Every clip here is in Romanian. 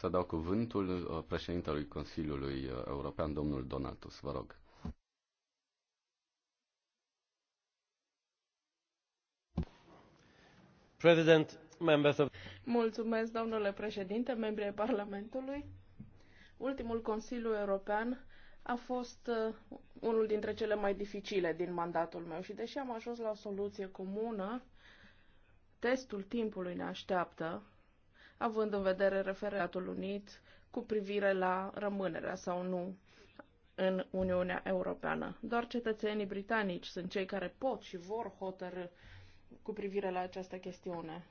să dau cuvântul uh, președintelui Consiliului uh, European, domnul Donatus. Vă rog. President, members of... Mulțumesc, domnule președinte, membri ai Parlamentului. Ultimul Consiliu European a fost uh, unul dintre cele mai dificile din mandatul meu și deși am ajuns la o soluție comună, testul timpului ne așteaptă având în vedere referatul unit cu privire la rămânerea sau nu în Uniunea Europeană. Doar cetățenii britanici sunt cei care pot și vor hotărâ cu privire la această chestiune.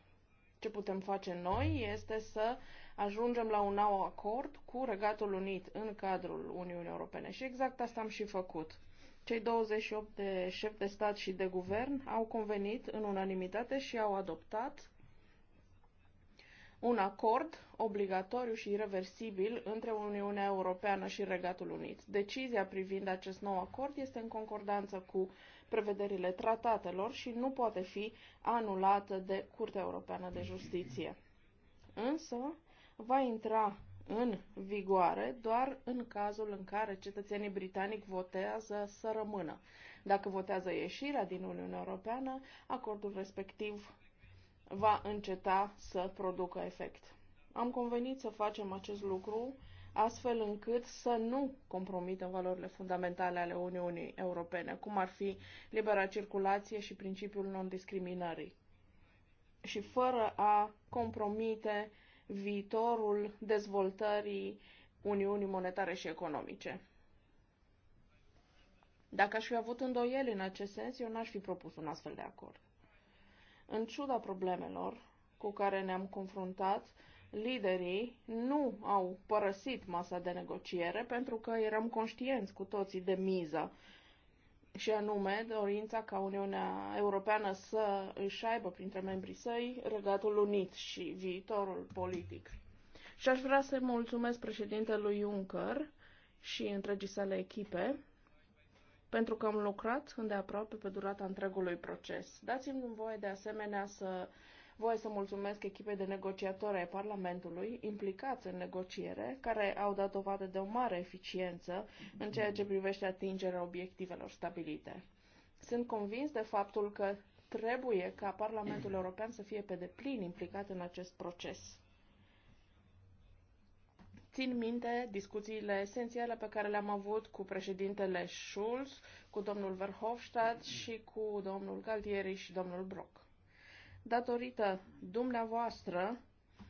Ce putem face noi este să ajungem la un nou acord cu Regatul Unit în cadrul Uniunii Europene și exact asta am și făcut. Cei 28 de șefi de stat și de guvern au convenit în unanimitate și au adoptat un acord obligatoriu și irreversibil între Uniunea Europeană și Regatul Unit. Decizia privind acest nou acord este în concordanță cu prevederile tratatelor și nu poate fi anulată de Curtea Europeană de Justiție. Însă, va intra în vigoare doar în cazul în care cetățenii britanici votează să rămână. Dacă votează ieșirea din Uniunea Europeană, acordul respectiv va înceta să producă efect. Am convenit să facem acest lucru astfel încât să nu compromită valorile fundamentale ale Uniunii Europene, cum ar fi libera circulație și principiul non-discriminării, și fără a compromite viitorul dezvoltării Uniunii Monetare și Economice. Dacă aș fi avut îndoieli în acest sens, eu n-aș fi propus un astfel de acord. În ciuda problemelor cu care ne-am confruntat, liderii nu au părăsit masa de negociere pentru că eram conștienți cu toții de miza și anume dorința ca Uniunea Europeană să își aibă printre membrii săi Regatul Unit și viitorul politic. Și aș vrea să-i mulțumesc președintelui Juncker și întregii sale echipe pentru că am lucrat îndeaproape pe durata întregului proces. Dați-mi voie de asemenea să voie să mulțumesc echipei de negociatori ai Parlamentului implicați în negociere, care au dat dovadă de o mare eficiență în ceea ce privește atingerea obiectivelor stabilite. Sunt convins de faptul că trebuie ca Parlamentul European să fie pe deplin implicat în acest proces. Țin minte discuțiile esențiale pe care le-am avut cu președintele Schulz, cu domnul Verhofstadt și cu domnul Galtieri și domnul Brock. Datorită dumneavoastră,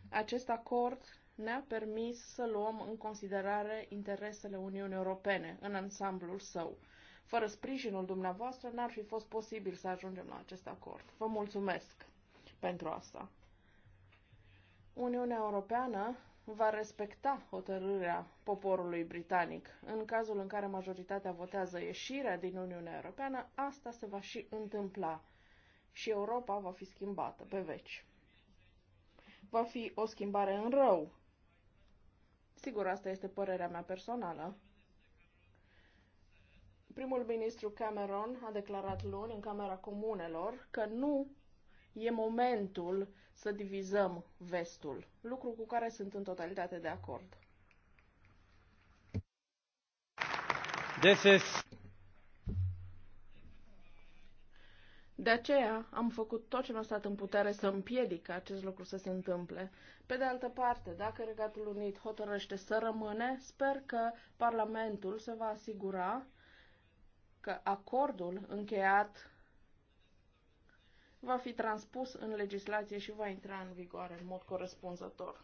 acest acord ne-a permis să luăm în considerare interesele Uniunii Europene în ansamblul său. Fără sprijinul dumneavoastră n-ar fi fost posibil să ajungem la acest acord. Vă mulțumesc pentru asta. Uniunea Europeană va respecta hotărârea poporului britanic. În cazul în care majoritatea votează ieșirea din Uniunea Europeană, asta se va și întâmpla și Europa va fi schimbată pe veci. Va fi o schimbare în rău. Sigur, asta este părerea mea personală. Primul ministru Cameron a declarat luni în Camera Comunelor că nu e momentul să divizăm vestul, lucru cu care sunt în totalitate de acord. This is... De aceea am făcut tot ce mi-a stat în putere să împiedic acest lucru să se întâmple. Pe de altă parte, dacă Regatul Unit hotărăște să rămâne, sper că Parlamentul se va asigura că acordul încheiat va fi transpus în legislație și va intra în vigoare în mod corespunzător.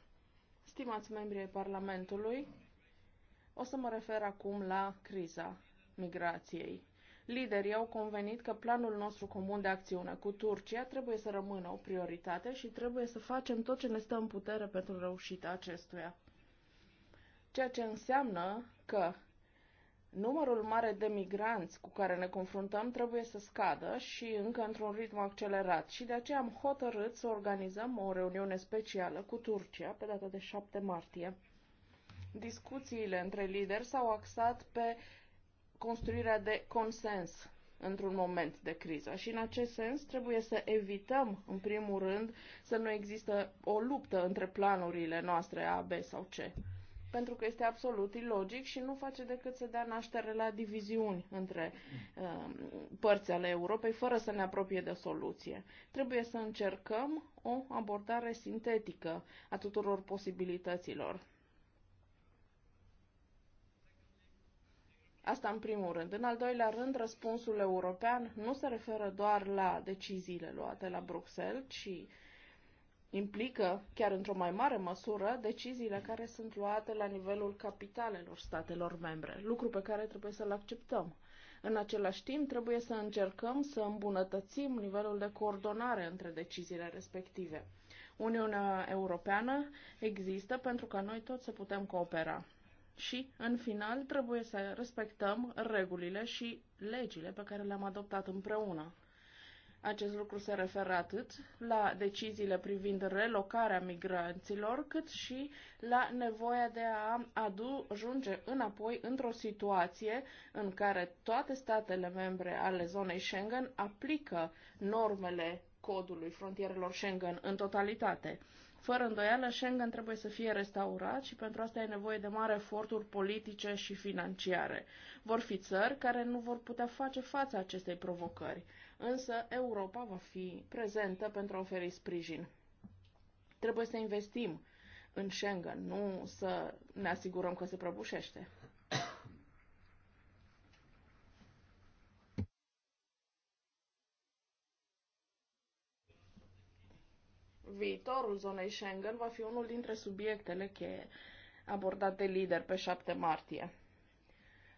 Stimați membri ai Parlamentului, o să mă refer acum la criza migrației. Liderii au convenit că planul nostru comun de acțiune cu Turcia trebuie să rămână o prioritate și trebuie să facem tot ce ne stă în putere pentru reușita acestuia. Ceea ce înseamnă că Numărul mare de migranți cu care ne confruntăm trebuie să scadă și încă într-un ritm accelerat și de aceea am hotărât să organizăm o reuniune specială cu Turcia pe data de 7 martie. Discuțiile între lideri s-au axat pe construirea de consens într-un moment de criză. Și în acest sens trebuie să evităm, în primul rând, să nu există o luptă între planurile noastre A, B sau C pentru că este absolut ilogic și nu face decât să dea naștere la diviziuni între um, părți ale Europei, fără să ne apropie de soluție. Trebuie să încercăm o abordare sintetică a tuturor posibilităților. Asta în primul rând. În al doilea rând, răspunsul european nu se referă doar la deciziile luate la Bruxelles, ci implică, chiar într-o mai mare măsură, deciziile care sunt luate la nivelul capitalelor statelor membre, lucru pe care trebuie să-l acceptăm. În același timp, trebuie să încercăm să îmbunătățim nivelul de coordonare între deciziile respective. Uniunea Europeană există pentru ca noi toți să putem coopera. Și, în final, trebuie să respectăm regulile și legile pe care le-am adoptat împreună. Acest lucru se referă atât la deciziile privind relocarea migranților, cât și la nevoia de a ajunge înapoi într-o situație în care toate statele membre ale zonei Schengen aplică normele codului frontierelor Schengen în totalitate. Fără îndoială, Schengen trebuie să fie restaurat și pentru asta e nevoie de mari eforturi politice și financiare. Vor fi țări care nu vor putea face față acestei provocări însă Europa va fi prezentă pentru a oferi sprijin. Trebuie să investim în Schengen, nu să ne asigurăm că se prăbușește. Viitorul zonei Schengen va fi unul dintre subiectele cheie abordate lider pe 7 martie.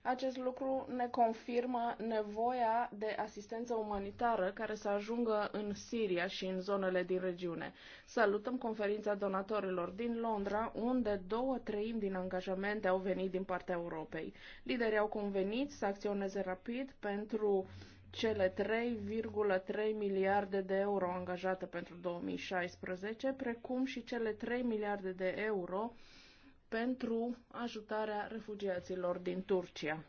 Acest lucru ne confirmă nevoia de asistență umanitară care să ajungă în Siria și în zonele din regiune. Salutăm conferința donatorilor din Londra, unde două treimi din angajamente au venit din partea Europei. Liderii au convenit să acționeze rapid pentru cele 3,3 miliarde de euro angajate pentru 2016, precum și cele 3 miliarde de euro pentru ajutarea refugiaților din Turcia.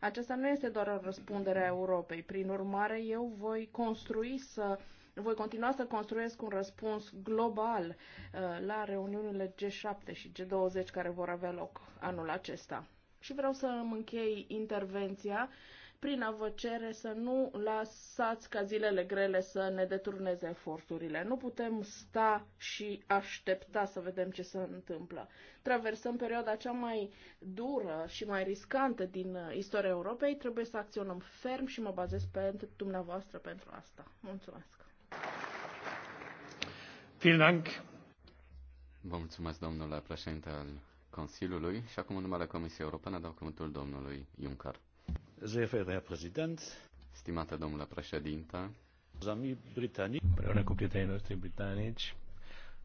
Aceasta nu este doar răspunderea Europei. Prin urmare, eu voi construi să voi continua să construiesc un răspuns global uh, la reuniunile G7 și G20 care vor avea loc anul acesta. Și vreau să îmi închei intervenția prin avocere să nu lăsați ca zilele grele să ne deturneze eforturile. Nu putem sta și aștepta să vedem ce se întâmplă. Traversăm perioada cea mai dură și mai riscantă din uh, istoria Europei. Trebuie să acționăm ferm și mă bazez pe dumneavoastră pentru asta. Mulțumesc! Vă mulțumesc, domnule președinte al Consiliului și acum în numele Comisiei Europene dau cuvântul domnului Juncker. Sehr Herr Präsident. Stimate domnule președinte. Împreună cu prietenii noștri britanici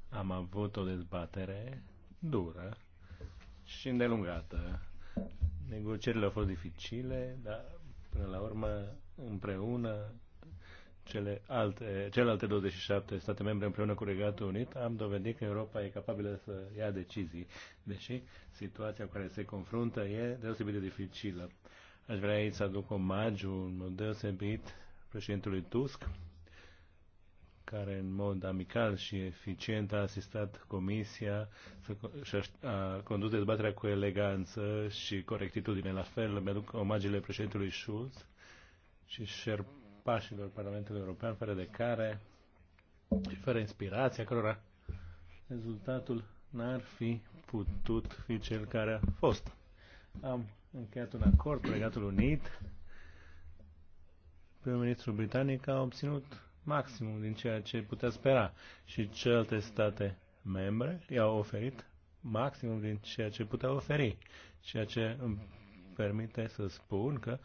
am avut o dezbatere dură și îndelungată. Negocierile au fost dificile, dar până la urmă împreună cele alte, celelalte 27 state membre împreună cu Regatul Unit, am dovedit că Europa e capabilă să ia decizii, deși situația cu care se confruntă e deosebit de dificilă. Aș vrea aici să aduc omagiu deosebit președintelui Tusk, care în mod amical și eficient a asistat comisia să, și a, a condus dezbaterea cu eleganță și corectitudine. La fel, îmi aduc omagiile președintelui Schulz și șerpașilor Parlamentului European, fără de care și fără inspirația cărora rezultatul n-ar fi putut fi cel care a fost. Am încheiat un acord cu Regatul Unit. Prim-ministrul britanic a obținut maximum din ceea ce putea spera și celelalte state membre i-au oferit maximum din ceea ce putea oferi, ceea ce îmi permite să spun că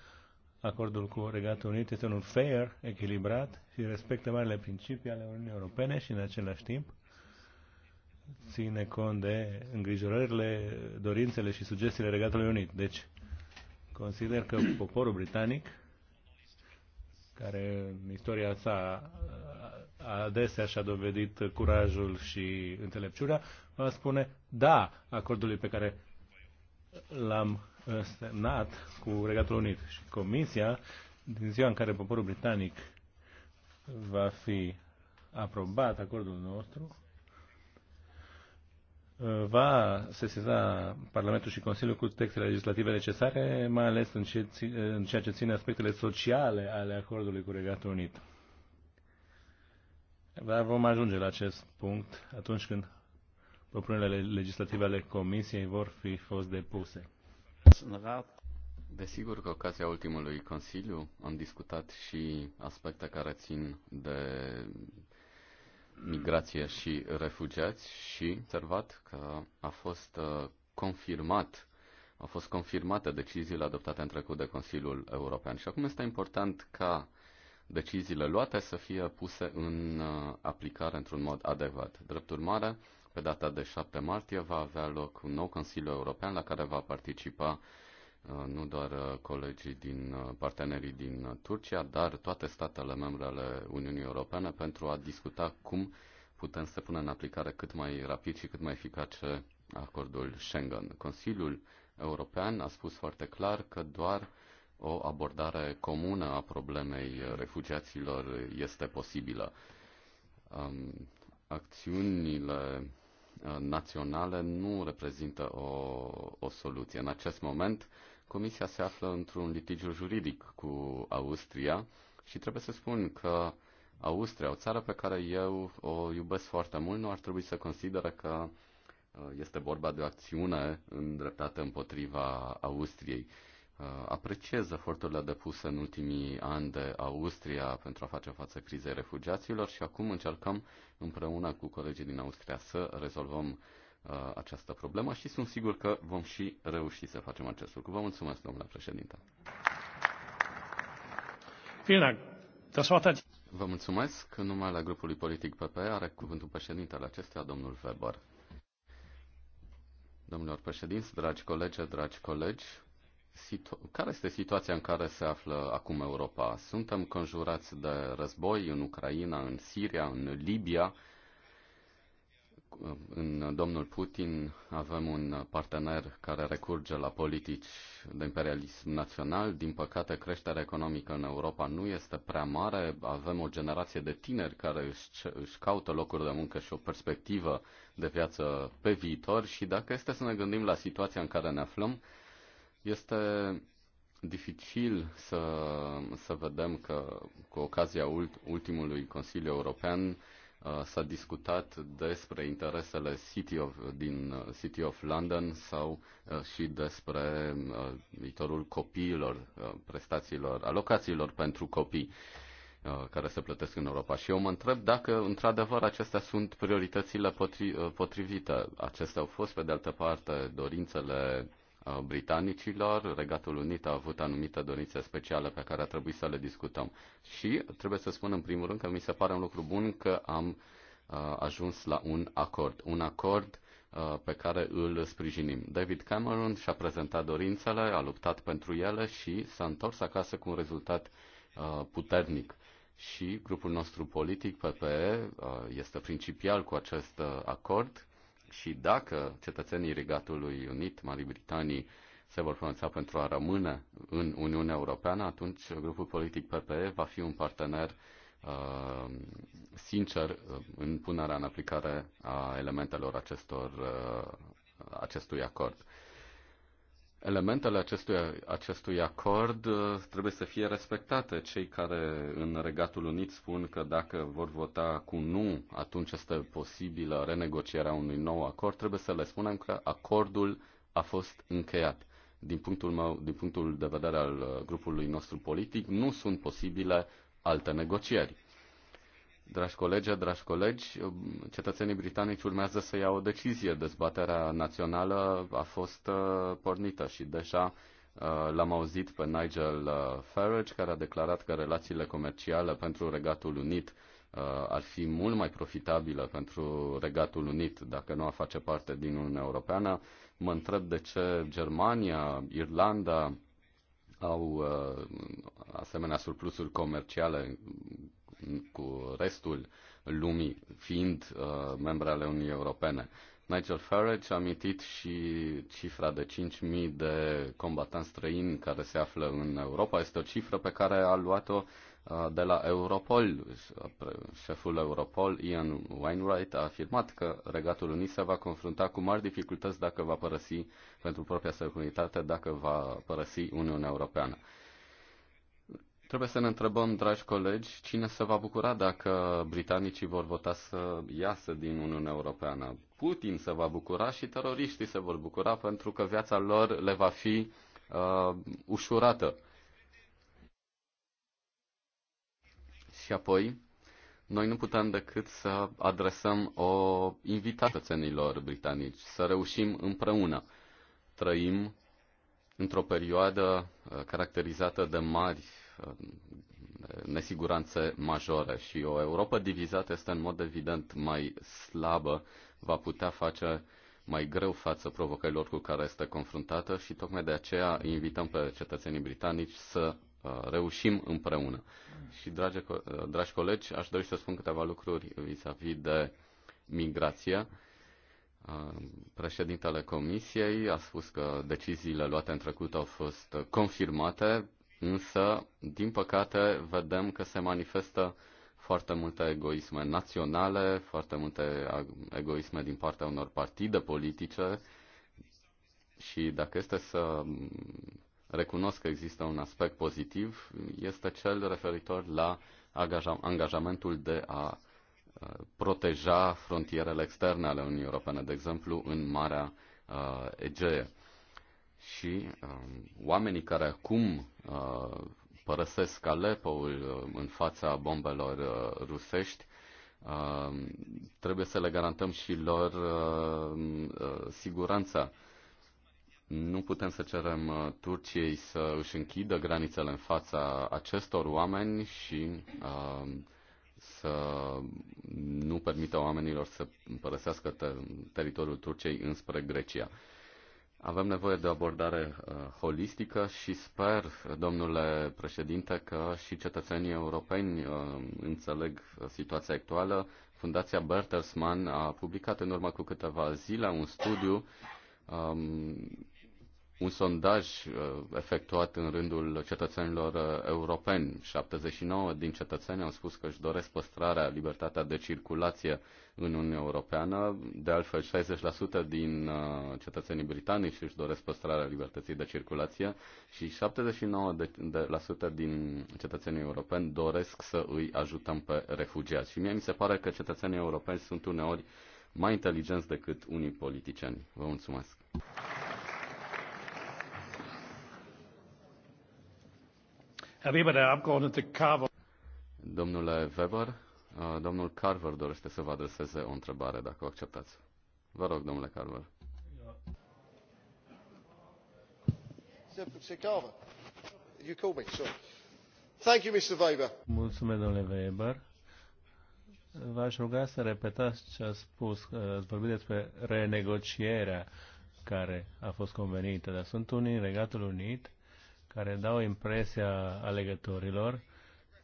acordul cu Regatul Unit este unul fair, echilibrat și respectă marile principii ale Uniunii Europene și în același timp ține cont de îngrijorările, dorințele și sugestiile Regatului Unit. Deci, Consider că poporul britanic, care în istoria sa adesea și-a dovedit curajul și înțelepciunea, va spune da acordului pe care l-am semnat cu Regatul Unit. Și Comisia, din ziua în care poporul britanic va fi aprobat acordul nostru, va sesiza Parlamentul și Consiliul cu textele legislative necesare, mai ales în, ce, în ceea ce ține aspectele sociale ale acordului cu Regatul Unit. Dar vom ajunge la acest punct atunci când propunerile legislative ale Comisiei vor fi fost depuse. Desigur că ocazia ultimului Consiliu am discutat și aspecte care țin de migrație și refugiați și observat că a fost uh, confirmat au fost confirmate deciziile adoptate în trecut de Consiliul European și acum este important ca deciziile luate să fie puse în uh, aplicare într-un mod adecvat. Drept urmare, pe data de 7 martie va avea loc un nou Consiliu European la care va participa Uh, nu doar uh, colegii din uh, partenerii din Turcia, dar toate statele membre ale Uniunii Europene pentru a discuta cum putem să punem în aplicare cât mai rapid și cât mai eficace acordul Schengen. Consiliul European a spus foarte clar că doar o abordare comună a problemei refugiaților este posibilă. Um, acțiunile naționale nu reprezintă o, o soluție. În acest moment, Comisia se află într-un litigiu juridic cu Austria și trebuie să spun că Austria, o țară pe care eu o iubesc foarte mult, nu ar trebui să consideră că uh, este vorba de o acțiune îndreptată împotriva Austriei. Uh, apreciez eforturile depuse în ultimii ani de Austria pentru a face față crizei refugiaților și acum încercăm împreună cu colegii din Austria să rezolvăm uh, Uh, această problemă și sunt sigur că vom și reuși să facem acest lucru. Vă mulțumesc, domnule președinte. Vă mulțumesc. În numele grupului politic PP are cuvântul președintele acestea, domnul Weber. Domnilor președinți, dragi colegi, dragi colegi, situ- care este situația în care se află acum Europa? Suntem conjurați de război în Ucraina, în Siria, în Libia, în domnul Putin avem un partener care recurge la politici de imperialism național. Din păcate, creșterea economică în Europa nu este prea mare. Avem o generație de tineri care își, își caută locuri de muncă și o perspectivă de viață pe viitor și dacă este să ne gândim la situația în care ne aflăm, este dificil să, să vedem că cu ocazia ultimului Consiliu European Uh, s-a discutat despre interesele City of, din uh, City of London sau uh, și despre viitorul copiilor, prestațiilor, alocațiilor pentru copii care se plătesc în Europa. Și eu mă întreb dacă, într-adevăr, acestea sunt prioritățile potri, potrivite. Acestea au fost, pe de altă parte, dorințele Uh, britanicilor. Regatul Unit a avut anumite dorințe speciale pe care a trebuit să le discutăm. Și trebuie să spun în primul rând că mi se pare un lucru bun că am uh, ajuns la un acord. Un acord uh, pe care îl sprijinim. David Cameron și-a prezentat dorințele, a luptat pentru ele și s-a întors acasă cu un rezultat puternic. Și grupul nostru politic, PPE, este principial cu acest acord și dacă cetățenii Regatului Unit, Marii Britanii, se vor pronunța pentru a rămâne în Uniunea Europeană, atunci grupul politic PPE va fi un partener uh, sincer uh, în punerea în aplicare a elementelor acestor, uh, acestui acord. Elementele acestui, acestui acord uh, trebuie să fie respectate. Cei care în Regatul Unit spun că dacă vor vota cu nu, atunci este posibilă renegocierea unui nou acord, trebuie să le spunem că acordul a fost încheiat. Din punctul, meu, din punctul de vedere al uh, grupului nostru politic, nu sunt posibile alte negocieri. Dragi colegi, dragi colegi, cetățenii britanici urmează să ia o decizie. Dezbaterea națională a fost uh, pornită și deja uh, l-am auzit pe Nigel uh, Farage, care a declarat că relațiile comerciale pentru Regatul Unit ar fi mult mai profitabilă pentru Regatul Unit dacă nu a face parte din Uniunea Europeană. Mă întreb de ce Germania, Irlanda au asemenea surplusuri comerciale cu restul lumii, fiind uh, membre ale Uniunii Europene. Nigel Farage a amintit și cifra de 5.000 de combatanți străini care se află în Europa. Este o cifră pe care a luat-o uh, de la Europol. Șeful Europol, Ian Wainwright, a afirmat că Regatul Unit se va confrunta cu mari dificultăți dacă va părăsi pentru propria securitate, dacă va părăsi Uniunea Europeană. Trebuie să ne întrebăm, dragi colegi, cine se va bucura dacă britanicii vor vota să iasă din Uniunea Europeană. Putin se va bucura și teroriștii se vor bucura pentru că viața lor le va fi uh, ușurată. Și apoi, noi nu putem decât să adresăm o invitație cetățenilor britanici, să reușim împreună. Trăim într-o perioadă uh, caracterizată de mari Um, nesiguranțe majore și o Europa divizată este în mod evident mai slabă, va putea face mai greu față provocărilor cu care este confruntată și tocmai de aceea invităm pe cetățenii britanici să uh, reușim împreună. Și, dragi, uh, dragi colegi, aș dori să spun câteva lucruri vis-a-vis -vis de migrație. Uh, președintele Comisiei a spus că deciziile luate în trecut au fost confirmate însă, din păcate, vedem că se manifestă foarte multe egoisme naționale, foarte multe egoisme din partea unor partide politice și dacă este să recunosc că există un aspect pozitiv, este cel referitor la angajamentul de a uh, proteja frontierele externe ale Uniunii Europene, de exemplu în Marea uh, Egee și uh, oamenii care acum uh, părăsesc uh, în fața bombelor uh, rusești, uh, trebuie să le garantăm și lor uh, uh, siguranța. Nu putem să cerem uh, Turciei să își închidă granițele în fața acestor oameni și uh, să nu permită oamenilor să părăsească ter- teritoriul Turciei înspre Grecia. Avem nevoie de o abordare uh, holistică și sper, domnule președinte, că și cetățenii europeni uh, înțeleg situația actuală. Fundația Bertelsmann a publicat în urmă cu câteva zile un studiu um, un sondaj uh, efectuat în rândul cetățenilor uh, europeni. 79 din cetățeni au spus că își doresc păstrarea libertatea de circulație în Uniunea Europeană. De altfel, 60% din uh, cetățenii britanici își doresc păstrarea libertății de circulație și 79% din cetățenii europeni doresc să îi ajutăm pe refugiați. Și mie mi se pare că cetățenii europeni sunt uneori mai inteligenți decât unii politicieni. Vă mulțumesc! Herr Weber, der Abgeordnete Carver. Domnule Weber, uh, domnul Carver dorește să vă adreseze o întrebare, dacă o acceptați. Vă rog, domnule Carver. Mulțumesc, domnule Weber. V-aș ruga să repetați ce a spus. Ați vorbit despre renegocierea care a fost convenită, dar sunt unii în Regatul Unit care dau impresia alegătorilor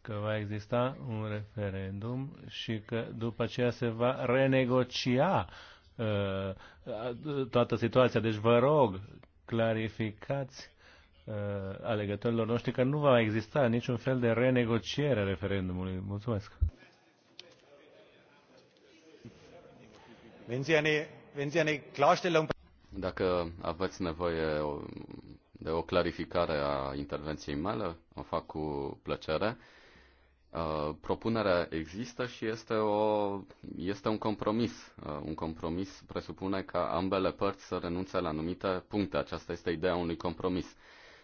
că va exista un referendum și că după aceea se va renegocia uh, toată situația. Deci vă rog, clarificați uh, alegătorilor noștri că nu va exista niciun fel de renegociere a referendumului. Mulțumesc. dacă aveți nevoie de o clarificare a intervenției mele, o fac cu plăcere. Uh, propunerea există și este, o, este un compromis. Uh, un compromis presupune ca ambele părți să renunțe la anumite puncte. Aceasta este ideea unui compromis.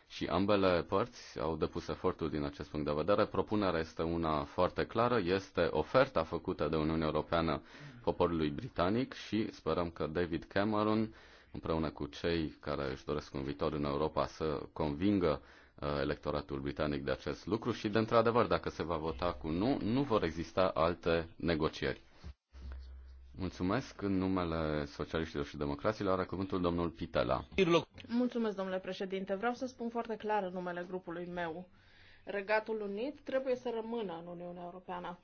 Și ambele părți au depus efortul din acest punct de vedere. Propunerea este una foarte clară, este oferta făcută de Uniunea Europeană poporului britanic și sperăm că David Cameron împreună cu cei care își doresc un viitor în Europa să convingă uh, electoratul britanic de acest lucru și, de într-adevăr, dacă se va vota cu nu, nu vor exista alte negocieri. Mulțumesc. În numele socialiștilor și democraților are cuvântul domnul Pitela. Mulțumesc, domnule președinte. Vreau să spun foarte clar în numele grupului meu. Regatul Unit trebuie să rămână în Uniunea Europeană.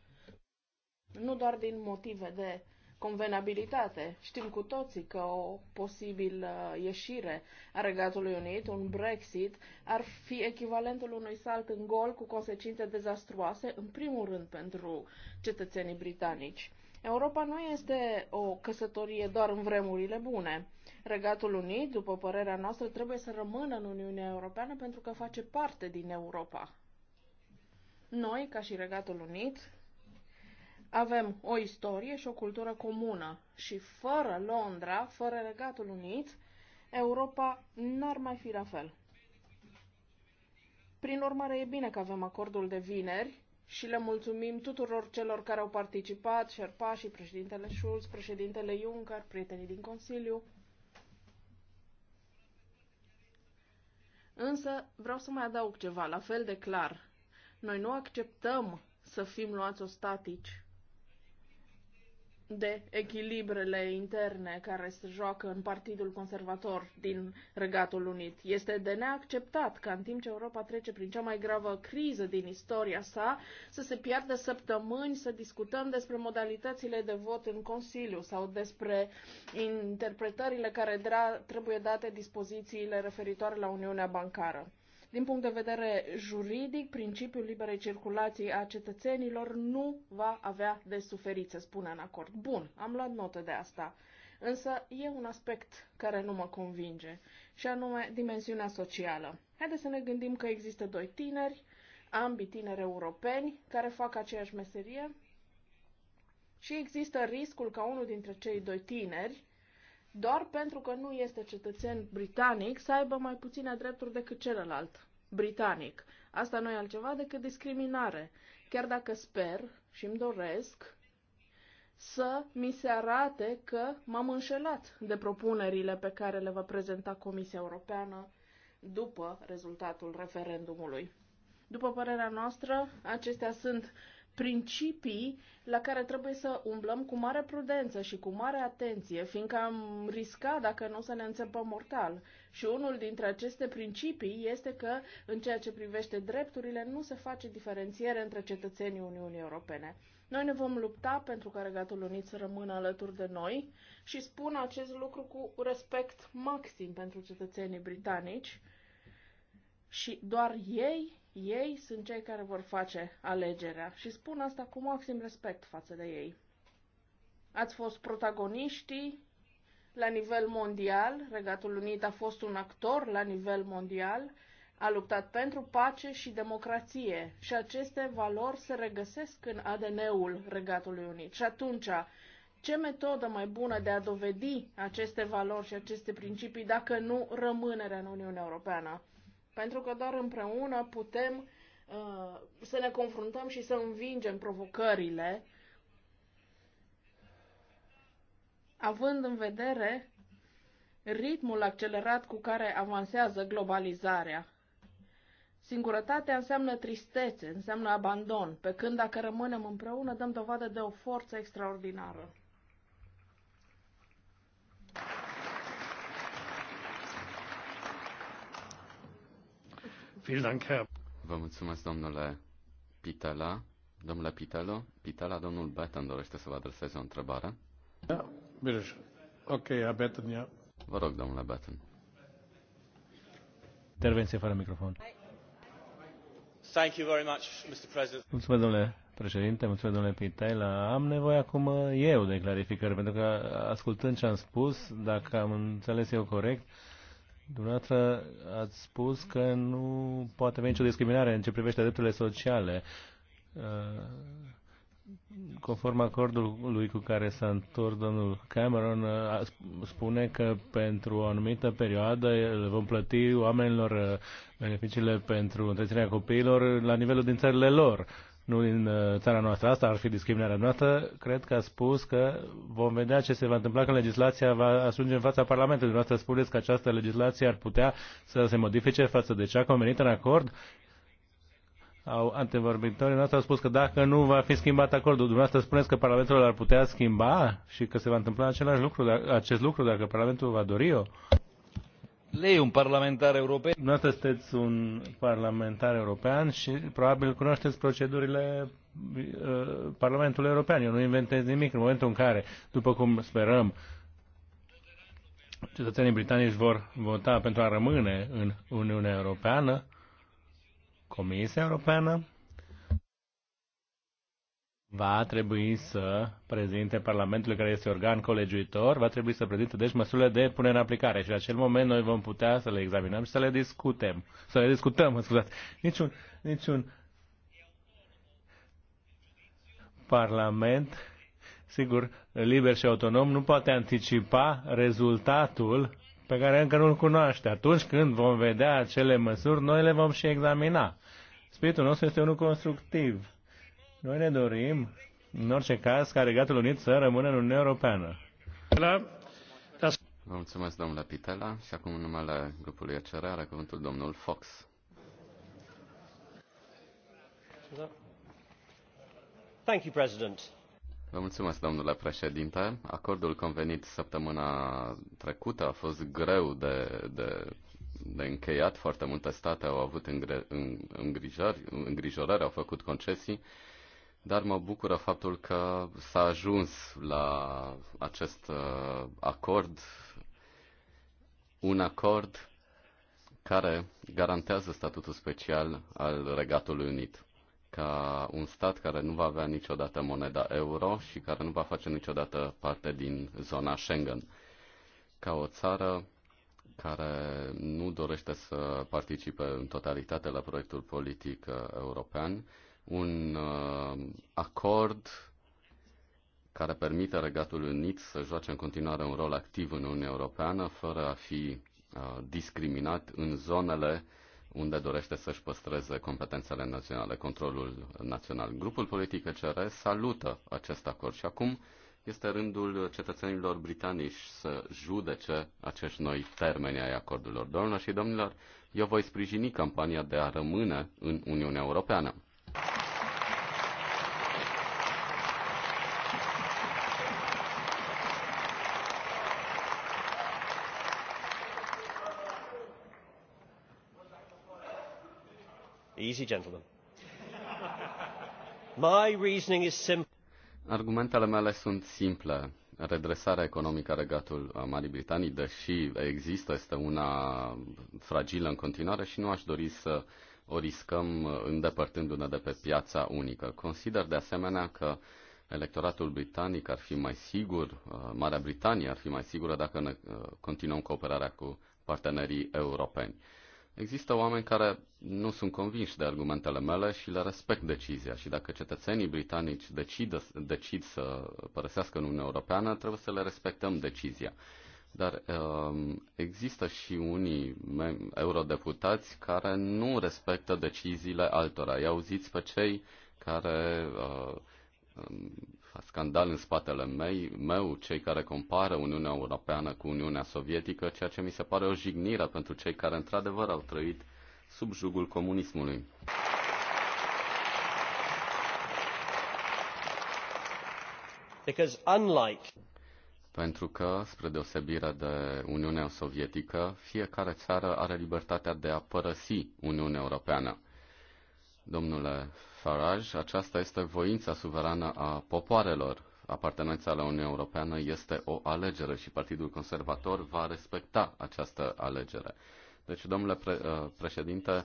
Nu doar din motive de convenabilitate. Știm cu toții că o posibilă uh, ieșire a Regatului Unit, un Brexit, ar fi echivalentul unui salt în gol cu consecințe dezastruoase, în primul rând pentru cetățenii britanici. Europa nu este o căsătorie doar în vremurile bune. Regatul Unit, după părerea noastră, trebuie să rămână în Uniunea Europeană pentru că face parte din Europa. Noi, ca și Regatul Unit, avem o istorie și o cultură comună și fără Londra, fără Regatul Unit, Europa n-ar mai fi la fel. Prin urmare, e bine că avem acordul de vineri și le mulțumim tuturor celor care au participat, și președintele Schulz, președintele Juncker, prietenii din Consiliu. Însă vreau să mai adaug ceva, la fel de clar. Noi nu acceptăm să fim luați ostatici de echilibrele interne care se joacă în Partidul Conservator din Regatul Unit. Este de neacceptat ca în timp ce Europa trece prin cea mai gravă criză din istoria sa, să se piardă săptămâni să discutăm despre modalitățile de vot în Consiliu sau despre interpretările care trebuie date dispozițiile referitoare la Uniunea Bancară. Din punct de vedere juridic, principiul liberei circulații a cetățenilor nu va avea de suferit, se spune în acord. Bun, am luat notă de asta. Însă e un aspect care nu mă convinge, și anume dimensiunea socială. Haideți să ne gândim că există doi tineri, ambii tineri europeni, care fac aceeași meserie și există riscul ca unul dintre cei doi tineri doar pentru că nu este cetățen britanic să aibă mai puține drepturi decât celălalt britanic. Asta nu e altceva decât discriminare. Chiar dacă sper și îmi doresc să mi se arate că m-am înșelat de propunerile pe care le va prezenta Comisia Europeană după rezultatul referendumului. După părerea noastră, acestea sunt principii la care trebuie să umblăm cu mare prudență și cu mare atenție, fiindcă am riscat dacă nu să ne înțepăm mortal. Și unul dintre aceste principii este că, în ceea ce privește drepturile, nu se face diferențiere între cetățenii Uniunii Europene. Noi ne vom lupta pentru ca Regatul Unit să rămână alături de noi și spun acest lucru cu respect maxim pentru cetățenii britanici și doar ei ei sunt cei care vor face alegerea și spun asta cu maxim respect față de ei. Ați fost protagoniștii la nivel mondial, Regatul Unit a fost un actor la nivel mondial, a luptat pentru pace și democrație și aceste valori se regăsesc în ADN-ul Regatului Unit. Și atunci, ce metodă mai bună de a dovedi aceste valori și aceste principii dacă nu rămânerea în Uniunea Europeană? Pentru că doar împreună putem uh, să ne confruntăm și să învingem provocările, având în vedere ritmul accelerat cu care avansează globalizarea. Singurătatea înseamnă tristețe, înseamnă abandon, pe când dacă rămânem împreună dăm dovadă de o forță extraordinară. Vă mulțumesc, domnule Pitala. Domnule Pitalo, Pitala, domnul Betten dorește să vă adreseze o întrebare. Da, bine. Ok, a Betten, ia. Vă rog, domnule Betten. Intervenție fără microfon. Thank you very much, Mr. President. Mulțumesc, domnule președinte, mulțumesc, domnule Pitela. Am nevoie acum eu de clarificări, pentru că ascultând ce am spus, dacă am înțeles eu corect, uh, Dumneavoastră ați spus că nu poate veni nicio discriminare în ce privește drepturile sociale uh, conform acordului cu care s-a întors domnul Cameron, uh, spune că pentru o anumită perioadă vom plăti oamenilor uh, beneficiile pentru întreținerea copiilor la nivelul din țările lor nu din uh, țara noastră. Asta ar fi discriminarea noastră. Cred că a spus că vom vedea ce se va întâmpla când legislația va ajunge în fața Parlamentului. Noastră spuneți că această legislație ar putea să se modifice față de cea convenită în acord au antevorbitorii noastre au spus că dacă nu va fi schimbat acordul, dumneavoastră spuneți că Parlamentul ar putea schimba și că se va întâmpla același lucru, acest lucru dacă Parlamentul va dori-o? Lei un parlamentar european. Dumneavoastră sunteți un parlamentar european și probabil cunoașteți procedurile uh, Parlamentului European. Eu nu inventez nimic în momentul în care, după cum sperăm, cetățenii britanici vor vota pentru a rămâne în Uniunea Europeană, Comisia Europeană va trebui să prezinte Parlamentului, care este organ colegiuitor, va trebui să prezinte, deci, măsurile de punere în aplicare. Și la acel moment noi vom putea să le examinăm și să le discutem. Să le discutăm, scuzați. Niciun, niciun Parlament, sigur, liber și autonom, nu poate anticipa rezultatul pe care încă nu-l cunoaște. Atunci când vom vedea acele măsuri, noi le vom și examina. Spiritul nostru este unul constructiv noi ne dorim, în orice caz, ca Regatul Unit să rămână în Uniunea Europeană. Vă mulțumesc, domnule Pitela. Și acum, în numele grupului ECR, are cuvântul domnul Fox. Thank you, President. Vă mulțumesc, domnule președinte. Acordul convenit săptămâna trecută a fost greu de, de, de încheiat. Foarte multe state au avut îngre, îngrijări, îngrijorări, au făcut concesii dar mă bucură faptul că s-a ajuns la acest uh, acord, un acord care garantează statutul special al Regatului Unit ca un stat care nu va avea niciodată moneda euro și care nu va face niciodată parte din zona Schengen, ca o țară care nu dorește să participe în totalitate la proiectul politic uh, european, un uh, acord care permite Regatul Unit să joace în continuare un rol activ în Uniunea Europeană, fără a fi uh, discriminat în zonele unde dorește să-și păstreze competențele naționale, controlul național. Grupul politic ECR salută acest acord și acum este rândul cetățenilor britanici să judece acești noi termeni ai acordurilor. Doamnelor și domnilor, eu voi sprijini campania de a rămâne în Uniunea Europeană. Easy, gentlemen. My reasoning is simple. Argumentele mele sunt simple. Redresarea economică a regatul a Marii Britanii, deși există, este una fragilă în continuare și nu aș dori să uh, o riscăm uh, îndepărtându-ne de pe piața unică. Consider de asemenea că electoratul britanic ar fi mai sigur, uh, Marea Britanie ar fi mai sigură dacă ne uh, continuăm cooperarea cu partenerii europeni. Există oameni care nu sunt convinși de argumentele mele și le respect decizia și dacă cetățenii britanici decid, decid să părăsească Uniunea Europeană, trebuie să le respectăm decizia. Dar um, există și unii eurodeputați care nu respectă deciziile altora. Îi auziți pe cei care uh, um, scandal în spatele mei, meu, cei care compară Uniunea Europeană cu Uniunea Sovietică, ceea ce mi se pare o jignire pentru cei care într-adevăr au trăit sub jugul comunismului. Because unlike pentru că, spre deosebire de Uniunea Sovietică, fiecare țară are libertatea de a părăsi Uniunea Europeană. Domnule Farage, aceasta este voința suverană a popoarelor. Apartenența la Uniunea Europeană este o alegere și Partidul Conservator va respecta această alegere. Deci, domnule pre- uh, președinte,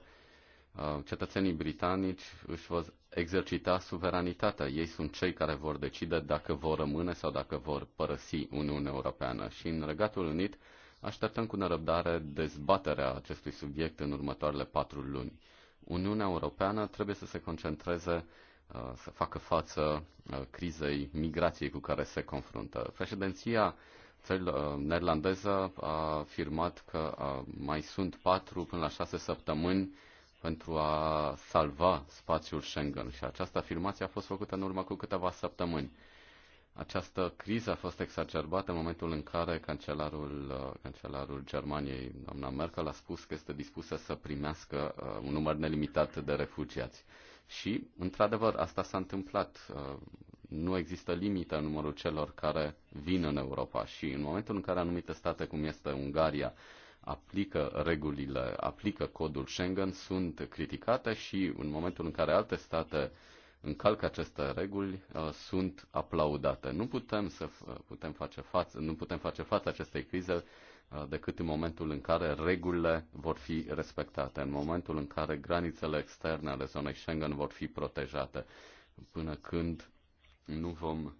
Uh, cetățenii britanici își vor exercita suveranitatea. Ei sunt cei care vor decide dacă vor rămâne sau dacă vor părăsi Uniunea Europeană. Și în Regatul Unit așteptăm cu nerăbdare dezbaterea acestui subiect în următoarele patru luni. Uniunea Europeană trebuie să se concentreze uh, să facă față uh, crizei migrației cu care se confruntă. Președinția neerlandeză a afirmat că mai sunt patru până la șase săptămâni pentru a salva spațiul Schengen. Și această afirmație a fost făcută în urmă cu câteva săptămâni. Această criză a fost exacerbată în momentul în care cancelarul, cancelarul Germaniei, doamna Merkel, a spus că este dispusă să primească uh, un număr nelimitat de refugiați. Și, într-adevăr, asta s-a întâmplat. Uh, nu există limită în numărul celor care vin în Europa și în momentul în care anumite state, cum este Ungaria, aplică regulile, aplică codul Schengen sunt criticate și în momentul în care alte state încalcă aceste reguli uh, sunt aplaudate. Nu putem să uh, putem face față, nu putem face față acestei crize uh, decât în momentul în care regulile vor fi respectate, în momentul în care granițele externe ale zonei Schengen vor fi protejate, până când nu vom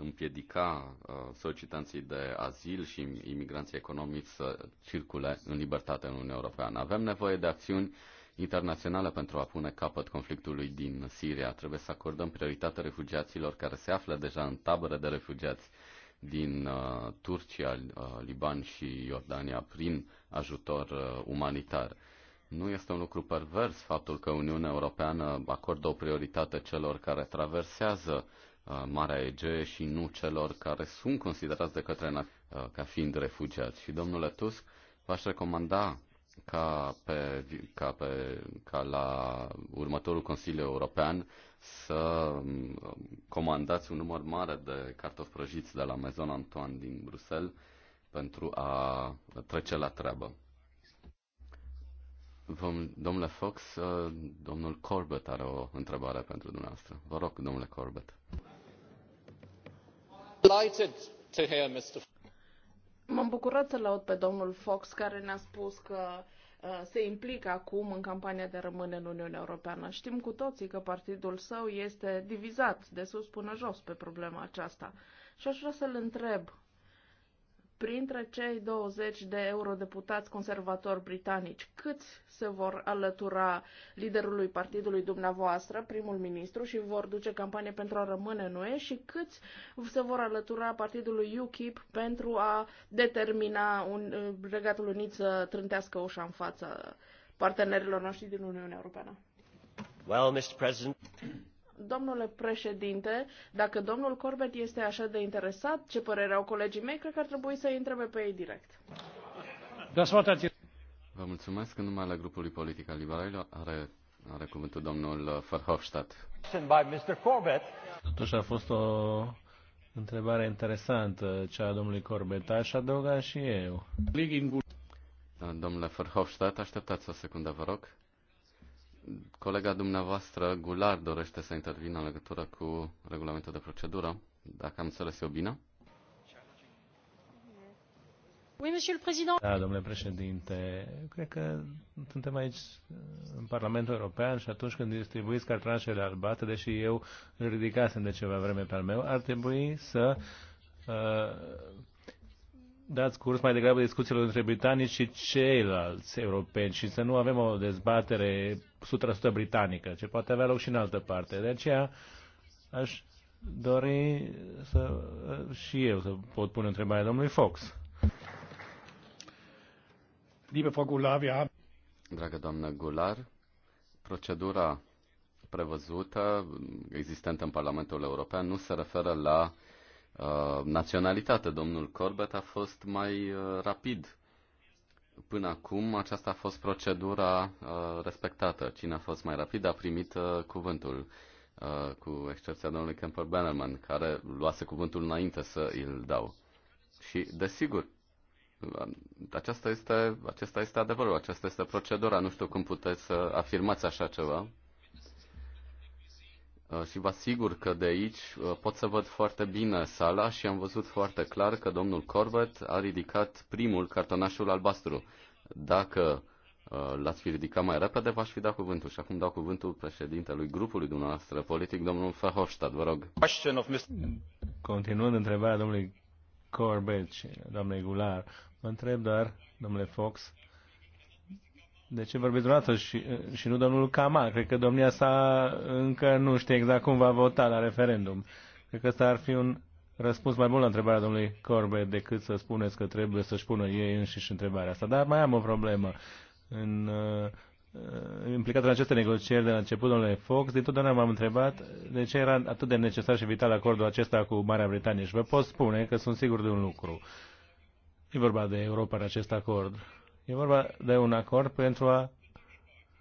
împiedica uh, solicitanții de azil și imigranții economici să circule în libertate în Uniunea Europeană. Avem nevoie de acțiuni internaționale pentru a pune capăt conflictului din Siria. Trebuie să acordăm prioritate refugiaților care se află deja în tabere de refugiați din uh, Turcia, uh, Liban și Iordania prin ajutor uh, umanitar. Nu este un lucru pervers faptul că Uniunea Europeană acordă o prioritate celor care traversează uh, Uh, Marea Egee și nu celor care sunt considerați de către uh, ca fiind refugiați. Și domnule Tusk, v-aș recomanda ca, pe, ca, pe, ca la următorul Consiliu European să um, comandați un număr mare de cartofi prăjiți de la Maison Antoine din Bruxelles pentru a trece la treabă. Vom, domnule Fox, uh, domnul Corbett are o întrebare pentru dumneavoastră. Vă rog, domnule Corbett. M-am bucurat să-l aud pe domnul Fox care ne-a spus că uh, se implică acum în campania de a rămâne în Uniunea Europeană. Știm cu toții că partidul său este divizat de sus până jos pe problema aceasta. Și aș vrea să-l întreb printre cei 20 de eurodeputați conservatori britanici, câți se vor alătura liderului partidului dumneavoastră, primul ministru, și vor duce campanie pentru a rămâne în UE și câți se vor alătura partidului UKIP pentru a determina un, uh, Regatul Unit să trântească ușa în fața partenerilor noștri din Uniunea Europeană? Well, Mr. President domnule președinte, dacă domnul Corbett este așa de interesat, ce părere au colegii mei, cred că ar trebui să-i întrebe pe ei direct. Vă mulțumesc. În numele grupului politic al liberalilor are, are cuvântul domnul Verhofstadt. Totuși a fost o întrebare interesantă cea a domnului Corbett. Aș adăuga și eu. Domnule Verhofstadt, așteptați o secundă, vă rog. Colega dumneavoastră, Gular, dorește să intervină în legătură cu regulamentul de procedură, dacă am înțeles eu bine. Da, domnule președinte, cred că suntem aici în Parlamentul European și atunci când distribuiți cartranșele albate, deși eu îl ridicasem de ceva vreme pe al meu, ar trebui să uh, dați curs mai degrabă discuțiilor între britanici și ceilalți europeni și să nu avem o dezbatere 100% britanică, ce poate avea loc și în altă parte. De aceea aș dori să, și eu să pot pune întrebarea domnului Fox. Liebe Frau Goulart, Dragă doamnă Gular, procedura prevăzută, existentă în Parlamentul European, nu se referă la Uh, naționalitate. Domnul Corbett a fost mai uh, rapid. Până acum aceasta a fost procedura uh, respectată. Cine a fost mai rapid a primit cuvântul, cu excepția domnului Kemper Bannerman, care luase cuvântul înainte să îl dau. Și, desigur, aceasta este, acesta este adevărul, aceasta este procedura. Nu știu cum puteți să afirmați așa ceva. Uh, și vă asigur că de aici uh, pot să văd foarte bine sala și am văzut foarte clar că domnul Corbett a ridicat primul cartonașul albastru. Dacă uh, l-ați fi ridicat mai repede, v-aș fi dat cuvântul. Și acum dau cuvântul președintelui grupului dumneavoastră politic, domnul Verhofstadt, vă rog. Continuând întrebarea domnului Corbett și domnului Gular, mă întreb doar, domnule Fox, de ce vorbiți dumneavoastră și, și nu domnul Kamal? Cred că domnia sa încă nu știe exact cum va vota la referendum. Cred că ăsta ar fi un răspuns mai bun la întrebarea domnului Corbe decât să spuneți că trebuie să-și pună ei înșiși întrebarea asta. Dar mai am o problemă. În, uh, implicat în aceste negocieri de la început, domnule Fox, totdeauna m-am întrebat de ce era atât de necesar și vital acordul acesta cu Marea Britanie. Și vă pot spune că sunt sigur de un lucru. E vorba de Europa în acest acord E vorba de un acord pentru a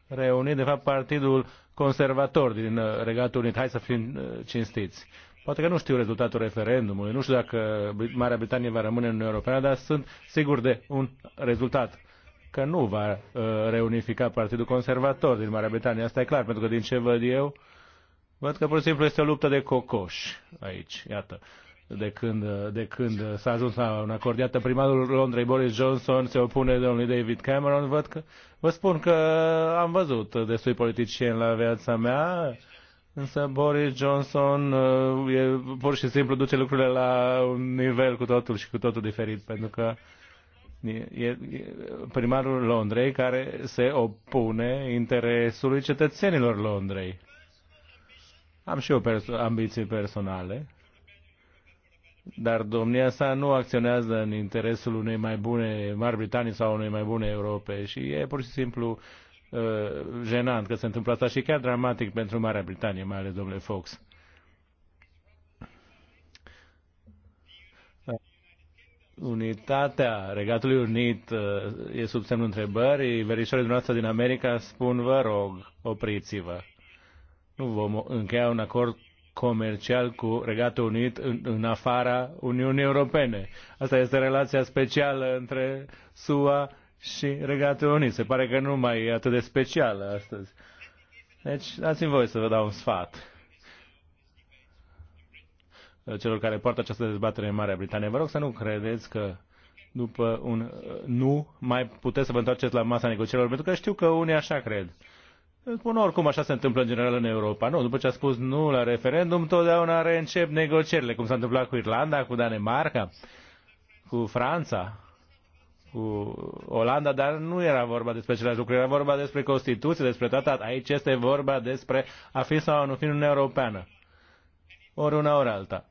reuni, de fapt, Partidul Conservator din uh, Regatul Unit. Hai să fim uh, cinstiți. Poate că nu știu rezultatul referendumului, nu știu dacă Marea Britanie va rămâne în Uniunea Europeană, dar sunt sigur de un rezultat că nu va uh, reunifica Partidul Conservator din Marea Britanie. Asta e clar, pentru că din ce văd eu, văd că pur și simplu este o luptă de cocoș aici. Iată de când, de când s-a ajuns la un acord. Iată, primarul Londrei, Boris Johnson, se opune domnului David Cameron. Văd că, vă spun că am văzut destui politicieni la viața mea, însă Boris Johnson uh, e, pur și simplu duce lucrurile la un nivel cu totul și cu totul diferit, pentru că e primarul Londrei care se opune interesului cetățenilor Londrei. Am și eu perso- ambiții personale dar domnia sa nu acționează în interesul unei mai bune Mari Britanii sau unei mai bune Europe și e pur și simplu uh, jenant că se întâmplă asta și chiar dramatic pentru Marea Britanie, mai ales domnule Fox. Unitatea Regatului Unit uh, e sub semnul întrebării. Verișorii dumneavoastră din America spun, vă rog, opriți-vă. Nu vom încheia un acord comercial cu Regatul Unit în, în afara Uniunii Europene. Asta este relația specială între SUA și Regatul Unit. Se pare că nu mai e atât de specială astăzi. Deci, dați-mi voi să vă dau un sfat celor care poartă această dezbatere în Marea Britanie. Vă rog să nu credeți că după un nu mai puteți să vă întoarceți la masa negocierilor, pentru că știu că unii așa cred. Îmi spun oricum așa se întâmplă în general în Europa. Nu, după ce a spus nu la referendum, totdeauna reîncep negocierile, cum s-a întâmplat cu Irlanda, cu Danemarca, cu Franța, cu Olanda, dar nu era vorba despre același lucru, era vorba despre Constituție, despre tratat. Aici este vorba despre a fi sau a nu fi în Uniunea Europeană. Ori una, ori alta.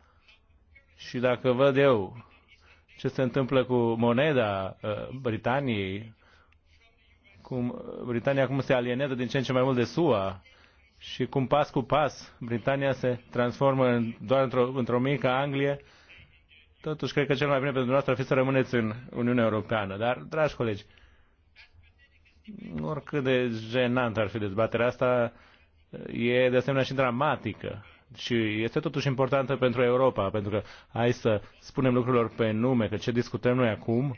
Și dacă văd eu ce se întâmplă cu moneda uh, Britaniei, cum Britania acum se alienează din ce în ce mai mult de SUA și cum pas cu pas Britania se transformă în, doar într-o, într-o mică Anglie, totuși cred că cel mai bine pentru noastră ar fi să rămâneți în Uniunea Europeană. Dar, dragi colegi, oricât de jenant ar fi dezbaterea asta, e de asemenea și dramatică. Și este totuși importantă pentru Europa, pentru că hai să spunem lucrurilor pe nume, că ce discutăm noi acum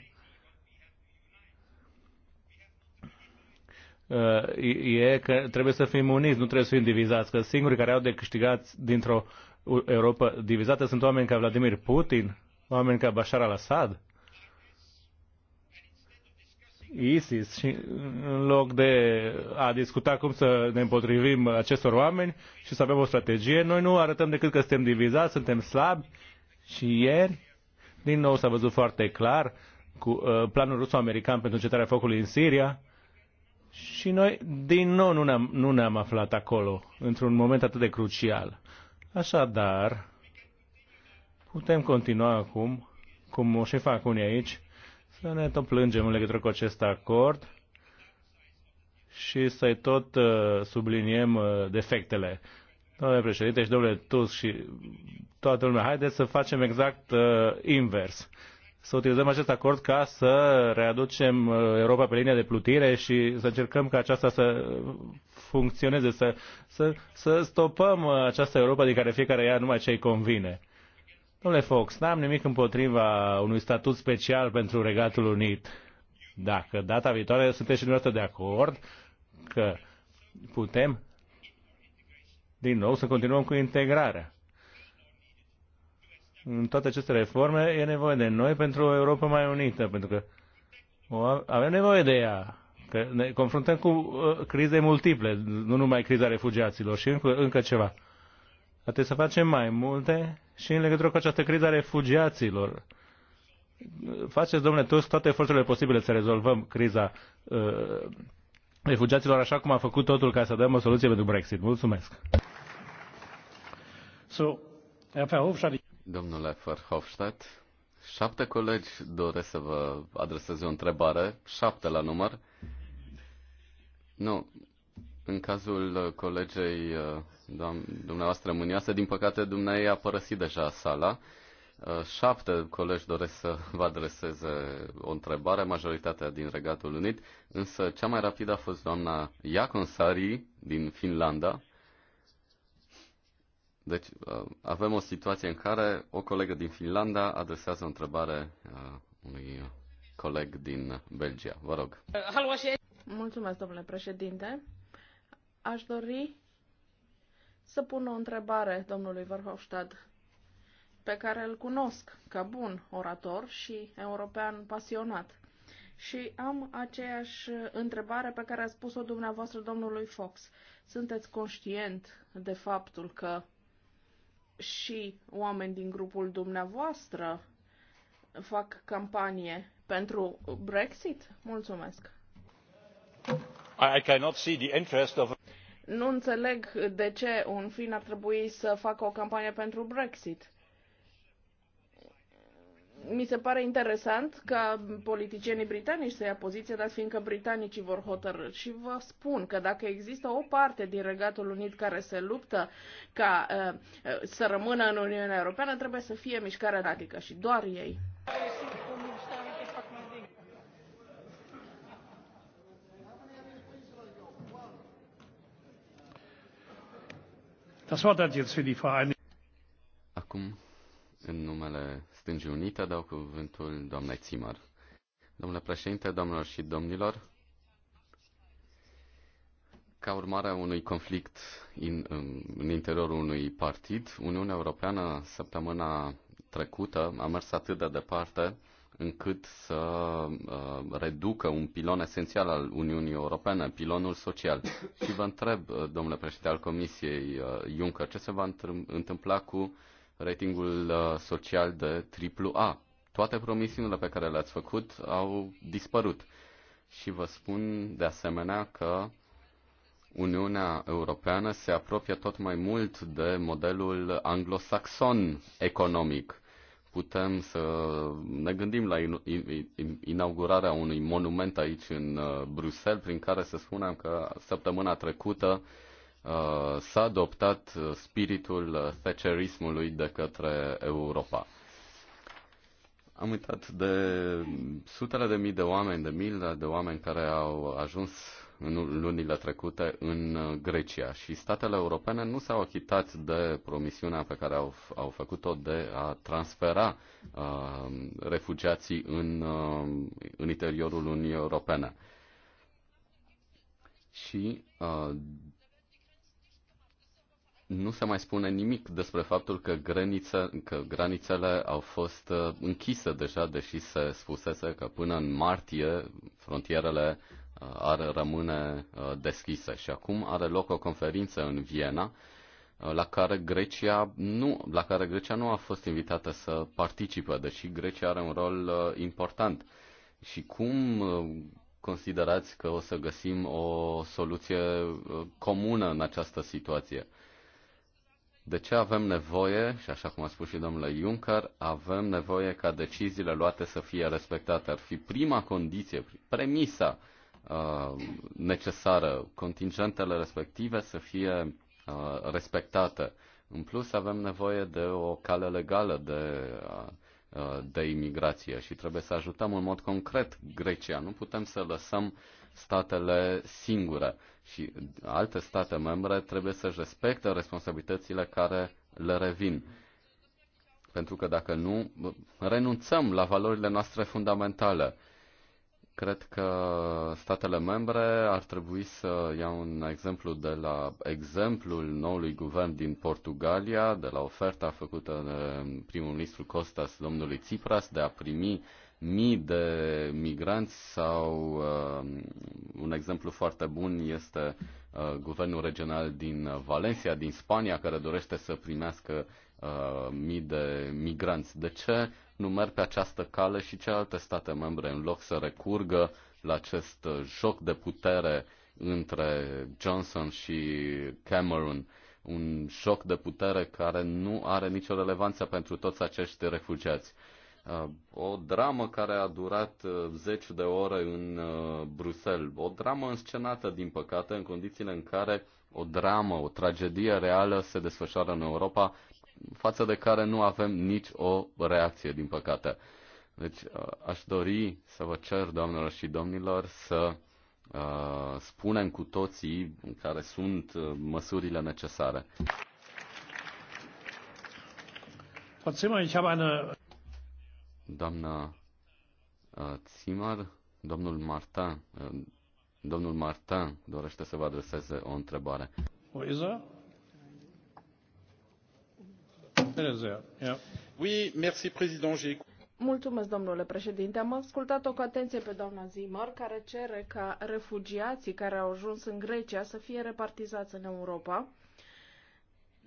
Uh, e că trebuie să fim uniți, nu trebuie să fim divizați, că singurii care au de câștigat dintr-o Europa divizată sunt oameni ca Vladimir Putin, oameni ca Bashar al-Assad, ISIS și în loc de a discuta cum să ne împotrivim acestor oameni și să avem o strategie, noi nu arătăm decât că suntem divizați, suntem slabi și ieri, din nou s-a văzut foarte clar cu uh, planul ruso-american pentru încetarea focului în Siria, și noi, din nou, nu ne-am, nu ne-am aflat acolo, într-un moment atât de crucial. Așadar, putem continua acum, cum o și fac unii aici, să ne tot plângem în legătură cu acest acord și să-i tot uh, subliniem uh, defectele. Domnule președinte și domnule Tusk și toată lumea, haideți să facem exact uh, invers să utilizăm acest acord ca să readucem uh, Europa pe linia de plutire și să încercăm ca aceasta să funcționeze, să, să, să stopăm uh, această Europa de care fiecare ia numai ce îi convine. Domnule Fox, n-am nimic împotriva unui statut special pentru Regatul Unit. Dacă data viitoare sunteți și dumneavoastră de acord că putem din nou să continuăm cu integrarea în toate aceste reforme e nevoie de noi pentru o Europa mai unită, pentru că avem nevoie de ea. Că ne confruntăm cu uh, crize multiple, nu numai criza refugiaților și încă, încă ceva. Trebuie să facem mai multe și în legătură cu această criză a refugiaților. Faceți, domnule toți toate eforturile posibile să rezolvăm criza uh, refugiaților așa cum a făcut totul ca să dăm o soluție pentru Brexit. Mulțumesc! So, Domnule Verhofstadt, șapte colegi doresc să vă adreseze o întrebare, șapte la număr. Nu, în cazul colegei uh, dumneavoastră mânioasă, din păcate dumneavoastră a părăsit deja sala. Uh, șapte colegi doresc să vă adreseze o întrebare, majoritatea din Regatul Unit, însă cea mai rapidă a fost doamna Sari din Finlanda, deci uh, avem o situație în care o colegă din Finlanda adresează o întrebare uh, unui coleg din Belgia. Vă rog. Mulțumesc, domnule președinte. Aș dori să pun o întrebare domnului Verhofstadt, pe care îl cunosc ca bun orator și european pasionat. Și am aceeași întrebare pe care a spus-o dumneavoastră domnului Fox. Sunteți conștient de faptul că și oameni din grupul dumneavoastră fac campanie pentru Brexit? Mulțumesc. I cannot see the interest of... Nu înțeleg de ce un fin ar trebui să facă o campanie pentru Brexit mi se pare interesant ca politicienii britanici să ia poziție, dar fiindcă britanicii vor hotărâ. Și vă spun că dacă există o parte din Regatul Unit care se luptă ca uh, uh să rămână în Uniunea Europeană, trebuie să fie mișcare radică și doar ei. Das jetzt für die Acum în numele Stângii Unite dau cuvântul doamnei Țimăr. Domnule președinte, domnilor și domnilor, ca urmare a unui conflict in, în interiorul unui partid, Uniunea Europeană săptămâna trecută a mers atât de departe încât să uh, reducă un pilon esențial al Uniunii Europene, pilonul social. Și vă întreb, uh, domnule președinte al Comisiei uh, Juncker, ce se va întâmpla cu uh, ratingul uh, social de AAA. Toate promisiunile pe care le-ați făcut au dispărut. Și vă spun de asemenea că Uniunea Europeană se apropie tot mai mult de modelul anglosaxon economic. Putem să ne gândim la inaugurarea unui monument aici în uh, Bruxelles, prin care să spunem că săptămâna trecută uh, Uh, s-a adoptat uh, spiritul fecerismului uh, de către Europa. Am uitat de sutele de mii de oameni, de mii de oameni care au ajuns în lunile trecute în Grecia și statele europene nu s-au achitat de promisiunea pe care au, au făcut-o de a transfera uh, refugiații în, uh, în interiorul Uniunii Europene. Și uh, nu se mai spune nimic despre faptul că, granițe, că granițele au fost uh, închise deja, deși se spusese că până în martie frontierele uh, ar rămâne uh, deschise. Și acum are loc o conferință în Viena la care Grecia nu, la care Grecia nu a fost invitată să participe, deși Grecia are un rol important. Și cum considerați că o să găsim o soluție comună în această situație? De ce avem nevoie, și așa cum a spus și domnule Juncker, avem nevoie ca deciziile luate să fie respectate. Ar fi prima condiție, premisa uh, necesară, contingentele respective să fie uh, respectate. În plus, avem nevoie de o cale legală de, uh, uh de imigrație și trebuie să ajutăm în mod concret Grecia. Nu putem să lăsăm statele singure și alte state membre trebuie să-și respecte responsabilitățile care le revin. Pentru că dacă nu, renunțăm la valorile noastre fundamentale. Cred că statele membre ar trebui să iau un exemplu de la exemplul noului guvern din Portugalia, de la oferta făcută de primul ministru Costas domnului Tsipras de a primi mii de migranți sau uh, un exemplu foarte bun este uh, guvernul regional din Valencia, din Spania, care dorește să primească uh, mii de migranți. De ce nu merg pe această cale și cealaltă state membre în loc să recurgă la acest uh, joc de putere între Johnson și Cameron? un joc de putere care nu are nicio relevanță pentru toți acești refugiați. Uh, o dramă care a durat uh, zeci de ore în uh, Bruxelles, o dramă înscenată, din păcate, în condițiile în care o dramă, o tragedie reală se desfășoară în Europa, față de care nu avem nici o reacție, din păcate. Deci aș dori să vă cer, doamnelor și domnilor, să uh, spunem cu toții care sunt măsurile necesare doamna Țimar, uh, domnul Martin, uh, domnul Marta dorește să vă adreseze o întrebare. Oiza? Oui, merci, président. Mulțumesc, domnule președinte. Am ascultat-o cu atenție pe doamna Zimăr, care cere ca refugiații care au ajuns în Grecia să fie repartizați în Europa.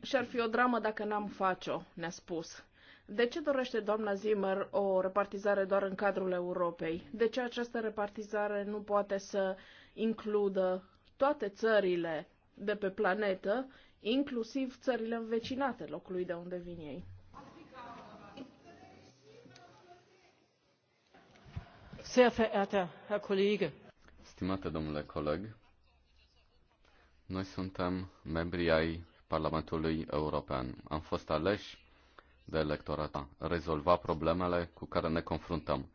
Și ar fi o dramă dacă n-am face-o, ne-a spus. De ce dorește doamna Zimmer o repartizare doar în cadrul Europei? De ce această repartizare nu poate să includă toate țările de pe planetă, inclusiv țările învecinate locului de unde vin ei? Sehr verehrter Herr Kollege. Stimate domnule coleg, noi suntem membri ai Parlamentului European. Am fost aleși de electorat rezolva problemele cu care ne confruntăm.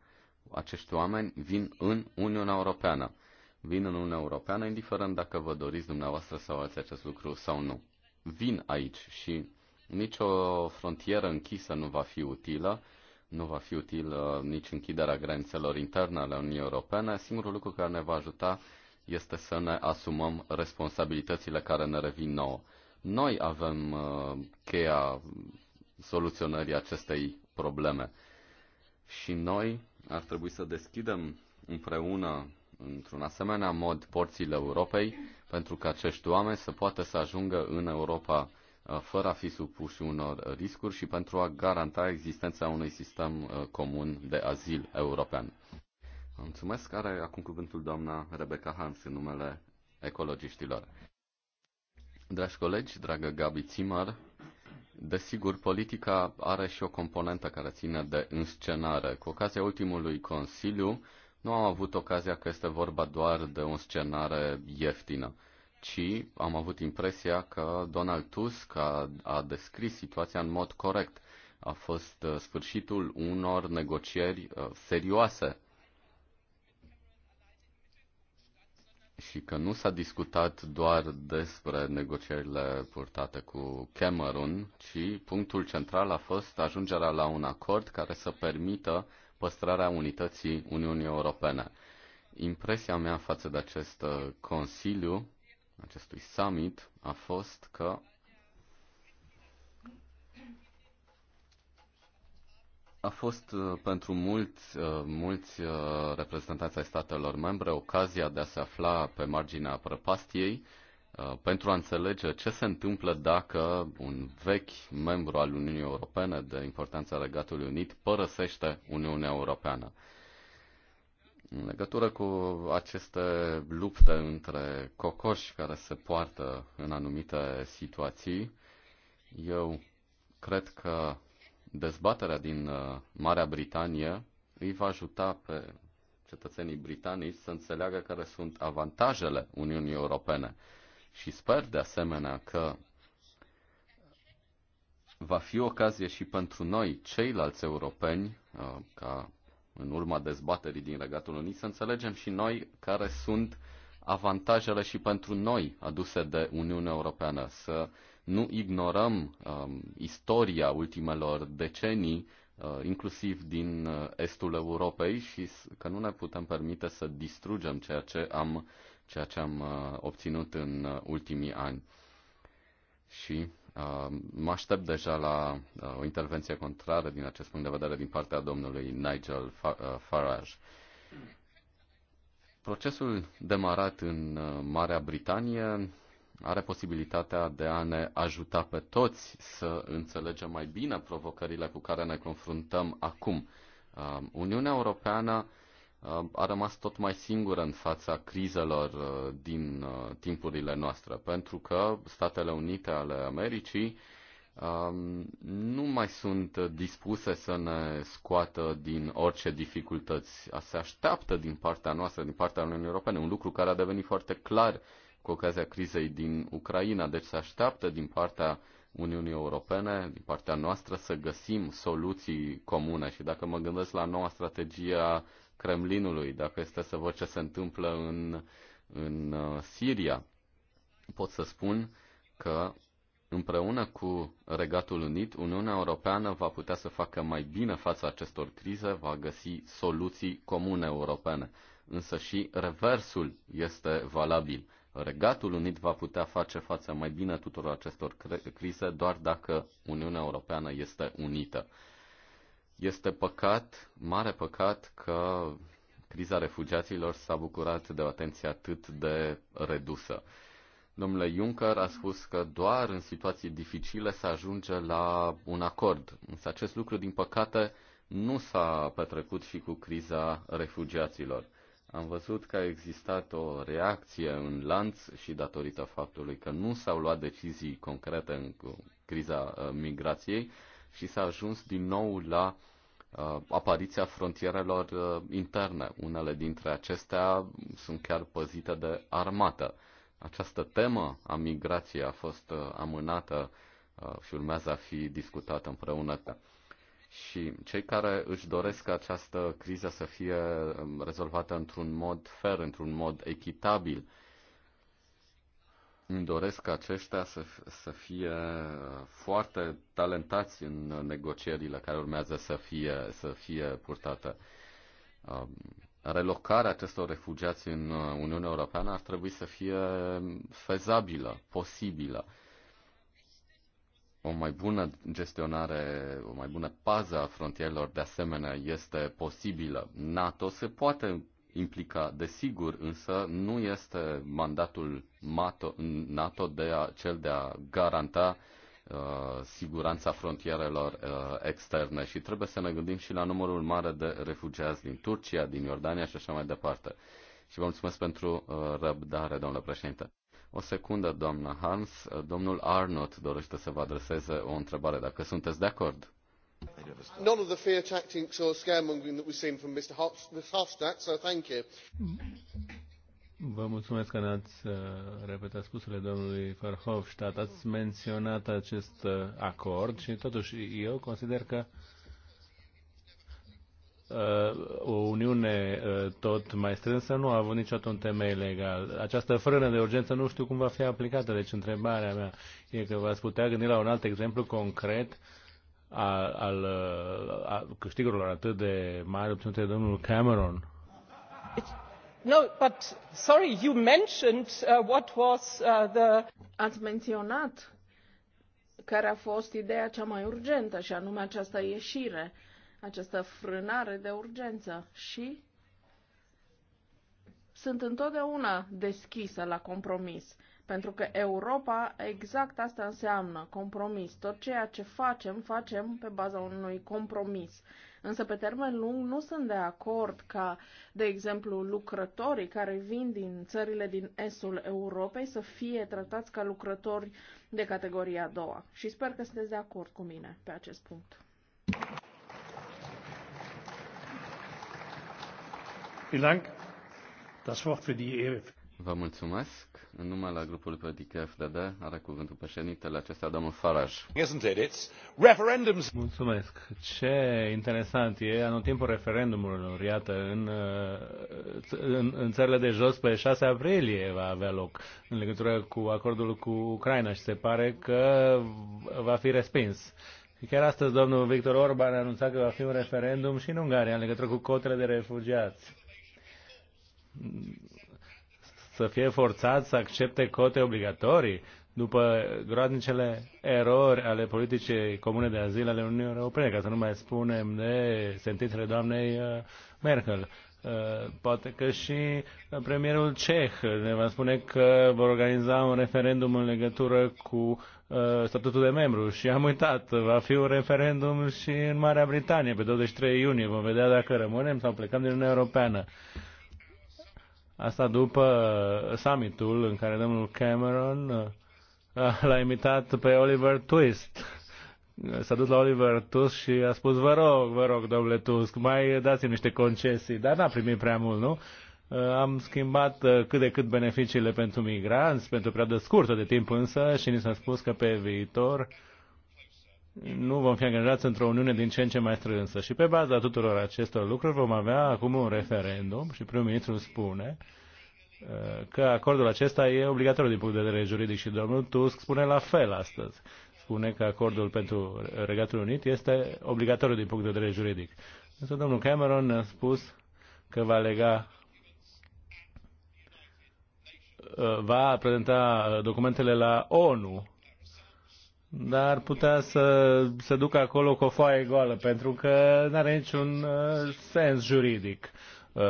Acești oameni vin în Uniunea Europeană. Vin în Uniunea Europeană, indiferent dacă vă doriți dumneavoastră să alții acest lucru sau nu. Vin aici și nicio frontieră închisă nu va fi utilă, nu va fi util nici închiderea granițelor interne ale Uniunii Europene. Singurul lucru care ne va ajuta este să ne asumăm responsabilitățile care ne revin nouă. Noi avem uh, cheia soluționării acestei probleme. Și noi ar trebui să deschidem împreună, într-un asemenea mod, porțile Europei, pentru că acești oameni să poată să ajungă în Europa uh, fără a fi supuși unor riscuri și pentru a garanta existența unui sistem uh, comun de azil european. Mulțumesc. Are acum cuvântul doamna Rebecca Hans în numele ecologiștilor. Dragi colegi, dragă Gabi Țimar, Desigur, politica are și o componentă care ține de înscenare. Cu ocazia ultimului Consiliu, nu am avut ocazia că este vorba doar de o scenare ieftină, ci am avut impresia că Donald Tusk a, a descris situația în mod corect. A fost uh, sfârșitul unor negocieri uh, serioase și că nu s-a discutat doar despre negocierile purtate cu Cameron, ci punctul central a fost ajungerea la un acord care să permită păstrarea unității Uniunii Europene. Impresia mea față de acest uh, Consiliu, acestui summit, a fost că a fost uh, pentru mulți, uh, mulți uh, reprezentanți ai statelor membre ocazia de a se afla pe marginea prăpastiei pentru a înțelege ce se întâmplă dacă un vechi membru al Uniunii Europene de importanța Regatului Unit părăsește Uniunea Europeană. În legătură cu aceste lupte între cocoși care se poartă în anumite situații, eu cred că dezbaterea din uh, Marea Britanie îi va ajuta pe cetățenii britanici să înțeleagă care sunt avantajele Uniunii Europene. Și sper de asemenea că va fi ocazie și pentru noi, ceilalți europeni, uh, ca în urma dezbaterii din Regatul Unit, să înțelegem și noi care sunt avantajele și pentru noi aduse de Uniunea Europeană, să nu ignorăm um, istoria ultimelor decenii, uh, inclusiv din uh, estul Europei, și că nu ne putem permite să distrugem ceea ce am, ceea ce am uh, obținut în uh, ultimii ani. Și uh, mă aștept deja la uh, o intervenție contrară din acest punct de vedere din partea domnului Nigel uh, Farage. Procesul demarat în uh, Marea Britanie are posibilitatea de a ne ajuta pe toți să înțelegem mai bine provocările cu care ne confruntăm acum. Um, Uniunea Europeană um, a rămas tot mai singură în fața crizelor uh, din uh, timpurile noastre, pentru că Statele Unite ale Americii um, nu mai sunt dispuse să ne scoată din orice dificultăți. Se așteaptă din partea noastră, din partea Uniunii Europene, un lucru care a devenit foarte clar cu ocazia crizei din Ucraina. Deci se așteaptă din partea Uniunii Europene, din partea noastră, să găsim soluții comune. Și dacă mă gândesc la noua strategie a Kremlinului, dacă este să văd ce se întâmplă în, în uh, Siria, pot să spun că împreună cu Regatul Unit, Uniunea Europeană va putea să facă mai bine fața acestor crize, va găsi soluții comune europene. Însă și reversul este valabil Regatul Unit va putea face față mai bine tuturor acestor crize doar dacă Uniunea Europeană este unită. Este păcat, mare păcat, că criza refugiaților s-a bucurat de o atenție atât de redusă. Domnule Juncker a spus că doar în situații dificile se ajunge la un acord. Însă acest lucru, din păcate, nu s-a petrecut și cu criza refugiaților. Am văzut că a existat o reacție în lanț și datorită faptului că nu s-au luat decizii concrete în criza uh, migrației și s-a ajuns din nou la uh, apariția frontierelor uh, interne. Unele dintre acestea sunt chiar păzite de armată. Această temă a migrației a fost amânată și urmează a fi discutată împreună și cei care își doresc ca această criză să fie um, rezolvată într-un mod fer, într-un mod echitabil, îmi doresc ca aceștia să, să fie foarte talentați în negocierile care urmează să fie, să fie purtate. Um, relocarea acestor refugiați în uh, Uniunea Europeană ar trebui să fie fezabilă, posibilă o mai bună gestionare, o mai bună pază a frontierelor de asemenea este posibilă. NATO se poate implica, desigur, însă nu este mandatul NATO de a, cel de a garanta uh, siguranța frontierelor uh, externe și trebuie să ne gândim și la numărul mare de refugiați din Turcia, din Iordania și așa mai departe. Și vă mulțumesc pentru uh, răbdare, domnule președinte. O secundă, doamna Hans. Domnul Arnott dorește să vă adreseze o întrebare, dacă sunteți de acord. None of the fear tactics or scaremongering that we've seen from Mr. Hofstadt, so thank you. Vă mulțumesc că ne-ați uh, repetat spusele domnului Verhofstadt. Ați menționat acest uh, acord și totuși eu consider că Uh, o uniune uh, tot mai strânsă nu a avut niciodată un temei legal. Această frână de urgență nu știu cum va fi aplicată, deci întrebarea mea e că v-ați putea gândi la un alt exemplu concret al, al, uh, al câștigurilor atât de mari obținute de domnul Cameron. No, but sorry, you mentioned uh, what was uh, the... Ați menționat care a fost ideea cea mai urgentă, și anume această ieșire. Uh, această frânare de urgență și sunt întotdeauna deschisă la compromis, pentru că Europa exact asta înseamnă, compromis. Tot ceea ce facem, facem pe baza unui compromis. Însă, pe termen lung, nu sunt de acord ca, de exemplu, lucrătorii care vin din țările din estul Europei să fie tratați ca lucrători de categoria a doua. Și sper că sunteți de acord cu mine pe acest punct. Vă mulțumesc. În numele grupului politic FDD are cuvântul președintele acesta, domnul Faraj. Mulțumesc. Ce interesant e anotimpul referendumurilor. Iată, în, uh, în, în țările de jos, pe 6 aprilie va avea loc în legătură cu acordul cu Ucraina și se pare că va fi respins. chiar astăzi domnul Victor Orban a anunțat că va fi un referendum și în Ungaria în legătură cu cotele de refugiați să fie forțat să accepte cote obligatorii după groaznicele erori ale politicii comune de azil ale Uniunii Europene, ca să nu mai spunem de sentințele doamnei uh, Merkel. Uh, poate că și premierul ceh ne va spune că vor organiza un referendum în legătură cu uh, statutul de membru și am uitat, va fi un referendum și în Marea Britanie pe 23 iunie. Vom vedea dacă rămânem sau plecăm din Uniunea Europeană. Asta după summitul în care domnul Cameron uh, l-a imitat pe Oliver Twist. S-a dus la Oliver Tusk și a spus, vă rog, vă rog, domnule Tusk, mai dați-mi niște concesii, dar n-a primit prea mult, nu? Uh, am schimbat uh, cât de cât beneficiile pentru migranți, pentru o perioadă scurtă de timp însă și ni s-a spus că pe viitor uh, nu vom fi angajați într-o uniune din ce în ce mai strânsă. Și pe baza tuturor acestor lucruri vom avea acum un referendum și primul ministru spune uh, că acordul acesta e obligatoriu din punct de vedere juridic și domnul Tusk spune la fel astăzi. Spune că acordul pentru Regatul Unit este obligatoriu din punct de vedere juridic. Însă domnul Cameron a spus că va lega uh, va prezenta uh, documentele la ONU dar ar putea să se ducă acolo cu o foaie goală, pentru că nu are niciun uh, sens juridic uh,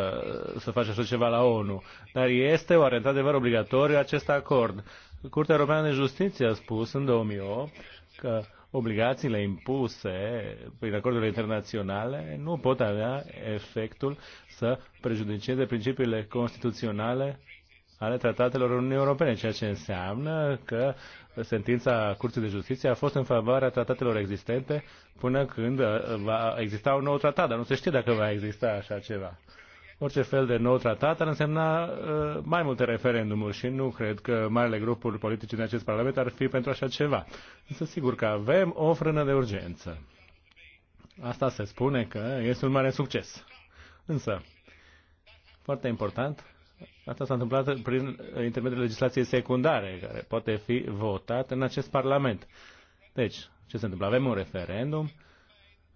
să faci așa ceva la ONU. Dar este oare într-adevăr obligatoriu acest acord? Curtea Europeană de Justiție a spus în 2008 că obligațiile impuse prin acordurile internaționale nu pot avea efectul să prejudicieze principiile constituționale ale tratatelor Uniunii Europene, ceea ce înseamnă că sentința Curții de Justiție a fost în favoarea tratatelor existente până când uh, va exista un nou tratat, dar nu se știe dacă va exista așa ceva. Orice fel de nou tratat ar însemna uh, mai multe referendumuri și nu cred că marele grupuri politice din acest Parlament ar fi pentru așa ceva. Însă sigur că avem o frână de urgență. Asta se spune că este un mare succes. Însă, foarte important, Asta s-a întâmplat prin intermediul legislației secundare, care poate fi votat în acest Parlament. Deci, ce se întâmplă? Avem un referendum,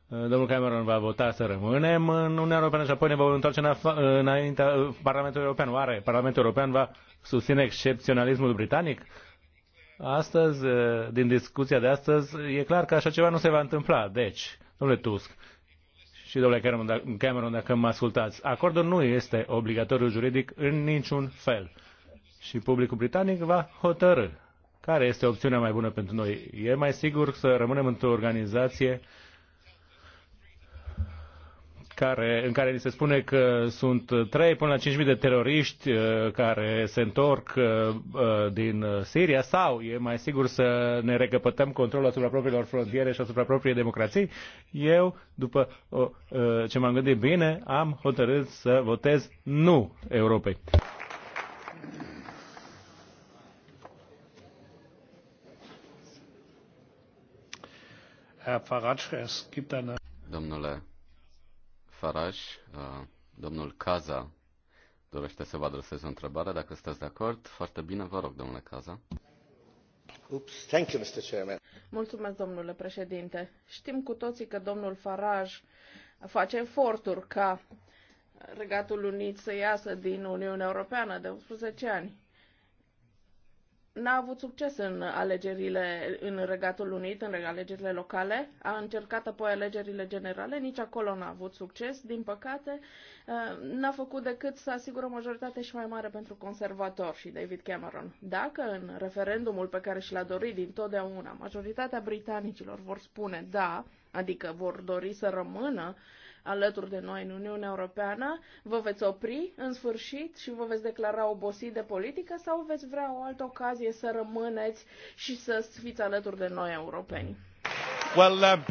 domnul Cameron va vota să rămânem în Uniunea Europeană și apoi ne vom întoarce înaintea Parlamentului European. Oare Parlamentul European va susține excepționalismul britanic? Astăzi, din discuția de astăzi, e clar că așa ceva nu se va întâmpla. Deci, domnule Tusk, și domnule Cameron, dacă mă ascultați, acordul nu este obligatoriu juridic în niciun fel. Și publicul britanic va hotărâ care este opțiunea mai bună pentru noi. E mai sigur să rămânem într-o organizație uh, care, în care ni se spune că sunt 3 până la 5.000 de teroriști uh, care se întorc uh, uh, din Siria sau e mai sigur să ne recăpătăm controlul asupra propriilor frontiere și asupra propriei democrații, eu, după ce m-am gândit bine, am hotărât să votez nu Europei. Herr Farage, es gibt eine Domnule Faraj, uh, domnul Caza dorește să vă adreseze o întrebare, dacă sunteți de acord. Foarte bine, vă rog, domnule Caza. Oops, thank you, Mr. Chairman. Mulțumesc, domnule președinte. Știm cu toții că domnul Faraj face eforturi ca Regatul Unit să iasă din Uniunea Europeană de 11 ani n-a avut succes în alegerile în Regatul Unit, în alegerile locale, a încercat apoi alegerile generale, nici acolo n-a avut succes, din păcate, uh, n-a făcut decât să asigură o majoritate și mai mare pentru conservator și David Cameron. Dacă în referendumul pe care și l-a dorit din totdeauna, majoritatea britanicilor vor spune da, adică vor dori să rămână uh, alături de noi în Uniunea Europeană, vă veți opri în sfârșit și vă veți declara obosit de politică sau veți vrea o altă ocazie să rămâneți și să fiți alături de noi europeni? Well, uh, um,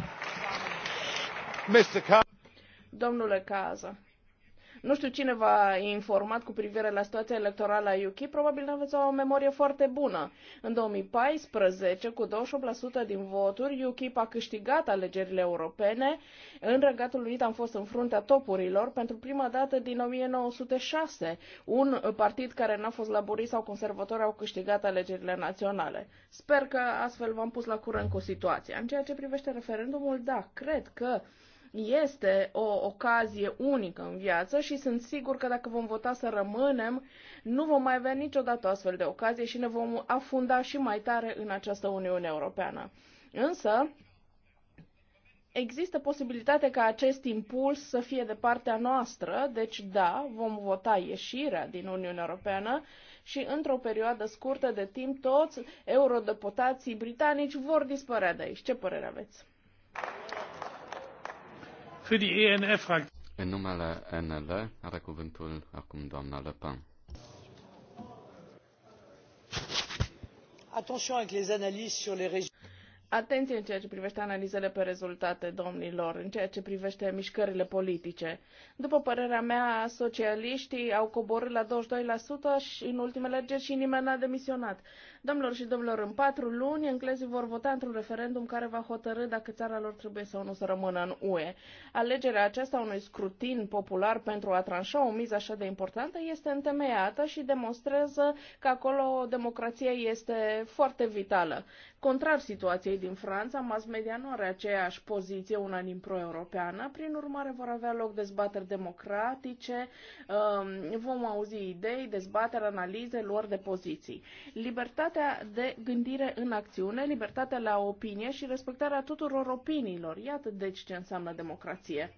Mr. Car- Domnule Caza, nu știu cine v-a informat cu privire la situația electorală a UK, probabil aveți o memorie foarte bună. În 2014, cu 28% din voturi, UK a câștigat alegerile europene. În Regatul Unit am fost în fruntea topurilor pentru prima dată din 1906. Un partid care n-a fost laborist sau conservator au câștigat alegerile naționale. Sper că astfel v-am pus la curent cu situația. În ceea ce privește referendumul, da, cred că este o ocazie unică în viață și sunt sigur că dacă vom vota să rămânem, nu vom mai avea niciodată o astfel de ocazie și ne vom afunda și mai tare în această Uniune Europeană. Însă, există posibilitatea ca acest impuls să fie de partea noastră, deci da, vom vota ieșirea din Uniunea Europeană și într-o perioadă scurtă de timp toți eurodeputații britanici vor dispărea de aici. Ce părere aveți? Für die ENF numele NL are cuvântul acum doamna Le Attention avec les analyses sur les régions. Atenție în ceea ce privește analizele pe rezultate, domnilor, în ceea ce privește mișcările politice. După părerea mea, socialiștii au coborât la 22% și în ultimele alegeri și nimeni n-a demisionat. Domnilor și domnilor, în patru luni englezii vor vota într-un referendum care va hotărâ dacă țara lor trebuie sau nu să rămână în UE. Alegerea aceasta unui scrutin popular pentru a tranșa o miză așa de importantă este întemeiată și demonstrează că acolo democrația este foarte vitală. Contrar situației din Franța, mass media nu are aceeași poziție unanim pro-europeană, prin urmare vor avea loc dezbateri democratice, um, vom auzi idei, dezbateri, analize, luări de poziții. Libertatea libertatea de gândire în acțiune, libertatea la opinie și respectarea tuturor opiniilor. Iată deci ce înseamnă democrație.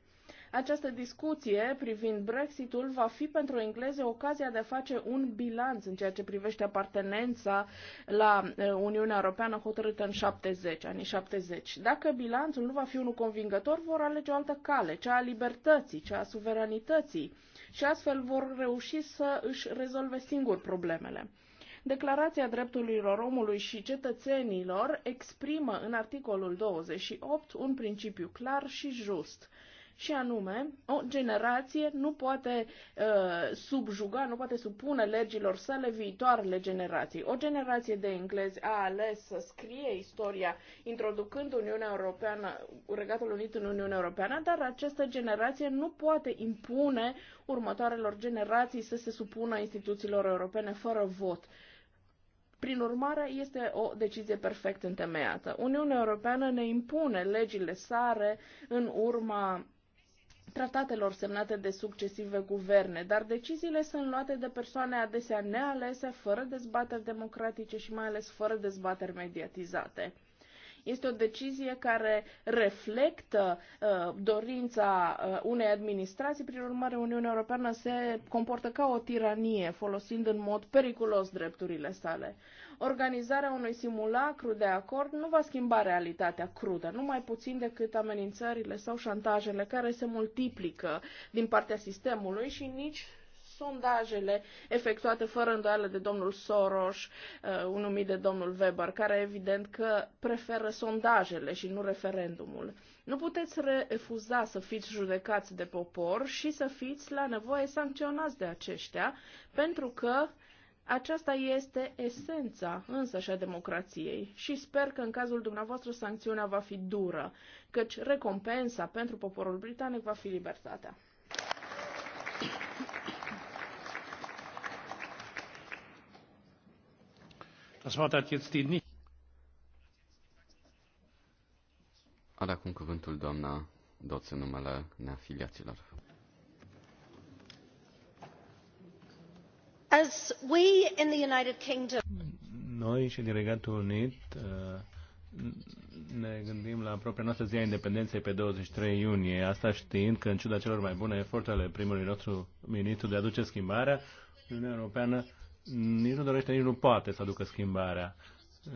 Această discuție privind Brexitul va fi pentru engleze ocazia de a face un bilanț în ceea ce privește apartenența la eh, Uniunea Europeană hotărâtă în 70, anii 70. Dacă bilanțul nu va fi unul convingător, vor alege o altă cale, cea a libertății, cea a suveranității și astfel vor reuși să își rezolve singur problemele. Declarația drepturilor omului și cetățenilor exprimă în articolul 28 un principiu clar și just și anume, o generație nu poate uh, subjuga, nu poate supune legilor sale viitoarele generații. O generație de englezi a ales să scrie istoria introducând Uniunea Europeană, Regatul Unit în Uniunea Europeană, dar această generație nu poate impune următoarelor generații să se supună instituțiilor europene fără vot. Uh, prin urmare, este o decizie perfect întemeiată. Uniunea Europeană ne impune legile sare în urma tratatelor semnate de succesive guverne, dar deciziile sunt luate de persoane adesea nealese, fără dezbateri democratice și mai ales fără dezbateri mediatizate. Este o decizie care reflectă uh, dorința uh, unei administrații, prin urmare Uniunea Europeană se comportă ca o tiranie, folosind în mod periculos drepturile sale. Organizarea unui simulacru de acord nu va schimba realitatea crudă, nu mai puțin decât amenințările sau șantajele care se multiplică din partea sistemului și nici sondajele efectuate fără îndoială de domnul Soros, uh, un numit de domnul Weber, care evident că preferă sondajele și nu referendumul. Nu puteți refuza să fiți judecați de popor și să fiți la nevoie sancționați de aceștia, pentru că aceasta este esența și a democrației și sper că în cazul dumneavoastră sancțiunea va fi dură, căci recompensa pentru poporul britanic va fi libertatea. Are acum cuvântul doamna Doț în numele neafiliaților. As we in the United Kingdom... Noi și din Regatul Unit uh, ne gândim la propria noastră zi a independenței pe 23 iunie, asta știind că în ciuda celor mai bune eforturi ale primului nostru ministru de a aduce schimbarea, Uniunea Europeană nici nu dorește, nici nu poate să aducă schimbarea.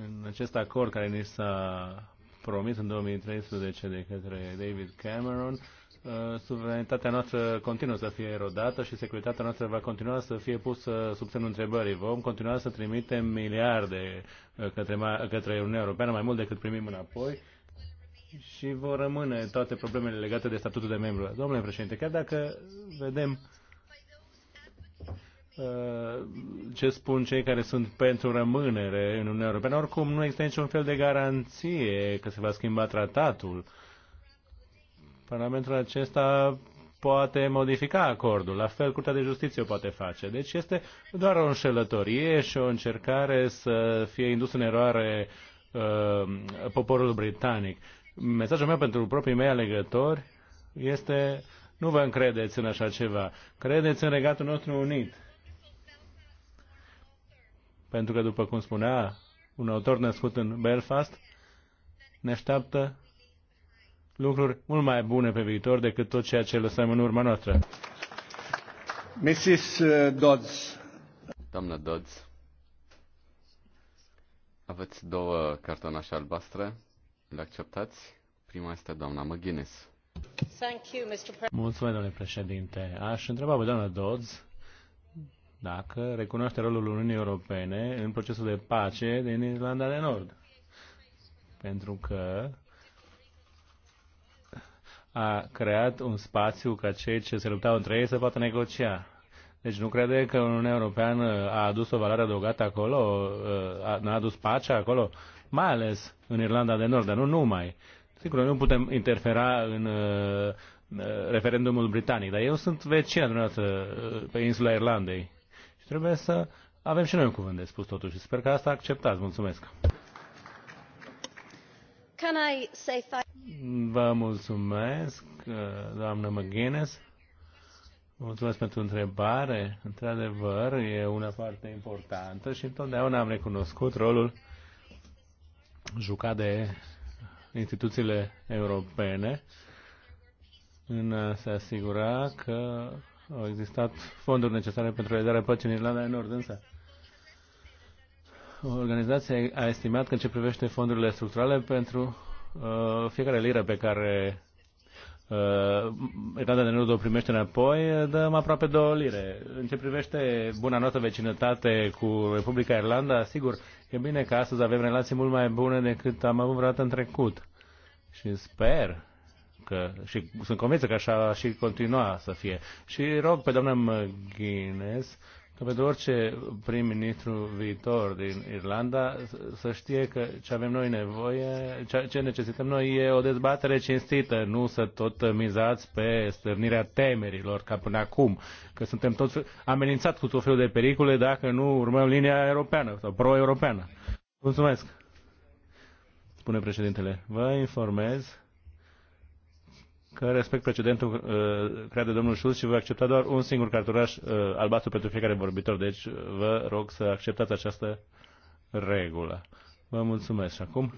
În acest acord care ni s-a promis în 2013 de către David Cameron, uh, suveranitatea noastră continuă să fie erodată și securitatea noastră va continua să fie pusă sub semnul întrebării. Vom continua să trimitem miliarde uh, către, către Uniunea Europeană, mai mult decât primim înapoi, și vor rămâne toate problemele legate de statutul de membru. Domnule președinte, chiar dacă vedem uh, Uh, ce spun cei care sunt pentru rămânere în Uniunea Europeană. Oricum, nu există niciun fel de garanție că se va schimba tratatul. Parlamentul acesta poate modifica acordul, la fel Curtea de Justiție o poate face. Deci este doar o înșelătorie și o încercare să fie indus în eroare uh, poporul britanic. Mesajul meu pentru proprii mei alegători este nu vă încredeți în așa ceva, credeți în regatul nostru unit pentru că, după cum spunea un autor născut în Belfast, ne așteaptă lucruri mult mai bune pe viitor decât tot ceea ce lăsăm în urma noastră. Mrs. Uh, Dodds. Doamna Dodds, aveți două cartonașe albastre. Le acceptați? Prima este doamna McGuinness. Mulțumesc, domnule președinte. Aș întreba pe doamna Dodds dacă recunoaște rolul Uniunii Europene în procesul de pace din Irlanda de Nord. Pentru că a creat un spațiu ca cei ce se luptau între ei să poată negocia. Deci nu crede că Uniunea Europeană a adus o valoare adăugată acolo, a adus pacea acolo, mai ales în Irlanda de Nord, dar nu numai. Sigur, nu putem interfera în uh, uh, referendumul britanic, dar eu sunt vecin dumneavoastră uh, pe insula Irlandei trebuie să avem și noi un cuvânt de spus totuși. Sper că asta acceptați. Mulțumesc! Can I say Vă mulțumesc, doamnă McGuinness. Mulțumesc pentru întrebare. Într-adevăr, e una foarte importantă și întotdeauna am recunoscut rolul jucat de instituțiile europene în a se asigura că au existat fonduri necesare pentru realizarea păcii în Irlanda de Nord, însă organizația a estimat că în ce privește fondurile structurale pentru uh, fiecare liră pe care uh, Irlanda de Nord o primește înapoi, dăm aproape două lire. În ce privește buna noastră vecinătate cu Republica Irlanda, sigur, e bine că astăzi avem relații mult mai bune decât am avut vreodată în trecut. Și sper că, și sunt convins că așa și continua să fie. Și rog pe doamna McGuinness că pentru orice prim-ministru viitor din Irlanda să știe că ce avem noi nevoie, ce necesităm noi e o dezbatere cinstită, nu să tot mizați pe stârnirea temerilor ca până acum, că suntem tot amenințați cu tot felul de pericole dacă nu urmăm linia europeană sau pro-europeană. Mulțumesc! Spune președintele, vă informez că respect precedentul crede uh, creat de domnul Schulz și voi accepta doar un singur carturaș uh, albastru pentru fiecare vorbitor. Deci vă rog să acceptați această regulă. Vă mulțumesc. Și acum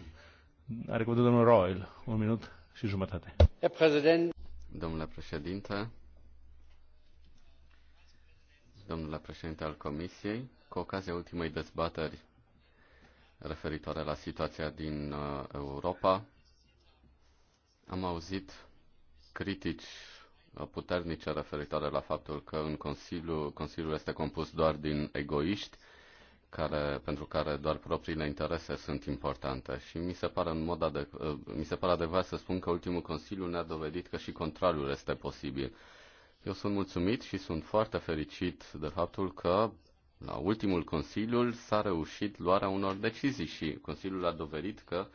are cuvântul domnul Royal. Un minut și jumătate. Domnule președinte, domnule președinte al Comisiei, cu ocazia ultimei dezbateri referitoare la situația din uh, Europa, am auzit critici puternice referitoare la faptul că în Consiliu, Consiliul este compus doar din egoiști, care, pentru care doar propriile interese sunt importante. Și mi se pare, în mod adec- uh, mi se pare adevărat să spun că ultimul Consiliu ne-a dovedit că și contrariul este posibil. Eu sunt mulțumit și sunt foarte fericit de faptul că la ultimul consiliu s-a reușit luarea unor decizii și Consiliul a dovedit că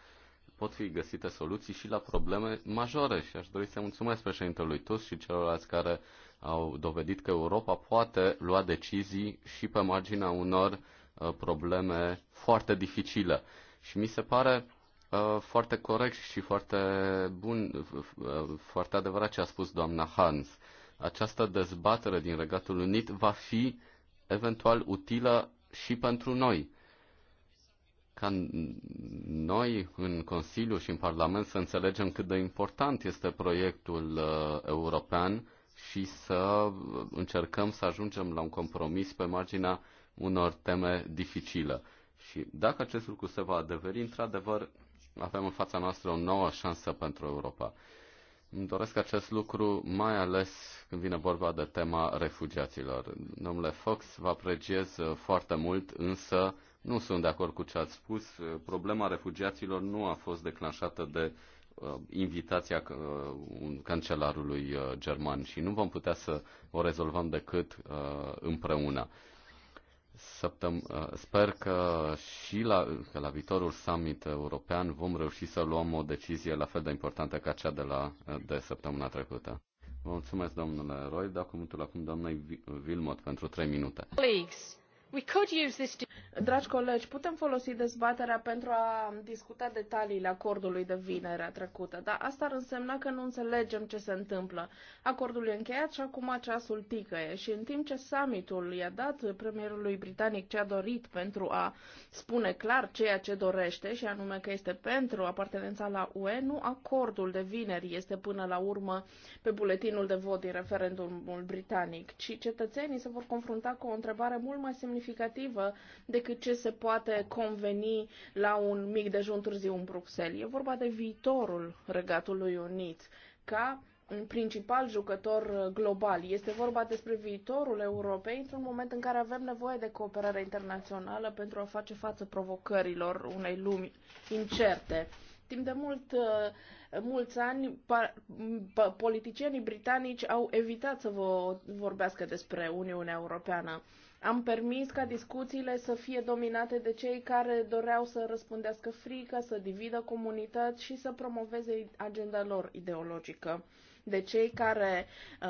pot fi găsite soluții și la probleme majore și aș dori să mulțumesc președintelui Tus și celorlalți care au dovedit că Europa poate lua decizii și pe marginea unor uh, probleme foarte dificile. Și mi se pare uh, foarte corect și foarte bun, uh, foarte adevărat ce a spus doamna Hans. Această dezbatere din Regatul Unit va fi eventual utilă și pentru noi ca noi în Consiliu și în Parlament să înțelegem cât de important este proiectul uh, european și să uh, încercăm să ajungem la un compromis pe marginea unor teme dificile. Și dacă acest lucru se va adeveri, într-adevăr, avem în fața noastră o nouă șansă pentru Europa. Îmi doresc acest lucru, mai ales când vine vorba de tema refugiaților. Domnule Fox, vă apreciez uh, foarte mult, însă nu sunt de acord cu ce ați spus. Problema refugiaților nu a fost declanșată de uh, invitația uh, cancelarului uh, german și nu vom putea să o rezolvăm decât uh, împreună. Săptăm- uh, sper că și la, că la viitorul summit european vom reuși să luăm o decizie la fel de importantă ca cea de, la, uh, de săptămâna trecută. Vă mulțumesc, domnule Roy. dar cuvântul acum doamnei Vilmot pentru 3 minute. Please. Dragi colegi, putem folosi dezbaterea pentru a discuta detaliile acordului de vinerea trecută, dar asta ar însemna că nu înțelegem ce se întâmplă. Acordul e încheiat și acum ceasul ticăie și în timp ce summitul i-a dat premierului britanic ce a dorit pentru a spune clar ceea ce dorește și anume că este pentru apartenența la UE, nu acordul de vineri este până la urmă pe buletinul de vot din referendumul britanic, ci cetățenii se vor confrunta cu o întrebare mult mai semnificativă semnificativă decât ce se poate conveni la un mic dejun târziu în Bruxelles. E vorba de viitorul Regatului Unit ca principal jucător global. Este vorba despre viitorul Europei într-un moment în care avem nevoie de cooperare internațională pentru a face față provocărilor unei lumi incerte. Timp de mult, uh, mulți ani, politicienii britanici au evitat să vorbească despre Uniunea Europeană. Am permis ca discuțiile să fie dominate de cei care doreau să răspundească frică, să dividă comunități și să promoveze agenda lor ideologică. De cei care uh,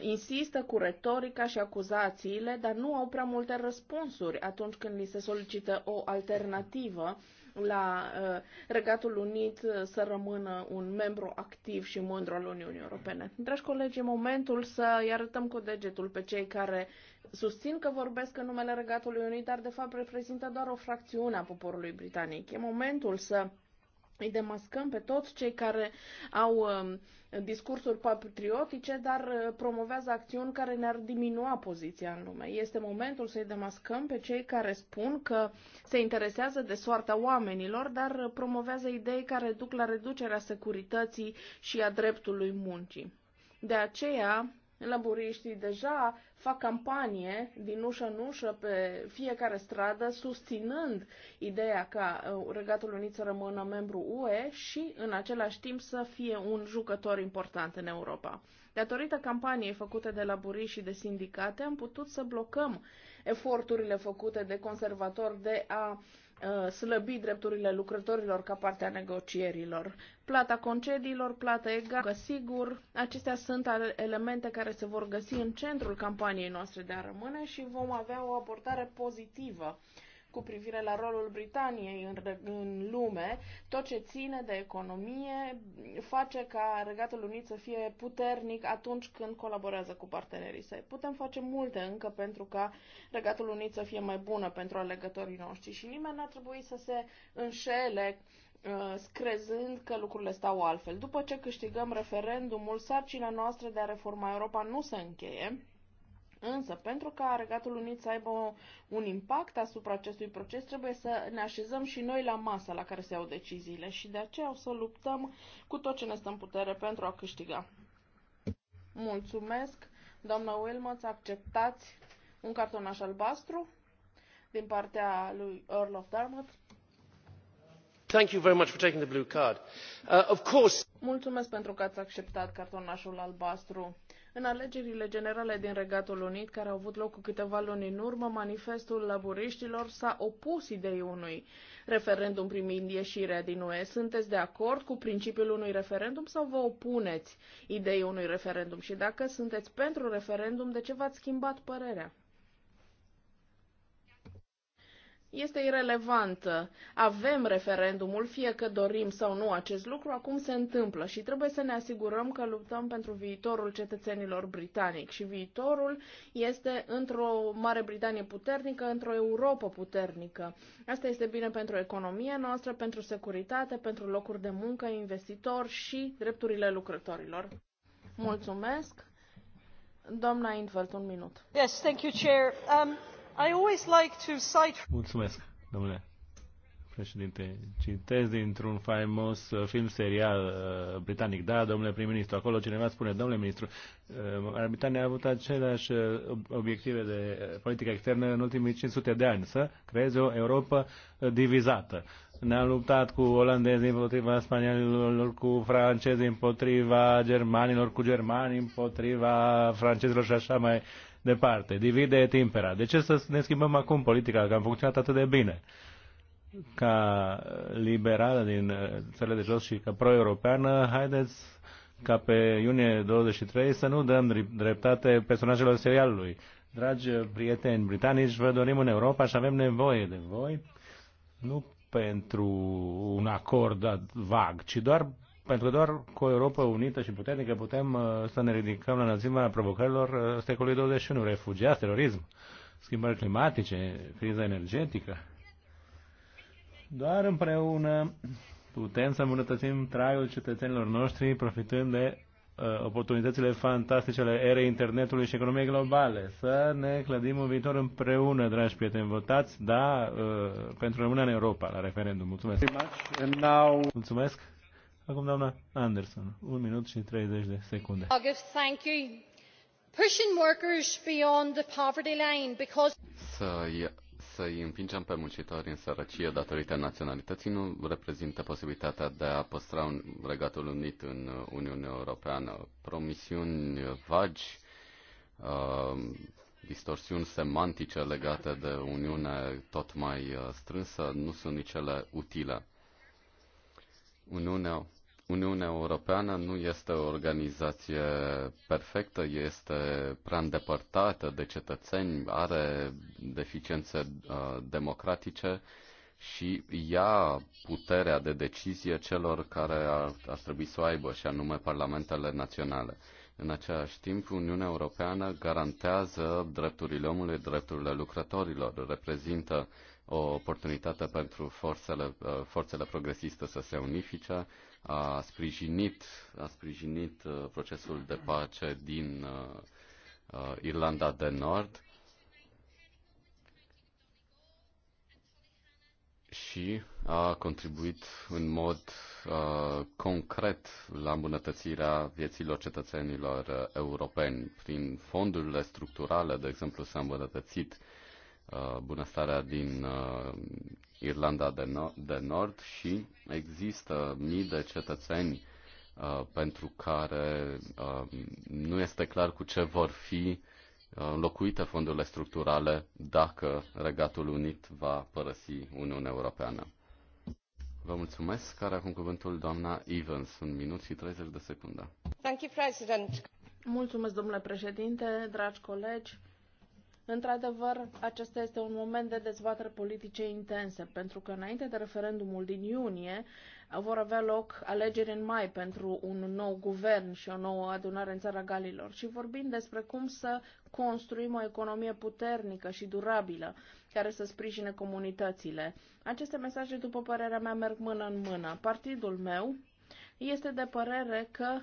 insistă cu retorica și acuzațiile, dar nu au prea multe răspunsuri atunci când li se solicită o alternativă la uh, Regatul Unit uh, să rămână un membru activ și mândru al Uniunii Europene. Dragi colegi, e momentul să îi arătăm cu degetul pe cei care susțin că vorbesc în numele Regatului Unit, dar de fapt reprezintă doar o fracțiune a poporului britanic. E momentul să îi demascăm pe toți cei care au um, discursuri patriotice, dar uh, promovează acțiuni care ne-ar diminua poziția în lume. Este momentul să-i demascăm pe cei care spun că se interesează de soarta oamenilor, dar uh, promovează idei care duc la reducerea securității și a dreptului muncii. De aceea, Laburiștii deja fac campanie din ușă în ușă pe fiecare stradă, susținând ideea ca uh, Regatul Unit să rămână membru UE și în același timp să fie un jucător important în Europa. Datorită campaniei făcute de laburiști și de sindicate, am putut să blocăm eforturile făcute de conservatori de a uh, Uh, slăbi drepturile lucrătorilor ca parte a negocierilor. Plata concediilor, plată egală, sigur, acestea sunt elemente care se vor găsi în centrul campaniei noastre de a rămâne și vom avea o abordare pozitivă cu privire la rolul Britaniei în, în lume, tot ce ține de economie face ca Regatul Unit să fie puternic atunci când colaborează cu partenerii săi. Putem face multe încă pentru ca Regatul Unit să fie mai bună pentru alegătorii noștri și nimeni n-ar trebui să se înșele uh, crezând că lucrurile stau altfel. După ce câștigăm referendumul, sarcina noastră de a reforma Europa nu se încheie Însă, pentru ca Regatul Unit să aibă un impact asupra acestui proces, trebuie să ne așezăm și noi la masa la care se iau deciziile și de aceea o să luptăm cu tot ce ne stă în putere pentru a câștiga. Mulțumesc, doamna să acceptați un cartonaș albastru din partea lui Earl of Dartmouth. Thank you very much for taking the blue card. Uh, of course... Mulțumesc pentru că ați acceptat cartonașul albastru în alegerile generale din Regatul Unit, care au avut loc cu câteva luni în urmă, manifestul laburiștilor s-a opus ideii unui referendum primind ieșirea din UE. Sunteți de acord cu principiul unui referendum sau vă opuneți ideii unui referendum? Și dacă sunteți pentru referendum, de ce v-ați schimbat părerea? este irelevantă. Avem referendumul, fie că dorim sau nu acest lucru, acum se întâmplă și trebuie să ne asigurăm că luptăm pentru viitorul cetățenilor britanici. Și viitorul este într-o Mare Britanie puternică, într-o Europa puternică. Asta este bine pentru economia noastră, pentru securitate, pentru locuri de muncă, investitori și drepturile lucrătorilor. Mulțumesc! Doamna Intveld, un minut. Yes, thank you, Chair. Um... I always like to cite... Mulțumesc, domnule președinte. Citez dintr-un faimos uh, film serial uh, britanic. Da, domnule prim-ministru, acolo cineva spune, domnule ministru, uh, Britania a avut aceleași uh, obiective de uh, politică externă în ultimii 500 de ani, să creeze o Europa uh, divizată. Ne-am luptat cu olandezii împotriva spaniolilor, cu francezii împotriva germanilor, cu germanii împotriva francezilor și așa mai uh, departe. Divide et impera. De ce să ne schimbăm acum politica, că am funcționat atât de bine? Ca liberală din uh, țările de jos și ca pro-europeană, haideți ca pe iunie 23 să nu dăm dreptate personajelor serialului. Dragi prieteni britanici, vă dorim în Europa și avem nevoie de voi, nu pentru un acord vag, ci doar pentru că doar cu o Europa unită și puternică putem uh, să ne ridicăm la înălțimea provocărilor uh, secolului 21, refugiați, terorism, schimbări climatice, criza energetică. Doar împreună putem să îmbunătățim traiul cetățenilor noștri profitând de uh, oportunitățile fantastice ale erei internetului și economiei globale. Să ne clădim un viitor împreună, dragi prieteni. Votați, da, uh, pentru rămâne în Europa la referendum. Mulțumesc. Mulțumesc. Acum doamna Anderson, un minut și 30 de secunde. August, thank you. Pushing workers beyond the poverty line because... Să-i să-i împingem pe muncitori în sărăcie datorită naționalității nu reprezintă posibilitatea de a păstra un regatul unit în Uniunea Europeană. Promisiuni vagi, uh, distorsiuni semantice legate de Uniune tot mai uh, strânsă nu sunt nici ele utile. Uniunea Uniunea Europeană nu este o organizație perfectă, este prea îndepărtată de cetățeni, are deficiențe uh, democratice și ia puterea de decizie celor care ar, ar trebui să o aibă, și anume parlamentele naționale. În același timp, Uniunea Europeană garantează drepturile omului, drepturile lucrătorilor, reprezintă o oportunitate pentru forțele, uh, forțele progresiste să se unifice, a sprijinit, a sprijinit uh, procesul de pace din uh, uh, Irlanda de Nord și a contribuit în mod uh, concret la îmbunătățirea vieților cetățenilor europeni. Prin fondurile structurale, de exemplu, s-a îmbunătățit uh, Uh, bunăstarea din uh, Irlanda de, no- de Nord și există mii de cetățeni uh, pentru care nu este clar cu ce vor fi înlocuite fondurile structurale dacă Regatul Unit va părăsi Uniunea Europeană. Vă mulțumesc. Care acum cuvântul doamna Evans, un minut și 30 de secunde. Thank you, President. Mulțumesc, domnule președinte, dragi colegi. Într-adevăr, acesta este un moment de dezbatere politice intense, pentru că înainte de referendumul din iunie vor avea loc alegeri în mai pentru un nou guvern și o nouă adunare în țara Galilor și vorbim despre cum să construim o economie puternică și durabilă care să sprijine comunitățile. Aceste mesaje, după părerea mea, merg mână în mână. Partidul meu este de părere că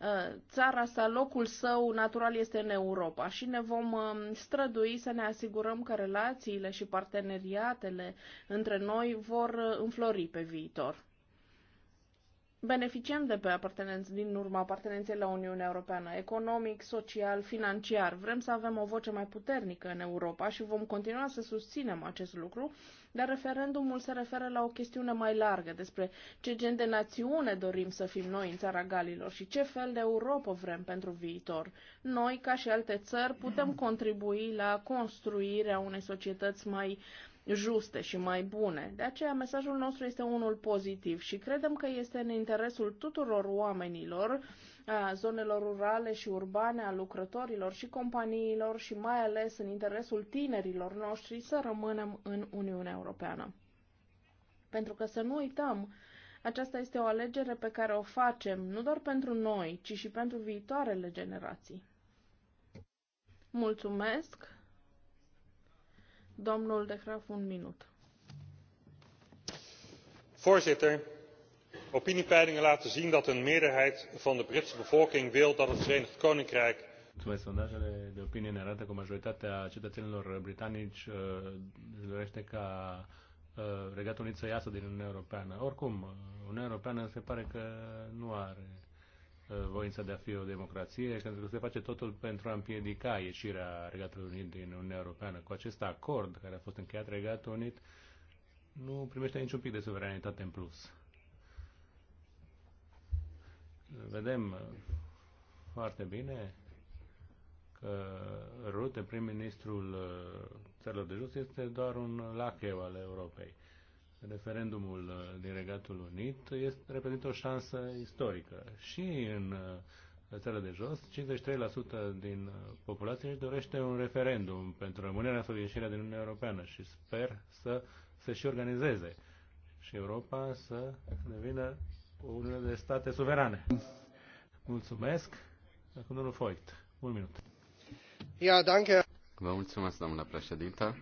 Uh, țara sa, locul său natural este în Europa și ne vom uh, strădui să ne asigurăm că relațiile și parteneriatele între noi vor uh, înflori pe viitor beneficiem de pe apartenență, din urma apartenenței la Uniunea Europeană, economic, social, financiar. Vrem să avem o voce mai puternică în Europa și vom continua să susținem acest lucru, dar referendumul se referă la o chestiune mai largă despre ce gen de națiune dorim să fim noi în țara Galilor și ce fel de Europa vrem pentru viitor. Noi, ca și alte țări, putem contribui la construirea unei societăți mai uh, juste și mai bune. De aceea mesajul nostru este unul pozitiv și credem că este în interesul tuturor oamenilor, a zonelor rurale și urbane, a lucrătorilor și companiilor și mai ales în interesul tinerilor noștri să rămânem în Uniunea Europeană. Pentru că să nu uităm, aceasta este o alegere pe care o facem nu doar pentru noi, ci și pentru viitoarele generații. Mulțumesc! Domnul de Graf, un minut. Voorzitter, opiniepeilingen laten zien dat een meerderheid van de Britse bevolking wil dat het Verenigd Koninkrijk Mulțumesc. Sondajele de opinie ne arată că majoritatea cetățenilor britanici uh, dorește ca uh, Regatul Unit să iasă din Uniunea Europeană. Oricum, uh, Uniunea Europeană se pare că nu are Uh, voința de a fi o democrație, pentru că se face totul pentru a împiedica ieșirea Regatului Unit din Uniunea Europeană. Cu acest acord care a fost încheiat, Regatul Unit nu primește niciun pic de suveranitate în plus. Vedem uh, foarte bine că Rute, prim-ministrul uh, țărilor de jos, este doar un lacheu al Europei referendumul uh, din Regatul Unit este, reprezintă o șansă istorică. Și în uh, țările de jos, 53% din uh, populație își dorește un referendum pentru rămânerea sau ieșirea din Uniunea Europeană și sper să se și organizeze și Europa să devină o Uniune de state suverane. Mulțumesc. Acum domnul foit. Un minut. Ia, danke. Vă mulțumesc, domnule președinte.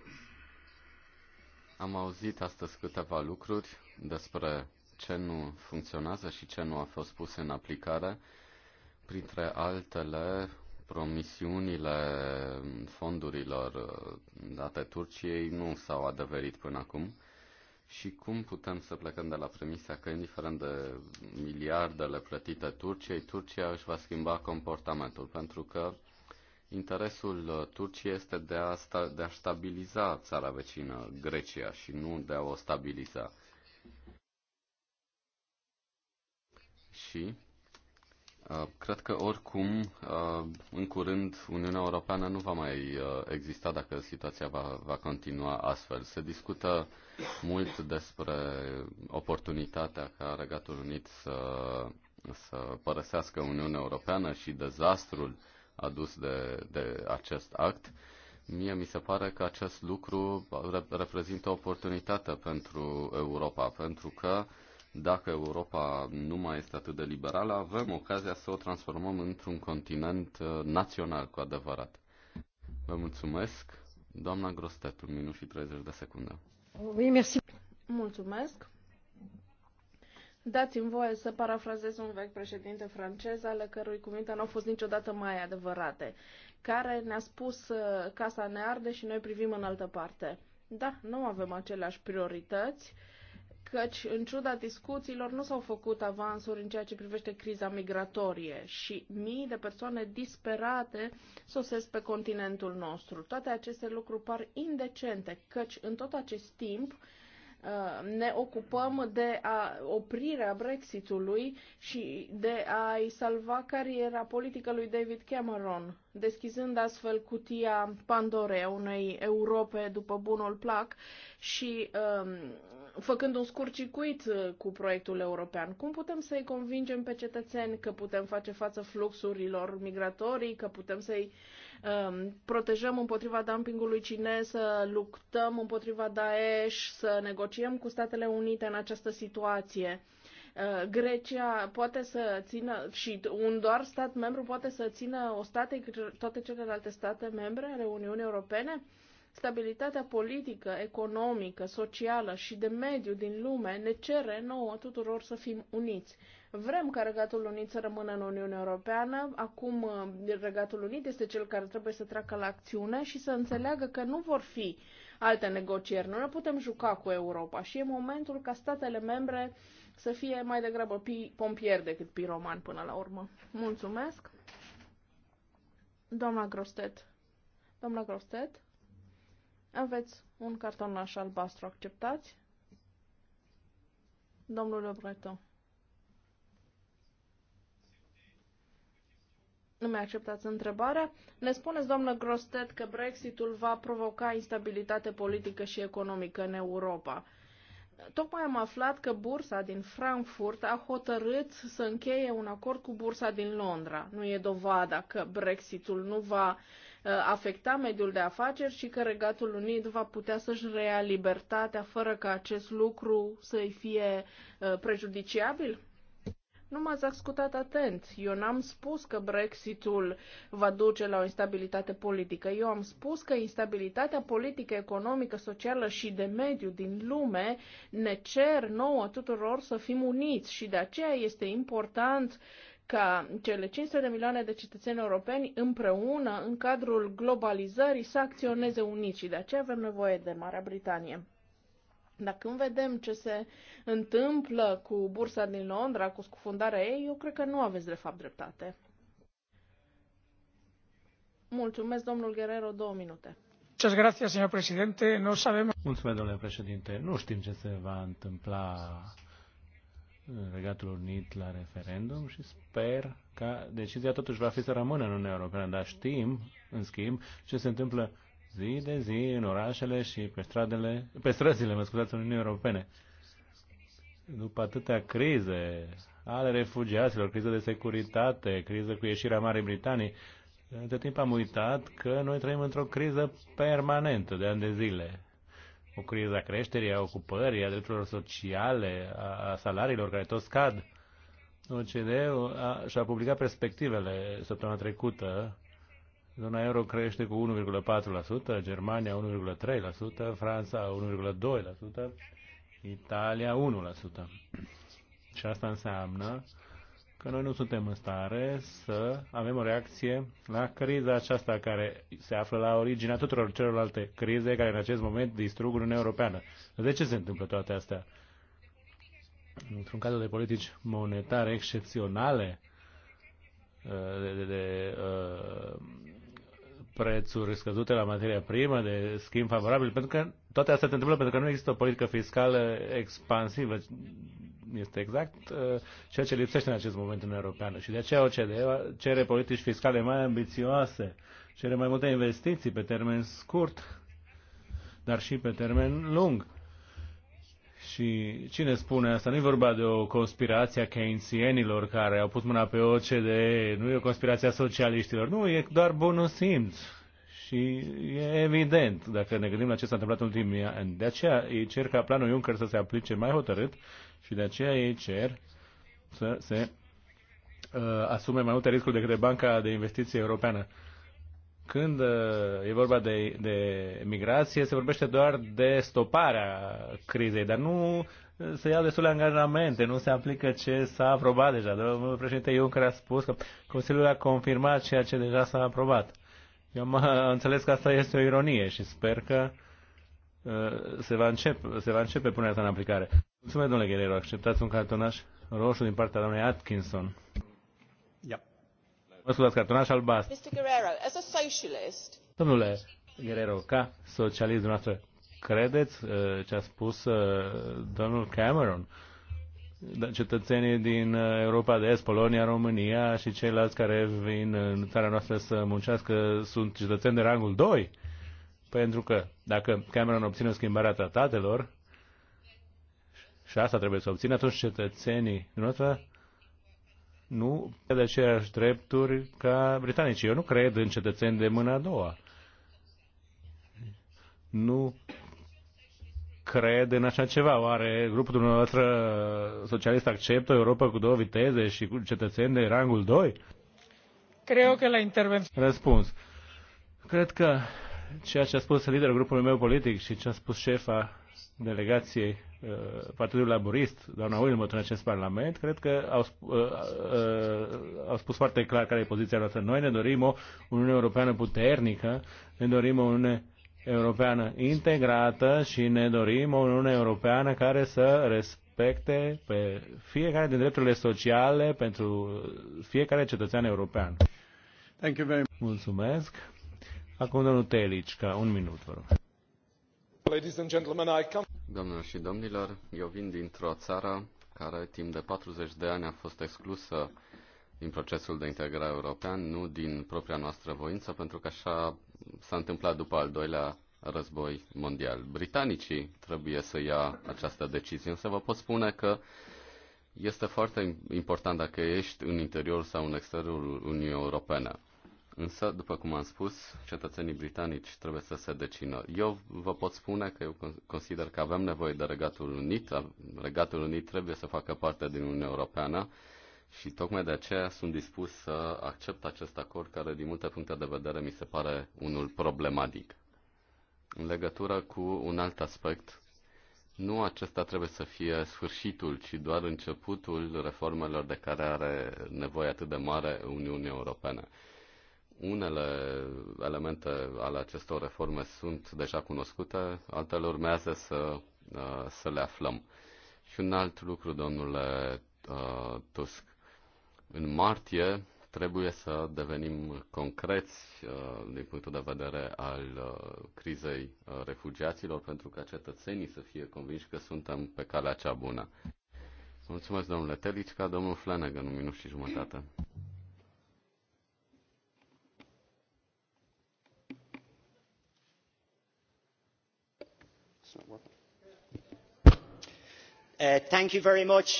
Am auzit astăzi câteva lucruri despre ce nu funcționează și ce nu a fost pus în aplicare, printre altele promisiunile fondurilor uh, date Turciei nu s-au adeverit până acum. Și cum putem să plecăm de la premisa că, indiferent de miliardele plătite Turciei, Turcia își va schimba comportamentul? Pentru că Interesul uh, Turciei este de a, sta, de a stabiliza țara vecină, Grecia, și nu de a o stabiliza. Și uh, Cred că oricum, uh, în curând, Uniunea Europeană nu va mai exista dacă situația va, va continua astfel. Se discută mult despre oportunitatea ca Regatul Unit să, să părăsească Uniunea Europeană și dezastrul adus de, de acest act. Mie mi se pare că acest lucru reprezintă o oportunitate pentru Europa, pentru că dacă Europa nu mai este atât de liberală, avem ocazia să o transformăm într-un continent uh, național cu adevărat. Vă mulțumesc. Doamna Grostet, un minut și 30 de secunde. Mulțumesc. Dați-mi voie să parafrazez un vechi președinte francez, ale cărui cuvinte nu au fost niciodată mai adevărate, care ne-a spus uh, casa ne arde și noi privim în altă parte. Da, nu avem aceleași priorități, căci, în ciuda discuțiilor, nu s-au făcut avansuri în ceea ce privește criza migratorie și mii de persoane disperate sosesc pe continentul nostru. Toate aceste lucruri par indecente, căci, în tot acest timp, Uh, ne ocupăm de a oprirea Brexitului și de a-i salva cariera politică lui David Cameron, deschizând astfel cutia Pandorei a unei Europe după bunul plac și um, făcând un scurt circuit cu proiectul european. Cum putem să-i convingem pe cetățeni că putem face față fluxurilor migratorii, că putem să-i uh, Um, protejăm împotriva dumpingului chinez, să luptăm împotriva Daesh, să negociem cu Statele Unite în această situație. Uh, Grecia poate să țină și un doar stat membru poate să țină o state toate celelalte state membre ale Uniunii Europene? Stabilitatea politică, economică, socială și de mediu din lume ne cere nouă tuturor să fim uniți. Vrem ca Regatul Unit să rămână în Uniunea Europeană, acum eh, Regatul Unit este cel care trebuie să treacă la acțiune și să înțeleagă că nu vor fi alte negocieri, nu ne putem juca cu Europa și e momentul ca statele membre să fie mai degrabă pi- pompieri decât piroman până la urmă. Mulțumesc! Doamna Grostet. Doamna Grostet? Aveți un cartonaș albastru, acceptați? Domnule Breton. Nu mi acceptați întrebarea. Ne spuneți, doamnă Grostet, că Brexitul va provoca instabilitate politică și economică în Europa. Tocmai am aflat că bursa din Frankfurt a hotărât să încheie un acord cu bursa din Londra. Nu e dovada că Brexitul nu va Uh, afecta mediul de afaceri și că Regatul Unit va putea să-și reia libertatea fără ca acest lucru să-i fie uh, prejudiciabil? Nu m-ați ascultat atent. Eu n-am spus că Brexitul va duce la o instabilitate politică. Eu am spus că instabilitatea politică, economică, socială și de mediu din lume ne cer nouă tuturor să fim uniți și de aceea este important uh, ca cele 500 de milioane de cetățeni europeni împreună, în cadrul globalizării, să acționeze unici de aceea avem nevoie de Marea Britanie. Dacă când vedem ce se întâmplă cu bursa din Londra, cu scufundarea ei, eu cred că nu aveți de fapt dreptate. Mulțumesc, domnul Guerrero, două minute. Mulțumesc, domnule președinte. Nu știm ce se va întâmpla legatul Unit la referendum și sper că decizia totuși va fi să rămână în Uniunea Europeană, dar știm, în schimb, ce se întâmplă zi de zi în orașele și pe, stradele, pe străzile, mă scuzați, în Uniunea Europene. După atâtea crize ale refugiaților, criză de securitate, criză cu ieșirea Marii Britanii, între timp am uitat că noi trăim într-o criză permanentă de ani de zile o criză a creșterii, a ocupării, a drepturilor sociale, a, a salariilor care tot scad. OCD și-a publicat perspectivele săptămâna trecută. Zona euro crește cu 1,4%, Germania 1,3%, Franța 1,2%, Italia 1%. Și asta înseamnă că noi nu suntem în stare să avem o reacție la criza aceasta care se află la originea tuturor celorlalte crize care în acest moment distrug Uniunea Europeană. De ce se întâmplă toate astea? Într-un cadru de politici monetare excepționale, de, de, de uh, prețuri scăzute la materia primă, de schimb favorabil, pentru că toate astea se întâmplă pentru că nu există o politică fiscală expansivă, este exact uh, ceea ce lipsește în acest moment în Europeană. Și de aceea OCDE cere politici fiscale mai ambițioase, cere mai multe investiții pe termen scurt, dar și pe termen lung. Și cine spune asta? Nu e vorba de o conspirație a keynesienilor care au pus mâna pe OCDE, nu e o conspirație a socialiștilor, nu, e doar bunul simț. Și e evident, dacă ne gândim la ce s-a întâmplat în ultimii ani. De aceea îi cer ca planul Juncker să se aplice mai hotărât și de aceea ei cer să se uh, asume mai multe riscuri decât de Banca de Investiții Europeană. Când uh, e vorba de, de migrație, se vorbește doar de stoparea crizei, dar nu uh, se iau destule angajamente, nu se aplică ce s-a aprobat deja. Domnul președinte Juncker a spus că Consiliul a confirmat ceea ce deja s-a aprobat. Eu am înțeles că asta este o ironie și sper că uh, se va, începe se va începe punerea asta în aplicare. Mulțumesc, domnule Guerrero. Acceptați un cartonaș roșu din partea doamnei Atkinson. Yeah. Mă scuzați, cartonaș albastru. Mr. Guerrero, as a socialist... Domnule Guerrero, ca socialist dumneavoastră, credeți uh, ce a spus uh, domnul Cameron? Da, cetățenii din uh, Europa de Est, Polonia, România și ceilalți care vin uh, în țara noastră să muncească sunt cetățeni de rangul 2? Pentru că dacă Cameron obține schimbarea tratatelor, și asta trebuie să obțină, atunci cetățenii dumneavoastră nu de aceeași drepturi ca britanicii. Eu nu cred în cetățeni de mâna a doua. Nu cred în așa ceva. Oare grupul dumneavoastră socialist acceptă Europa cu două viteze și cu cetățeni de rangul 2? Cred că la intervenție. Răspuns. Cred că ceea ce a spus liderul grupului meu politic și ce a spus șefa delegației uh, Partidul Laborist, doamna Wilmot, în acest Parlament, cred că au, uh, uh, au spus foarte clar care e poziția noastră. Noi ne dorim o Uniune Europeană puternică, ne dorim o Uniune Europeană integrată și ne dorim o Uniune Europeană care să respecte pe fiecare din drepturile sociale pentru fiecare cetățean european. Thank you very much. Mulțumesc. Acum domnul Telici, ca un minut, vă rog. Doamnelor și domnilor, eu vin dintr-o țară care timp de 40 de ani a fost exclusă din procesul de integrare european, nu din propria noastră voință, pentru că așa s-a întâmplat după al doilea război mondial. Britanicii trebuie să ia această decizie, însă vă pot spune că este foarte important dacă ești în interior sau în exteriorul Uniunii Europene. Însă, după cum am spus, cetățenii britanici trebuie să se decină. Eu vă pot spune că eu consider că avem nevoie de Regatul Unit. Regatul Unit trebuie să facă parte din Uniunea Europeană și tocmai de aceea sunt dispus să accept acest acord care, din multe puncte de vedere, mi se pare unul problematic. În legătură cu un alt aspect, nu acesta trebuie să fie sfârșitul, ci doar începutul reformelor de care are nevoie atât de mare Uniunea Europeană. Unele elemente ale acestor reforme sunt deja cunoscute, altele urmează să, uh, să le aflăm. Și un alt lucru, domnule uh, Tusk, în martie trebuie să devenim concreți uh, din punctul de vedere al crizei refugiaților pentru ca cetățenii să fie convinși că suntem pe calea cea bună. Mulțumesc, domnule Telici, ca domnul Flanagan, un minut și jumătate. Uh,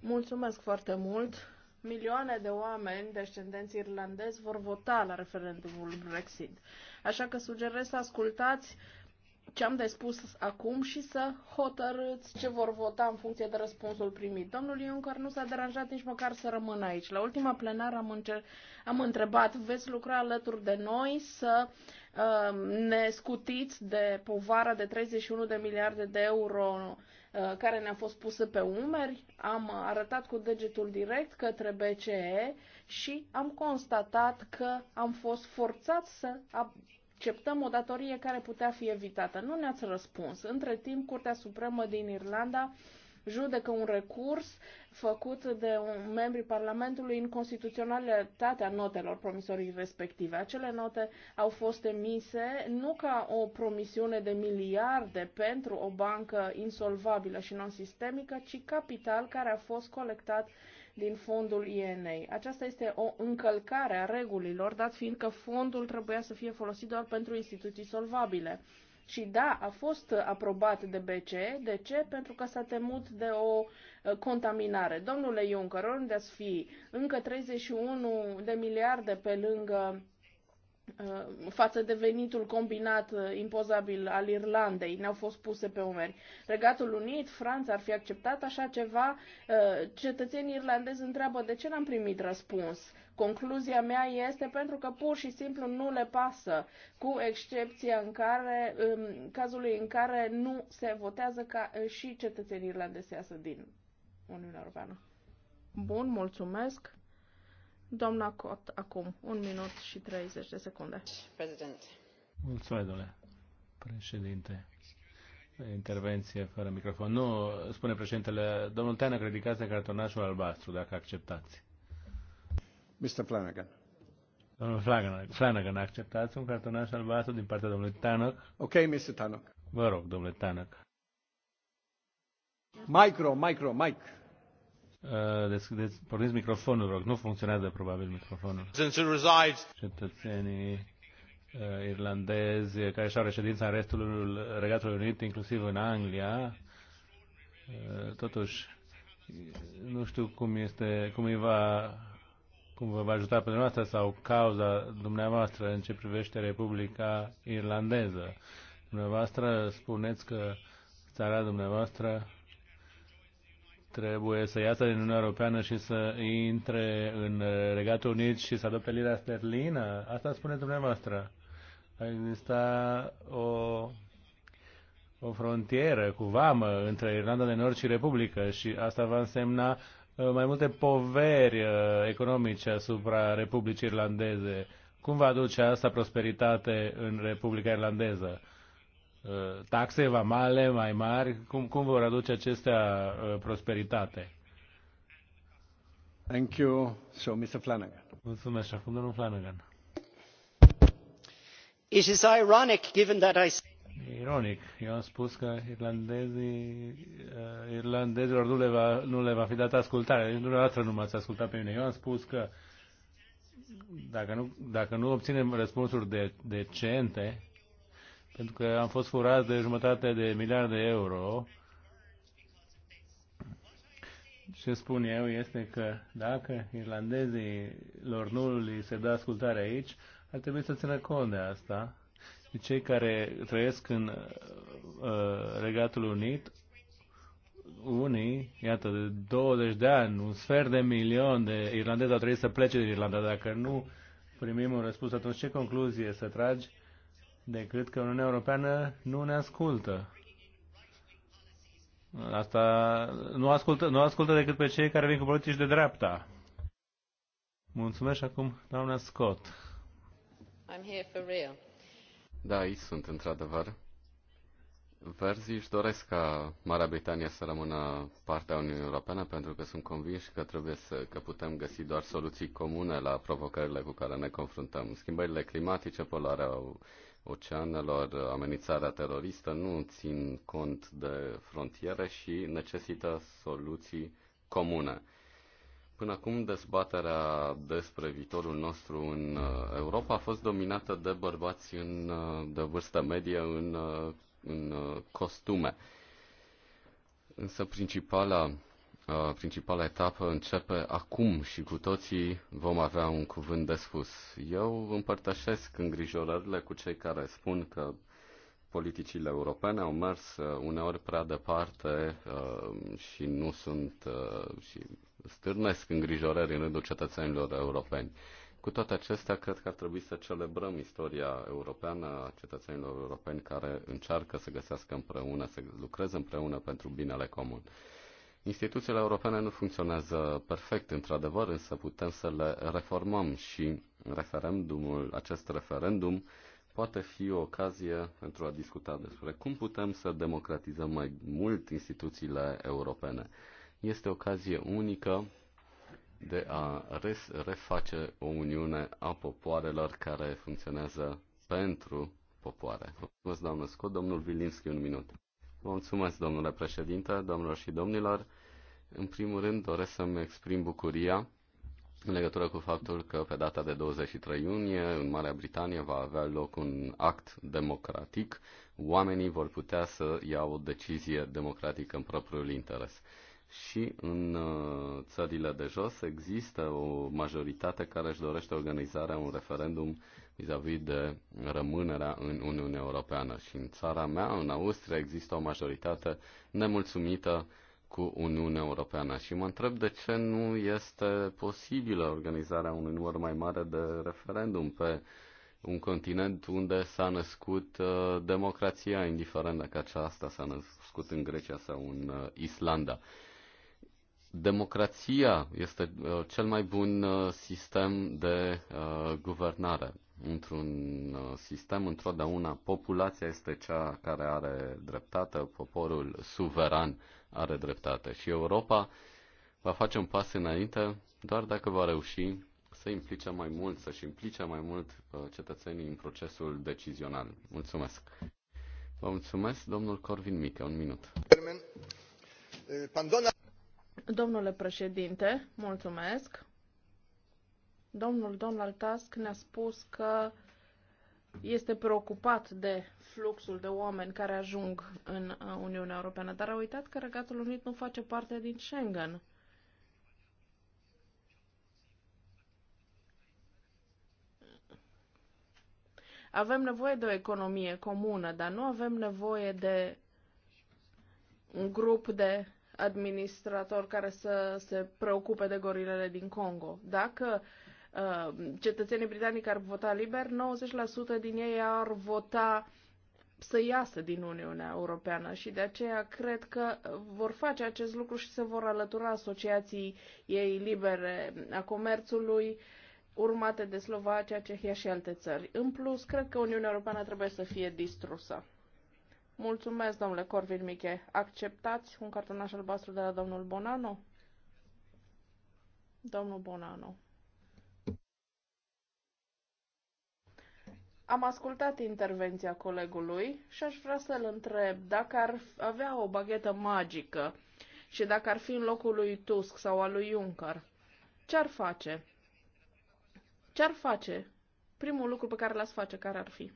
Mulțumesc foarte mult. Milioane de oameni descendenți irlandezi vor vota la referendumul Brexit. Așa că sugerez să ascultați ce am de spus acum și să hotărâți ce vor vota în funcție de răspunsul primit. Domnul Juncker nu s-a deranjat nici măcar să rămână aici. La ultima plenară am, încer- am întrebat, veți lucra alături de noi să uh, ne scutiți de povara de 31 de miliarde de euro Uh, care ne-a fost pusă pe umeri, am arătat cu degetul direct către BCE și am constatat că am fost forțat să acceptăm o datorie care putea fi evitată. Nu ne-ați răspuns. Între timp, Curtea Supremă din Irlanda judecă un recurs făcut de un membrii Parlamentului în constituționalitatea notelor promisorii respective. Acele note au fost emise nu ca o promisiune de miliarde pentru o bancă insolvabilă și non-sistemică, ci capital care a fost colectat din fondul INA. Aceasta este o încălcare a regulilor, dat fiind că fondul trebuia să fie folosit doar pentru instituții solvabile. Și da, a fost aprobat de BCE. De ce? Pentru că s-a temut de o uh, contaminare. Domnule Juncker, unde ați fi? Încă 31 de miliarde pe lângă uh, față de venitul combinat uh, impozabil al Irlandei, ne-au fost puse pe umeri. Regatul Unit, Franța ar fi acceptat așa ceva. Cetățenii irlandezi întreabă de ce n-am primit răspuns. Concluzia mea este pentru că pur și simplu nu le pasă, cu excepția în care, în cazului în care nu se votează ca și cetățenii irlandezi să din Uniunea Europeană. Bun, mulțumesc. Doamna Cot, acum un minut și 30 de secunde. President. Mulțumesc, domnule președinte. Intervenție fără microfon. Nu, spune președintele, domnul Teană, ridicați cartonașul albastru, dacă acceptați. Mr. Flanagan. Domnul Flanagan, Flanagan, acceptați un cartonaș albastru din partea domnului Tanok? Ok, Mr. Tanok. Vă rog, domnule Tanok. Micro, micro, mic. Uh, Deschideți, porniți microfonul, vă rog. Nu funcționează probabil microfonul. Cetățenii uh, irlandezi care și-au reședința în restul Regatului Unit, inclusiv în Anglia, uh, totuși nu știu cum, este, cum îi va cum vă va ajuta pe dumneavoastră sau cauza dumneavoastră în ce privește Republica Irlandeză. Dumneavoastră spuneți că țara dumneavoastră trebuie să iasă din Uniunea Europeană și să intre în Regatul Unit și să adopte lira sterlină. Asta spuneți dumneavoastră. A exista o o frontieră cu vamă între Irlanda de Nord și Republică și asta va însemna Uh, mai multe poveri uh, economice asupra Republicii Irlandeze. Cum va aduce asta prosperitate în Republica Irlandeză? Uh, taxe vamale mai mari? Cum, cum vor aduce acestea prosperitate? Thank you. So, Mr. Flanagan. Mulțumesc. Acum domnul Flanagan. It is ironic given that I ironic. Eu am spus că irlandezii, uh, irlandezilor nu le, va, nu le va fi dată ascultare. Deci dumneavoastră nu m-ați ascultat pe mine. Eu am spus că dacă nu, dacă nu obținem răspunsuri de, decente, pentru că am fost furați de jumătate de miliarde de euro, ce spun eu este că dacă lor nu li se dă ascultare aici, ar trebui să țină cont de asta și cei care trăiesc în uh, uh Regatul Unit, unii, iată, de 20 de ani, un sfert de milion de irlandezi au trebuit să plece din Irlanda. Dacă nu primim un răspuns, atunci ce concluzie să tragi decât că Uniunea Europeană nu ne ascultă? Asta nu ascultă, nu ascultă decât pe cei care vin cu politici de dreapta. Mulțumesc acum, doamna Scott. I'm here for real. Da, aici sunt, într-adevăr. Verzi își doresc ca Marea Britanie să rămână partea Uniunii Europene pentru că sunt convinși că trebuie să că putem găsi doar soluții comune la provocările cu care ne confruntăm. Schimbările climatice, polarea oceanelor, amenințarea teroristă nu țin cont de frontiere și necesită soluții comune. Până acum, dezbaterea despre viitorul nostru în uh, Europa a fost dominată de bărbați în, uh, de vârstă medie în, uh, în costume. Însă principala, principala etapă începe acum și cu toții vom avea un cuvânt de spus. Eu împărtășesc îngrijorările cu cei care spun că politicile europene au mers uh, uneori prea departe uh, și nu sunt uh, și stârnesc îngrijorări în rândul cetățenilor europeni. Cu toate acestea, cred că ar trebui să celebrăm istoria europeană a cetățenilor europeni care încearcă să găsească împreună, să lucreze împreună pentru binele comun. Instituțiile europene nu funcționează perfect, într-adevăr, însă putem să le reformăm și referendumul, acest referendum poate fi o ocazie pentru a discuta despre cum putem să democratizăm mai mult instituțiile europene. Este o ocazie unică de a reface o uniune a popoarelor care funcționează pentru popoare. Mulțumesc, doamnă Scott. Domnul Vilinski, un minut. Vă mulțumesc, domnule președinte, domnilor și domnilor. În primul rând, doresc să-mi exprim bucuria în legătură cu faptul că pe data de 23 iunie în Marea Britanie va avea loc un act democratic, oamenii vor putea să iau o decizie democratică în propriul interes. Și în uh, țările de jos există o majoritate care își dorește organizarea un referendum vis-a-vis -vis de rămânerea în Uniunea Europeană. Și în țara mea, în Austria, există o majoritate nemulțumită cu Uniunea Europeană și mă întreb de ce nu este posibilă organizarea unui număr mai mare de referendum pe un continent unde s-a născut uh, democrația, indiferent dacă aceasta s-a născut în Grecia sau în uh, Islanda. Democrația este uh, cel mai bun uh, sistem de uh, guvernare. Într-un uh, sistem, într-o populația este cea care are dreptate, poporul suveran uh, are dreptate și Europa va face un pas înainte doar dacă va reuși să implice mai mult, să-și implice mai mult uh, cetățenii în procesul decizional. Mulțumesc! Vă mulțumesc, domnul Corvin Mică, un minut. Domnule președinte, mulțumesc. Domnul Donald Tusk ne-a spus că este preocupat de fluxul de oameni care ajung în uh, Uniunea Europeană, dar a uitat că Regatul Unit nu face parte din Schengen. Avem nevoie de o economie comună, dar nu avem nevoie de un grup de administratori care să se preocupe de gorilele din Congo. Dacă uh, Uh, cetățenii britanici ar vota liber, 90% din ei ar vota să iasă din Uniunea Europeană și de aceea cred că vor face acest lucru și se vor alătura asociații ei libere a comerțului urmate de Slovacia, Cehia și alte țări. În plus, cred că Uniunea Europeană trebuie să fie distrusă. Mulțumesc, domnule Corvin Miche. Acceptați un cartonaș albastru de la domnul Bonano? Domnul Bonano. Am ascultat intervenția colegului și aș vrea să-l întreb dacă ar avea o baghetă magică și dacă ar fi în locul lui Tusk sau al lui Juncker, ce ar face? Ce ar face? Primul lucru pe care l-ați face, care ar fi?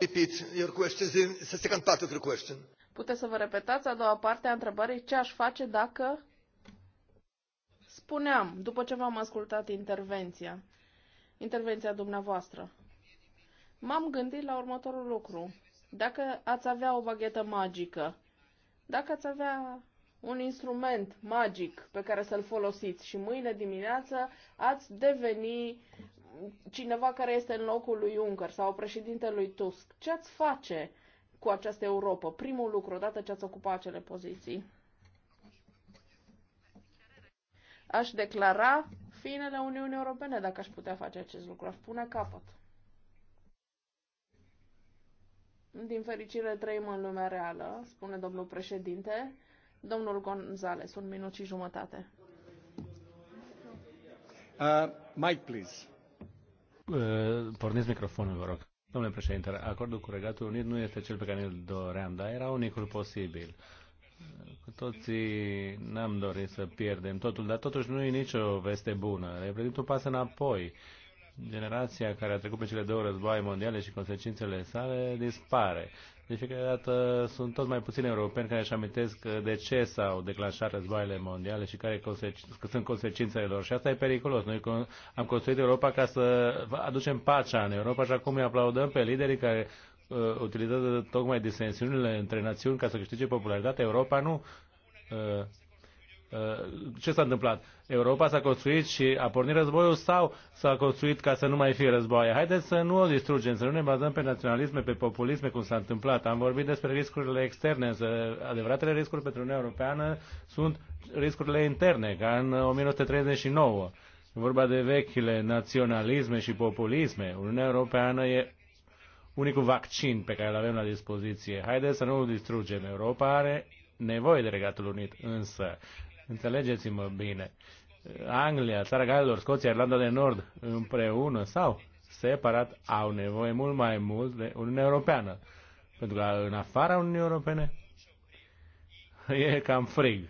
Repeat your question, the second part of your question. Puteți să vă repetați a doua parte a întrebării ce aș face dacă... Spuneam, după ce v-am ascultat intervenția, intervenția dumneavoastră, m-am gândit la următorul lucru. Dacă ați avea o baghetă magică, dacă ați avea un instrument magic pe care să-l folosiți și mâine dimineață ați deveni cineva care este în locul lui Juncker sau președintelui Tusk, ce ați face? cu această Europa. Primul lucru, odată ce ați ocupat acele poziții. Aș declara finele Uniunii Europene dacă aș putea face acest lucru. Aș pune capăt. Din fericire trăim în lumea reală, spune domnul președinte. Domnul Gonzales, un minut și jumătate. Uh, Mike, please. Uh, porniți microfonul, vă rog. Domnule președinte, acordul cu Regatul Unit nu este cel pe care îl doream, dar era unicul posibil. Cu toții n-am dorit să pierdem totul, dar totuși nu e nicio veste bună. Reprezintă un pas înapoi. Generația care a trecut pe cele două războaie mondiale și consecințele sale dispare. De deci, fiecare dată sunt tot mai puțini europeni care își amintesc uh, de ce s-au declanșat războaiele mondiale și care consec- sunt consecințele lor. Și asta e periculos. Noi am construit Europa ca să aducem pacea în Europa și acum îi aplaudăm pe liderii care uh, utilizează tocmai disensiunile între națiuni ca să câștige popularitate. Europa nu uh, Uh, ce s-a întâmplat? Europa s-a construit și a pornit războiul sau s-a construit ca să nu mai fie războaie? Haideți să nu o distrugem, să nu ne bazăm pe naționalisme, pe populisme, cum s-a întâmplat. Am vorbit despre riscurile externe, însă adevăratele riscuri pentru Uniunea Europeană sunt riscurile interne, ca în 1939. E vorba de vechile naționalisme și populisme. Uniunea Europeană e unicul vaccin pe care îl avem la dispoziție. Haideți să nu distrugem. Europa are nevoie de Regatul Unit, însă Înțelegeți-mă bine. Anglia, Țara Galilor, Scoția, Irlanda de Nord, împreună sau separat, au nevoie mult mai mult de Uniunea Europeană. Pentru că în afara Uniunii Europene e cam frig.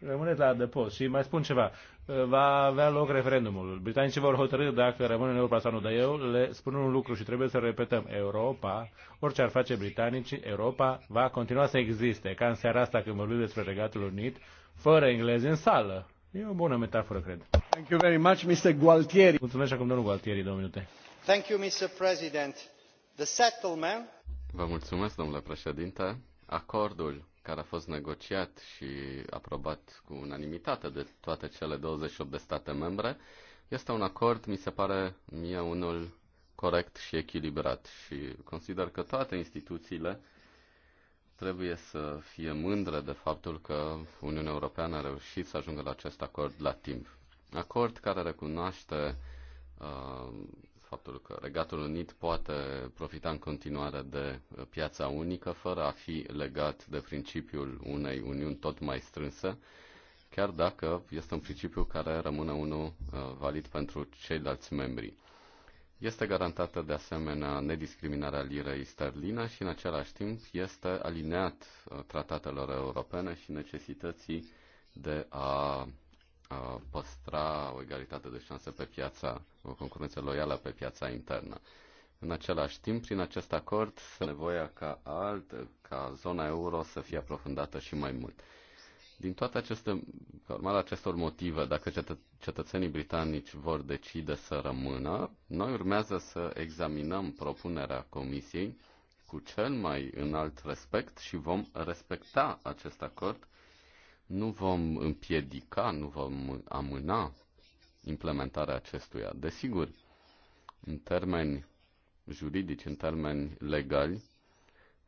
Rămâneți la adăpost și mai spun ceva va avea loc referendumul. Britanicii vor hotărâ dacă rămân în Europa sau nu, dar eu le spun un lucru și trebuie să repetăm. Europa, orice ar face britanicii, Europa va continua să existe, ca în seara asta când vorbim despre Regatul Unit, fără englezi în sală. E o bună metaforă, cred. Thank you very much, Mr. Gualtieri. Mulțumesc acum domnul Gualtieri, două minute. Thank you, Mr. President. The settlement... Vă mulțumesc, domnule președinte. Acordul care a fost negociat și aprobat cu unanimitate de toate cele 28 de state membre, este un acord, mi se pare mie unul corect și echilibrat și consider că toate instituțiile trebuie să fie mândre de faptul că Uniunea Europeană a reușit să ajungă la acest acord la timp. Acord care recunoaște uh, faptul că Regatul Unit poate profita în continuare de piața unică fără a fi legat de principiul unei uniuni tot mai strânse, chiar dacă este un principiu care rămâne unul uh, valid pentru ceilalți membri. Este garantată de asemenea nediscriminarea lirei sterline și în același timp este alineat uh, tratatelor europene și necesității de a păstra o egalitate de șanse pe piața, o concurență loială pe piața internă. În același timp, prin acest acord, se nevoia ca alt, ca zona euro să fie aprofundată și mai mult. Din toate aceste, ca urmare acestor motive, dacă cetă, cetățenii britanici vor decide să rămână, noi urmează să examinăm propunerea Comisiei cu cel mai înalt respect și vom respecta acest acord nu vom împiedica, nu vom amâna implementarea acestuia. Desigur, în termeni juridici, în termeni legali,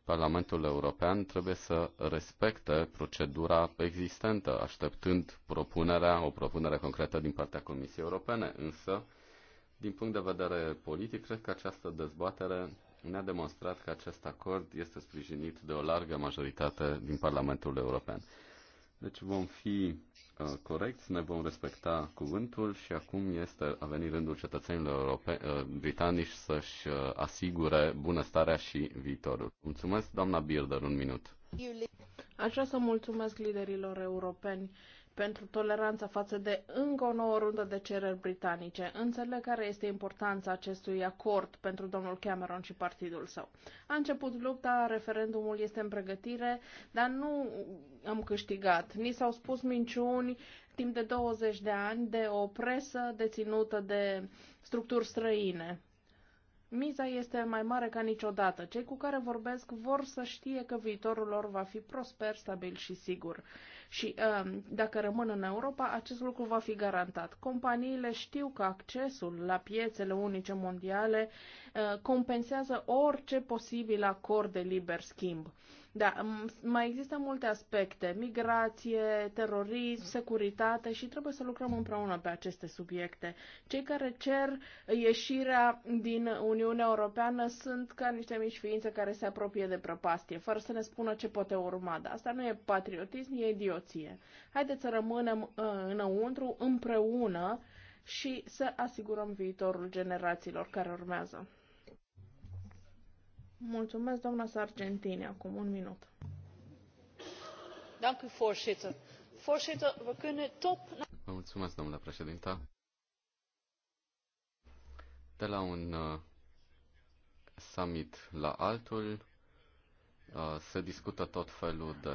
Parlamentul European trebuie să respecte procedura existentă, așteptând propunerea, o propunere concretă din partea Comisiei Europene. Însă, din punct de vedere politic, cred că această dezbatere ne-a demonstrat că acest acord este sprijinit de o largă majoritate din Parlamentul European. Deci vom fi uh, corecți, ne vom respecta cuvântul și acum este a venit rândul cetățenilor europe, uh, britanici să-și uh, asigure bunăstarea și viitorul. Mulțumesc, doamna Birder, un minut. Aș vrea să mulțumesc liderilor europeni pentru toleranța față de încă o nouă rundă de cereri britanice. Înțeleg care este importanța acestui acord pentru domnul Cameron și partidul său. A început lupta, referendumul este în pregătire, dar nu am câștigat. Ni s-au spus minciuni timp de 20 de ani de o presă deținută de structuri străine. Miza este mai mare ca niciodată. Cei cu care vorbesc vor să știe că viitorul lor va fi prosper, stabil și sigur și um, dacă rămân în Europa, acest lucru va fi garantat. Companiile știu că accesul la piețele unice mondiale uh, compensează orice posibil acord de liber schimb. Da, mai există multe aspecte, migrație, terorism, securitate și trebuie să lucrăm împreună pe aceste subiecte. Cei care cer ieșirea din Uniunea Europeană sunt ca niște mici ființe care se apropie de prăpastie, fără să ne spună ce poate urma. Dar asta nu e patriotism, e idioție. Haideți să rămânem uh, înăuntru, împreună și să asigurăm viitorul generațiilor care urmează. Mulțumesc, doamna Sargentini. Acum un minut. Dank u, voorzitter. Voorzitter, we kunnen top... Vă mulțumesc, domnule președinte. De la un uh, summit la altul, Uh, se discută tot felul de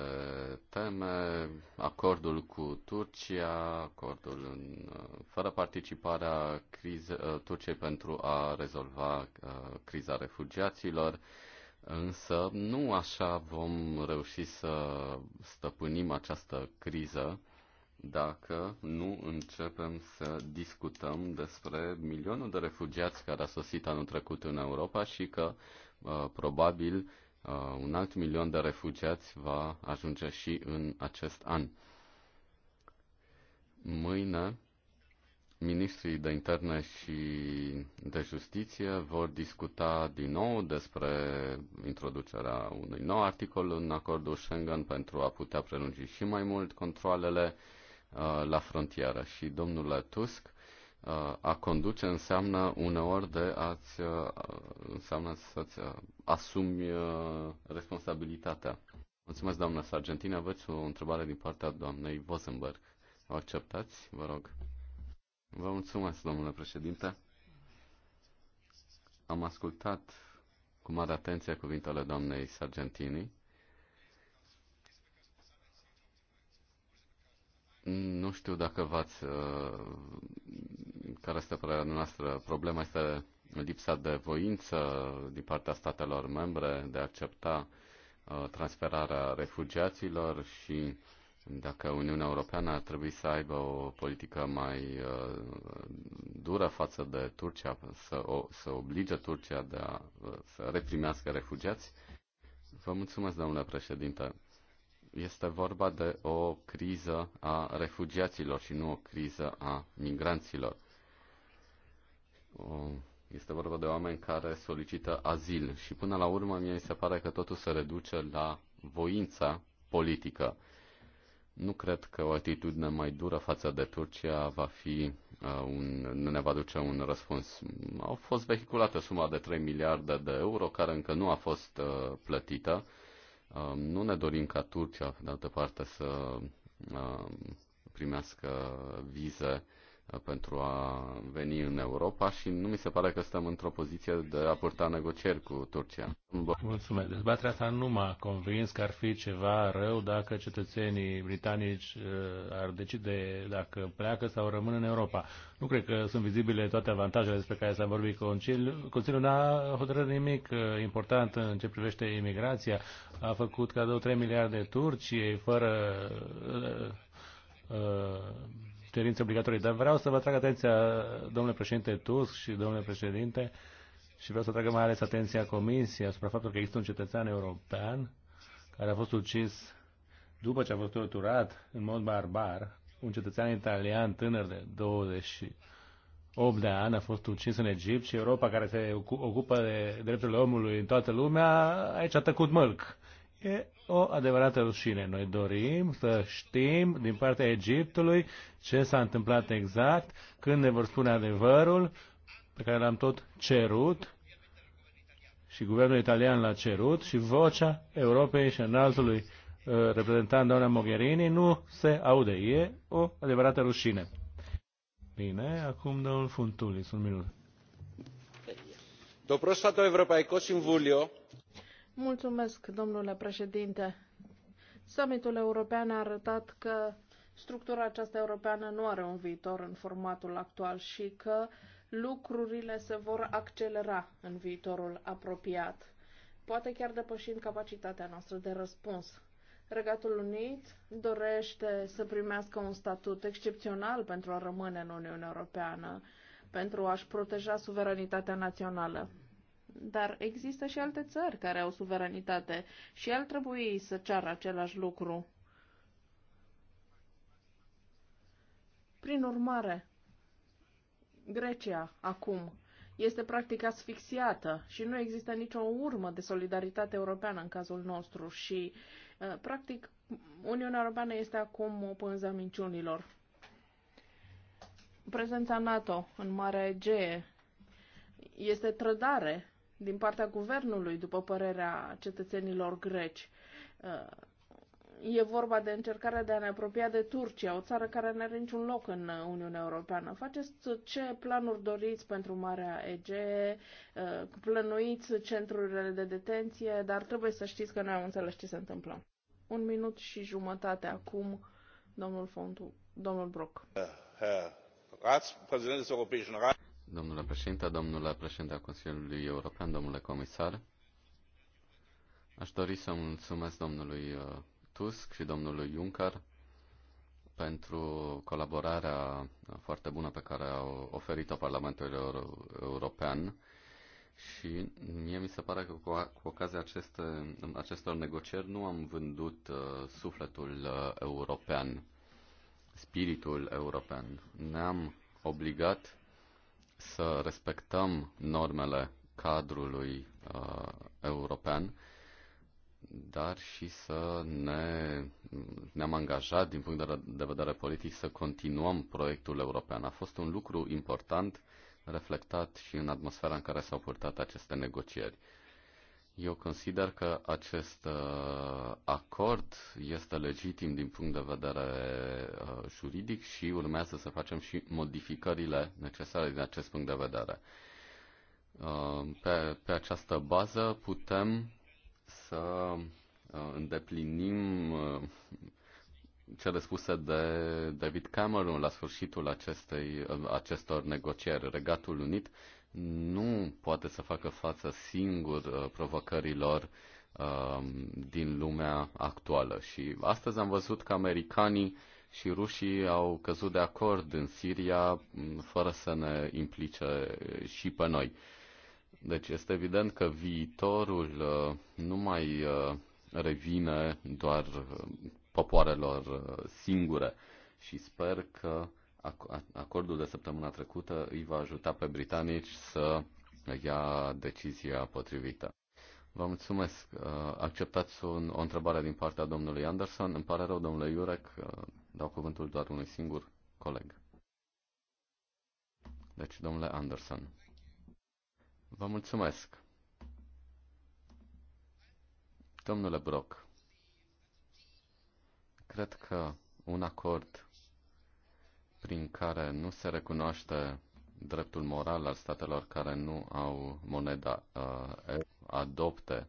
teme, acordul cu Turcia, acordul în, uh, fără participarea crize, uh, Turciei pentru a rezolva criza refugiaților, însă nu așa vom reuși să stăpânim această criză dacă nu începem să discutăm despre milionul de refugiați care a sosit anul trecut în Europa și că probabil Uh, un alt milion de refugiați va ajunge și în acest an. Mâine, ministrii de interne și de justiție vor discuta din nou despre introducerea unui nou articol în acordul Schengen pentru a putea prelungi și mai mult controlele uh, la frontieră. Și domnule Tusk, Uh, a conduce înseamnă uneori de a-ți, uh, înseamnă să-ți uh, asumi responsabilitatea. Mulțumesc, doamna Sargentina. Aveți o întrebare din partea doamnei Vosenberg. O acceptați? Vă rog. Vă mulțumesc, domnule președinte. Am ascultat cu mare atenție cuvintele doamnei Sargentini. Nu știu dacă v-ați, care este părerea noastră? Problema este lipsa de voință din partea statelor membre de a accepta uh, transferarea refugiaților și dacă Uniunea Europeană ar trebui să aibă o politică mai uh, dură față de Turcia, să, o, să oblige Turcia de a, uh, să reprimească refugiați. Vă mulțumesc, domnule președinte. Este vorba de o criză a refugiaților și nu o criză a migranților. Uh, este vorba de oameni care solicită azil și până la urmă mie mi se pare că totul se reduce la voința politică. Nu cred că o atitudine mai dură față de Turcia va fi uh, un, un, ne va duce un răspuns. Au fost vehiculate suma de 3 miliarde de euro care încă nu a fost uh, plătită. nu ne dorim ca Turcia, de altă parte, să primească vize uh, pentru a veni în Europa și nu mi se pare că stăm într-o poziție de a purta negocieri cu Turcia. Mulțumesc. Dezbaterea asta nu m-a convins că ar fi ceva rău dacă cetățenii britanici uh, ar decide dacă pleacă sau rămân în Europa. Nu cred că sunt vizibile toate avantajele despre care s-a vorbit Consiliul. Consiliul n-a hotărât nimic uh, important în ce privește imigrația. A făcut cadou 3 miliarde Turciei fără uh, uh, cerințe obligatorii. Dar vreau să vă trag atenția, domnule președinte Tusk și domnule președinte, și vreau să tragă mai ales atenția Comisiei asupra faptului că există un cetățean european care a fost ucis după ce a fost torturat în mod barbar. Un cetățean italian tânăr de 28 de ani a fost ucis în Egipt și Europa, care se ocupă de drepturile omului în toată lumea, aici a tăcut mălc. E o adevărată rușine. Noi dorim să știm din partea Egiptului ce s-a întâmplat exact, când ne vor spune adevărul pe care l-am tot cerut și guvernul italian l-a cerut și vocea Europei și înaltului uh, reprezentant doamna Mogherini nu se aude. E o adevărată rușine. Bine, acum domnul Funtulis, un minut. Το πρόσφατο in Συμβούλιο Mulțumesc, domnule președinte. Summitul european a arătat că structura aceasta europeană nu are un viitor în formatul actual și că lucrurile se vor accelera în viitorul apropiat, poate chiar depășind capacitatea noastră de răspuns. Regatul Unit dorește să primească un statut excepțional pentru a rămâne în Uniunea Europeană, pentru a-și proteja suveranitatea națională. Dar există și alte țări care au suveranitate și ar trebui să ceară același lucru. Prin urmare, Grecia acum este practic asfixiată și nu există nicio urmă de solidaritate europeană în cazul nostru și, uh, practic, Uniunea Europeană este acum o pânză minciunilor. Prezența NATO în Marea Egee este trădare din partea guvernului, după părerea cetățenilor greci. Uh, e vorba de încercarea de a ne apropia de Turcia, o țară care nu are niciun loc în Uniunea Europeană. Faceți ce planuri doriți pentru Marea Egee, uh, plănuiți centrurile de detenție, dar trebuie să știți că noi am înțeles ce se întâmplă. Un minut și jumătate acum, domnul Fontu, domnul Brock. Uh, uh, Rats. Domnule președinte, domnule președinte al Consiliului European, domnule comisar, aș dori să mulțumesc domnului uh, Tusk și domnului Juncker pentru colaborarea foarte bună pe care au oferit-o Parlamentul European și mie mi se pare că cu, ocazia aceste, acestor negocieri nu am vândut uh, sufletul uh, european, spiritul european. Ne-am obligat să respectăm normele cadrului uh, european, dar și să ne, ne-am angajat din punct de, de vedere politic să continuăm proiectul european. A fost un lucru important reflectat și în atmosfera în care s-au purtat aceste negocieri. Eu consider că acest uh, acord este legitim din punct de vedere uh, juridic și urmează să facem și modificările necesare din acest punct de vedere. Uh, pe, pe această bază putem să îndeplinim cele spuse de David Cameron la sfârșitul acestei, acestor negocieri. Regatul Unit nu poate să facă față singur uh, provocărilor um, din lumea actuală. Și astăzi am văzut că americanii și rușii au căzut de acord în Siria mm, fără să ne implice și pe noi. Deci este evident că viitorul uh, nu mai uh, revine doar popoarelor singure și sper că Acordul de săptămâna trecută îi va ajuta pe britanici să ia decizia potrivită. Vă mulțumesc. Uh, acceptați un, o întrebare din partea domnului Anderson. Îmi pare rău, domnule Iurec, uh, dau cuvântul doar unui singur coleg. Deci, domnule Anderson. Vă mulțumesc. Domnule Brock, cred că un acord prin care nu se recunoaște dreptul moral al statelor care nu au moneda, uh, adopte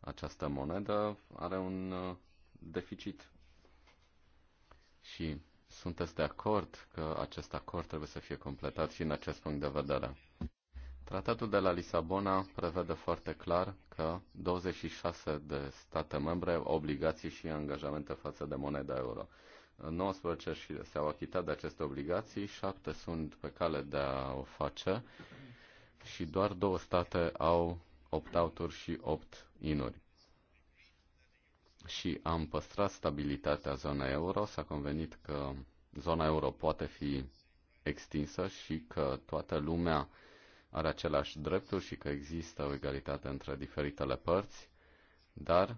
această monedă, are un uh, deficit. Și sunteți de acord că acest acord trebuie să fie completat și în acest punct de vedere. Tratatul de la Lisabona prevede foarte clar că 26 de state membre au obligații și angajamente față de moneda euro. 19 și s-au achitat de aceste obligații, 7 sunt pe cale de a o face și doar două state au opt out și opt inuri. Și am păstrat stabilitatea zonei euro, s-a convenit că zona euro poate fi extinsă și că toată lumea are aceleași drepturi și că există o egalitate între diferitele părți, dar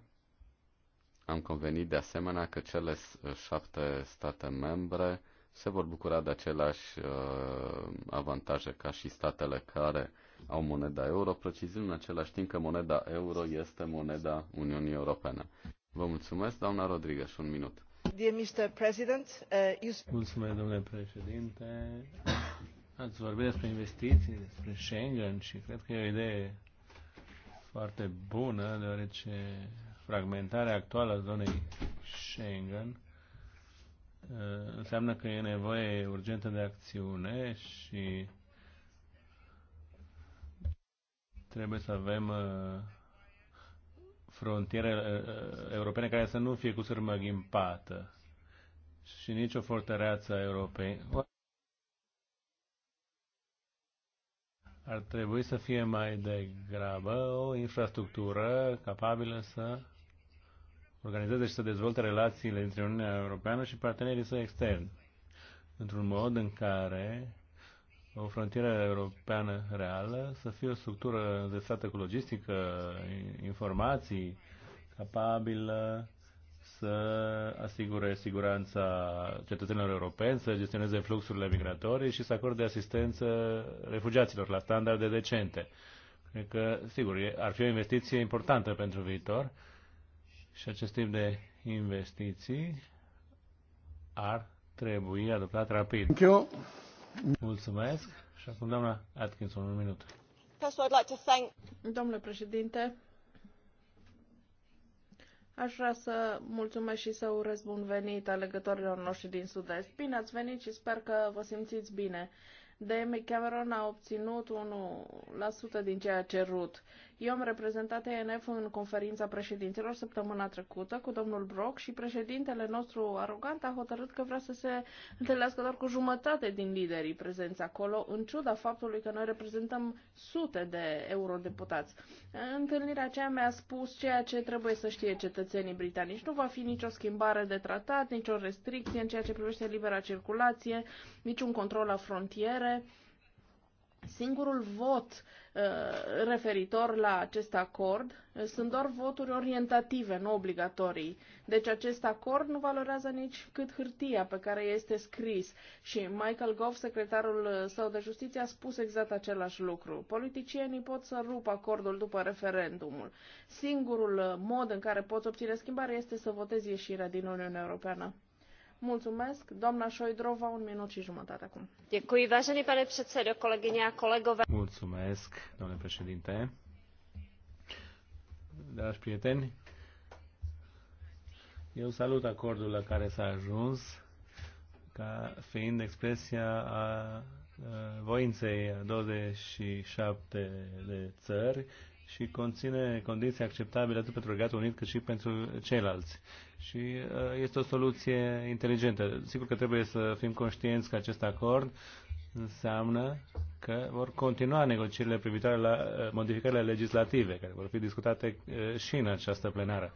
am convenit de asemenea că cele uh, șapte state membre se vor bucura de aceleași uh, avantaje ca și statele care au moneda euro, precizând în același timp că moneda euro este moneda Uniunii Europene. Vă mulțumesc, doamna Rodriguez, un minut. Dear Mr. President, uh, you... Mulțumesc, domnule președinte. Ați vorbit despre investiții, despre Schengen și cred că e o idee foarte bună, deoarece fragmentarea actuală a zonei Schengen uh, înseamnă că e nevoie urgentă de acțiune și trebuie să avem uh, frontiere uh, europene care să nu fie cu sârmă ghimpată și nici o fortăreață a Ar trebui să fie mai degrabă o infrastructură capabilă să organizeze și să dezvolte relațiile dintre Uniunea Europeană și partenerii săi externi, într-un mod în care o frontieră europeană reală să fie o structură înzestrată cu logistică, informații, capabilă să asigure siguranța cetățenilor europeni, să gestioneze fluxurile migratorii și să acorde asistență refugiaților la standarde decente. Cred că, sigur, ar fi o investiție importantă pentru viitor și acest tip de investiții ar trebui adoptat rapid. Mulțumesc. Și acum doamna Atkinson, un minut. Domnule președinte, Aș vrea să mulțumesc și să urez bun venit alegătorilor noștri din Sud-Est. Bine ați venit și sper că vă simțiți bine. Demi Cameron a obținut 1% din ceea cerut eu am reprezentat ENF în conferința președinților săptămâna trecută cu domnul Brock și președintele nostru arogant a hotărât că vrea să se întâlnească doar cu jumătate din liderii prezenți acolo, în ciuda faptului că noi reprezentăm sute de eurodeputați. Întâlnirea aceea mi-a spus ceea ce trebuie să știe cetățenii britanici. Nu va fi nicio schimbare de tratat, nicio restricție în ceea ce privește libera circulație, niciun control la frontiere. Singurul vot Uh, referitor la acest acord sunt doar voturi orientative, nu obligatorii. Deci acest acord nu valorează nici cât hârtia pe care este scris. Și Michael Gove, secretarul său de justiție, a spus exact același lucru. Politicienii pot să rupă acordul după referendumul. Singurul mod în care poți obține schimbare este să votezi ieșirea din Uniunea Europeană. Mulțumesc. Doamna Șoidrova, un minut și jumătate acum. Děkuji, vážený pane předsedo, kolegyně a kolegové. Mulțumesc, domnule președinte. Dragi prieteni, eu salut acordul la care s-a ajuns ca fiind expresia a voinței a 27 de țări și conține condiții acceptabile atât pentru Regatul Unit cât și pentru ceilalți și uh, este o soluție inteligentă. Sigur că trebuie să fim conștienți că acest acord înseamnă că vor continua negocierile privitoare la uh, modificările legislative, care vor fi discutate uh, și în această plenară.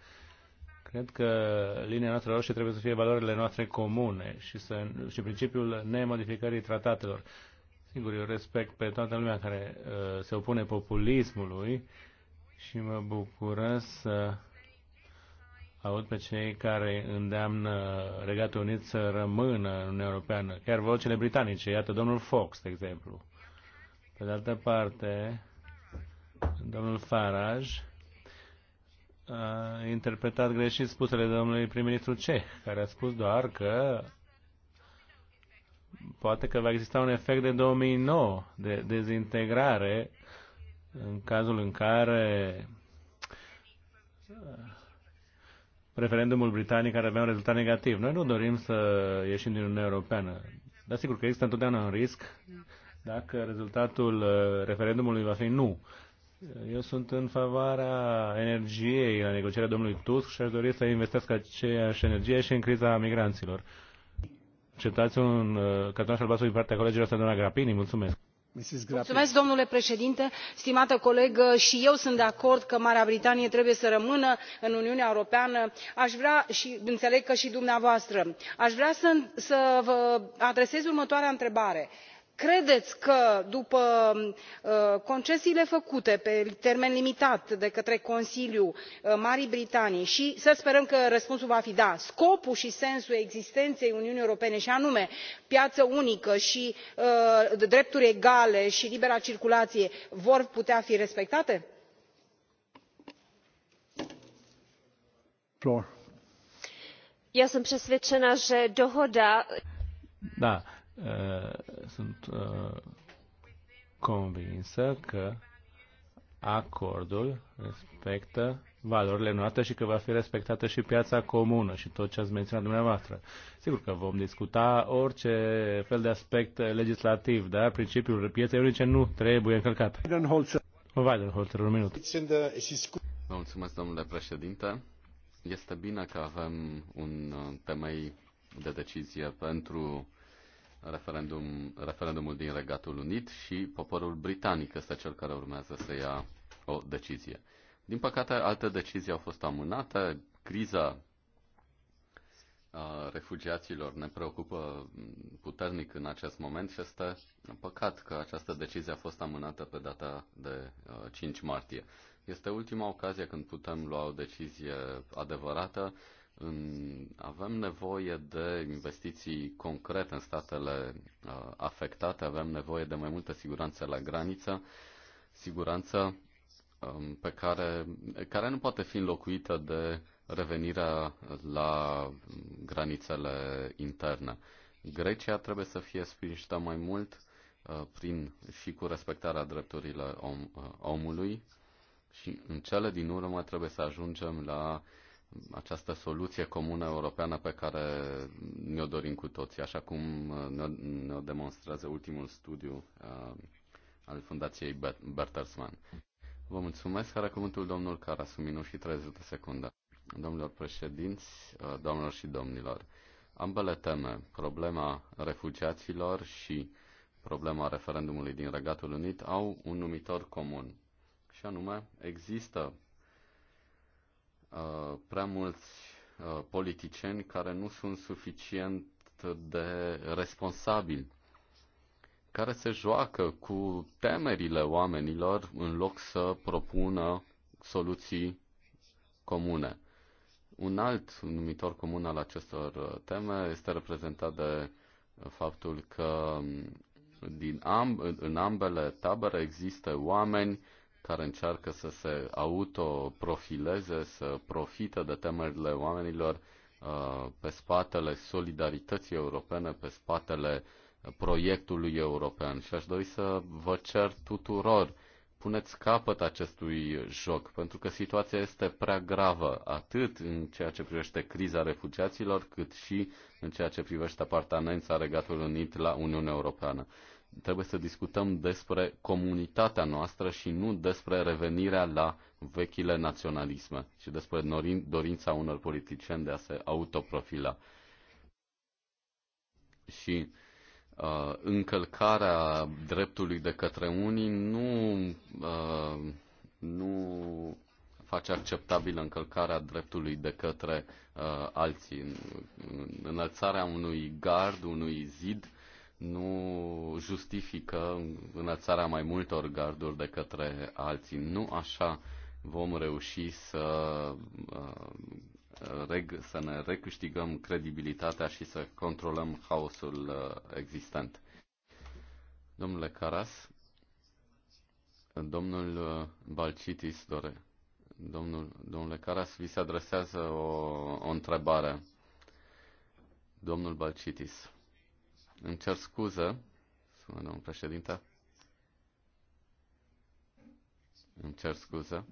Cred că linia noastră roșie trebuie să fie valorile noastre comune și, să, și principiul nemodificării tratatelor. Sigur, eu respect pe toată lumea care uh, se opune populismului și mă bucură să uh, aud pe cei care îndeamnă Regatul Unit să rămână în Uniunea Europeană, chiar cele britanice, iată domnul Fox, de exemplu. Pe de altă parte, domnul Farage a interpretat greșit spusele domnului prim-ministru ceh, care a spus doar că poate că va exista un efect de 2009, de dezintegrare, în cazul în care referendumul britanic ar avea un rezultat negativ. Noi nu dorim să ieșim din Uniunea Europeană. Dar sigur că există întotdeauna un risc dacă rezultatul uh, referendumului va fi nu. Eu sunt în favoarea energiei la negocierea domnului Tusk și aș dori să investească aceeași energie și în criza migranților. Cetați un uh, cartonaș albastru din partea colegilor să doamna Grapini. Mulțumesc domnule președinte stimată colegă și eu sunt de acord că marea britanie trebuie să rămână în uniunea europeană și înțeleg că și dumneavoastră. aș vrea să vă adresez următoarea întrebare credeți că după uh, concesiile făcute pe termen limitat de către consiliu uh, marii britanii și să sperăm că răspunsul va fi da scopul și sensul existenței uniunii europene și anume piață unică și uh, drepturi egale și libera circulație vor putea fi respectate? ja som presvedčená že dohoda. da Uh, sunt uh, convinsă că acordul respectă valorile noastre și că va fi respectată și piața comună și tot ce ați menționat dumneavoastră. Sigur că vom discuta orice fel de aspect legislativ, dar principiul pieței unice nu trebuie încălcat. Weidenholzer, un minut. Vă mulțumesc, domnule președinte. Este bine că avem un uh, temei de decizie pentru referendum, referendumul din Regatul Unit și poporul britanic este cel care urmează să ia o decizie. Din păcate, alte decizii au fost amânate. Criza refugiaților ne preocupă puternic în acest moment și este păcat că această decizie a fost amânată pe data de 5 martie. Este ultima ocazie când putem lua o decizie adevărată avem nevoie de investiții concrete în statele uh, afectate, avem nevoie de mai multă siguranță la graniță, siguranță um, pe care, care nu poate fi înlocuită de revenirea la granițele interne. Grecia trebuie să fie sprijinită mai mult uh, prin și cu respectarea drepturilor om, uh, omului și în cele din urmă trebuie să ajungem la uh, această soluție comună europeană pe care ne-o dorim cu toții, așa cum uh, ne-o demonstrează ultimul studiu uh, al Fundației Bertelsmann. Vă mulțumesc. Are cuvântul domnul Caras, minut și 30 de secunde. Domnilor președinți, uh, domnilor și domnilor, ambele teme, problema refugiaților și problema referendumului din Regatul Unit, au un numitor comun. Și anume, există Uh, prea mulți uh, politicieni care nu sunt suficient de responsabili, care se joacă cu temerile oamenilor în loc să propună soluții comune. Un alt numitor comun al acestor uh, teme este reprezentat de faptul că um, din amb- în ambele tabere există oameni care încearcă să se autoprofileze, să profită de temerile oamenilor uh, pe spatele solidarității europene, pe spatele proiectului european. Și aș dori să vă cer tuturor, puneți capăt acestui joc, pentru că situația este prea gravă, atât în ceea ce privește criza refugiaților, cât și în ceea ce privește apartenența Regatului Unit la Uniunea Europeană trebuie să discutăm despre comunitatea noastră și nu despre revenirea la vechile naționalisme și despre dorința unor politicieni de a se autoprofila. Și uh, încălcarea dreptului de către unii nu, uh, nu face acceptabilă încălcarea dreptului de către uh, alții. Înălțarea unui gard, unui zid, nu justifică înălțarea mai multor garduri de către alții. Nu așa vom reuși să, uh, să ne recâștigăm credibilitatea și să controlăm haosul uh, existent. Domnule Caras, domnul uh, Balcitis dore. Domnul, domnule Caras, vi se adresează o, o întrebare. Domnul Balcitis. Îmi cer scuză, sună domnul președinte. Îmi cer scuză.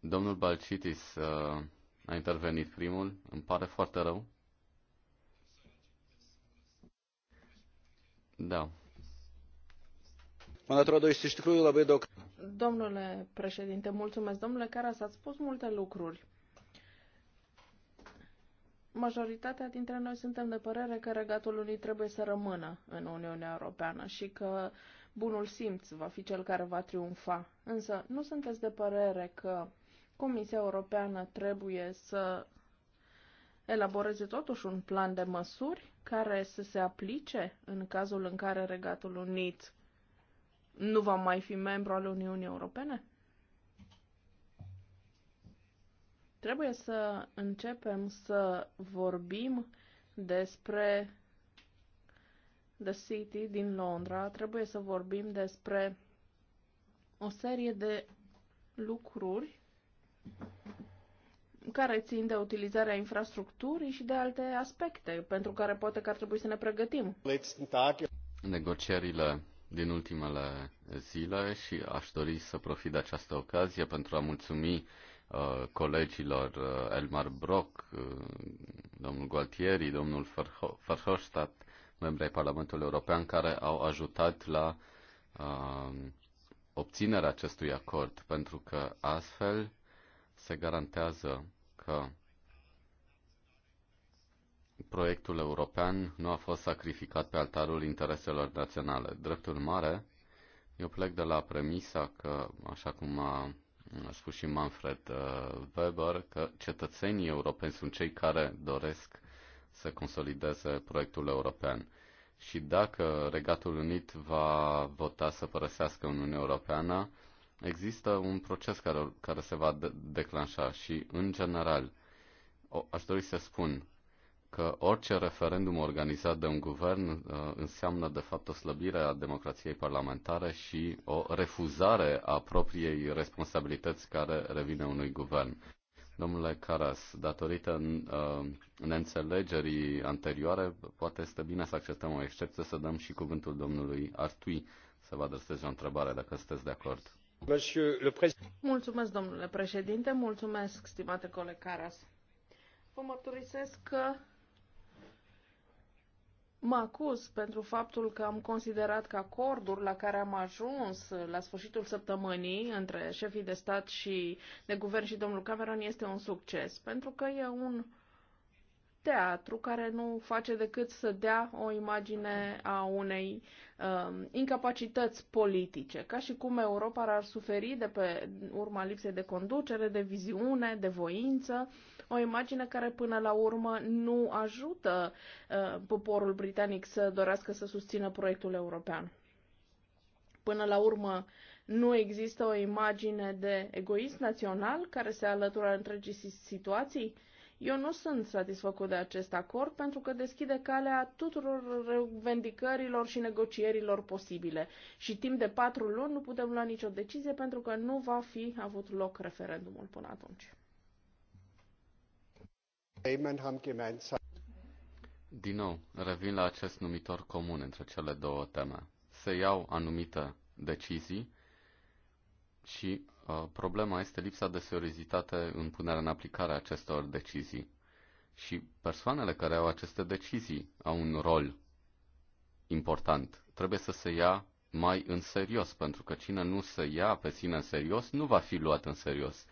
Domnul Balcitis uh, a intervenit primul. Îmi pare foarte rău. Da. Domnule președinte, mulțumesc. Domnule Caras, ați spus multe lucruri. Majoritatea dintre noi suntem de părere că Regatul Unit trebuie să rămână în Uniunea Europeană și că bunul simț va fi cel care va triumfa. Însă nu sunteți de părere că Comisia Europeană trebuie să elaboreze totuși un plan de măsuri care să se aplice în cazul în care Regatul Unit nu va mai fi membru al Uniunii Europene? Trebuie să începem să vorbim despre The City din Londra, trebuie să vorbim despre o serie de lucruri care țin de utilizarea infrastructurii și de alte aspecte pentru care poate că ar trebui să ne pregătim. Negocierile din ultimele zile și aș dori să profit de această ocazie pentru a mulțumi Uh, colegilor uh, Elmar Brock, uh, domnul Gualtieri, domnul Verhofstadt, membrii Parlamentului European, care au ajutat la obținerea acestui acord, pentru că astfel se garantează că proiectul european nu a fost sacrificat pe altarul intereselor naționale. Dreptul mare, eu plec de la premisa că, așa cum a a spus și Manfred uh, Weber că cetățenii europeni sunt cei care doresc să consolideze proiectul european. Și dacă Regatul Unit va vota să părăsească Uniunea Europeană, există un proces care, care se va de- declanșa și, în general, o, aș dori să spun, că orice referendum organizat de un guvern uh, înseamnă de fapt o slăbire a democrației parlamentare și o refuzare a propriei responsabilități care revine unui guvern. Domnule Caras, datorită uh, neînțelegerii anterioare, poate este bine să acceptăm o excepție, să dăm și cuvântul domnului Artui să vă adreseze o întrebare, dacă sunteți de acord. Mulțumesc, domnule președinte, mulțumesc, stimate coleg Caras. Vă mărturisesc că Mă acuz pentru faptul că am considerat că acordul la care am ajuns la sfârșitul săptămânii între șefii de stat și de guvern și domnul Cameron este un succes, pentru că e un teatru care nu face decât să dea o imagine a unei um, incapacități politice, ca și cum Europa ar suferi de pe urma lipsei de conducere, de viziune, de voință. Uh, o imagine care până la urmă nu ajută uh, poporul britanic să dorească să susțină proiectul european. Până la urmă, nu există o imagine de egoism național care se alătură întregii situații? Eu nu sunt satisfăcut de acest acord pentru că deschide calea tuturor revendicărilor și negocierilor posibile și timp de patru luni nu putem lua nicio decizie pentru că nu va fi avut loc referendumul până atunci. Din nou, revin la acest numitor comun între cele două teme. Se iau anumite decizii și uh, problema este lipsa de seriozitate în punerea în aplicare a acestor decizii. Și persoanele care au aceste decizii au un rol important. Trebuie să se ia mai în serios, pentru că cine nu se ia pe sine în serios nu va fi luat în serios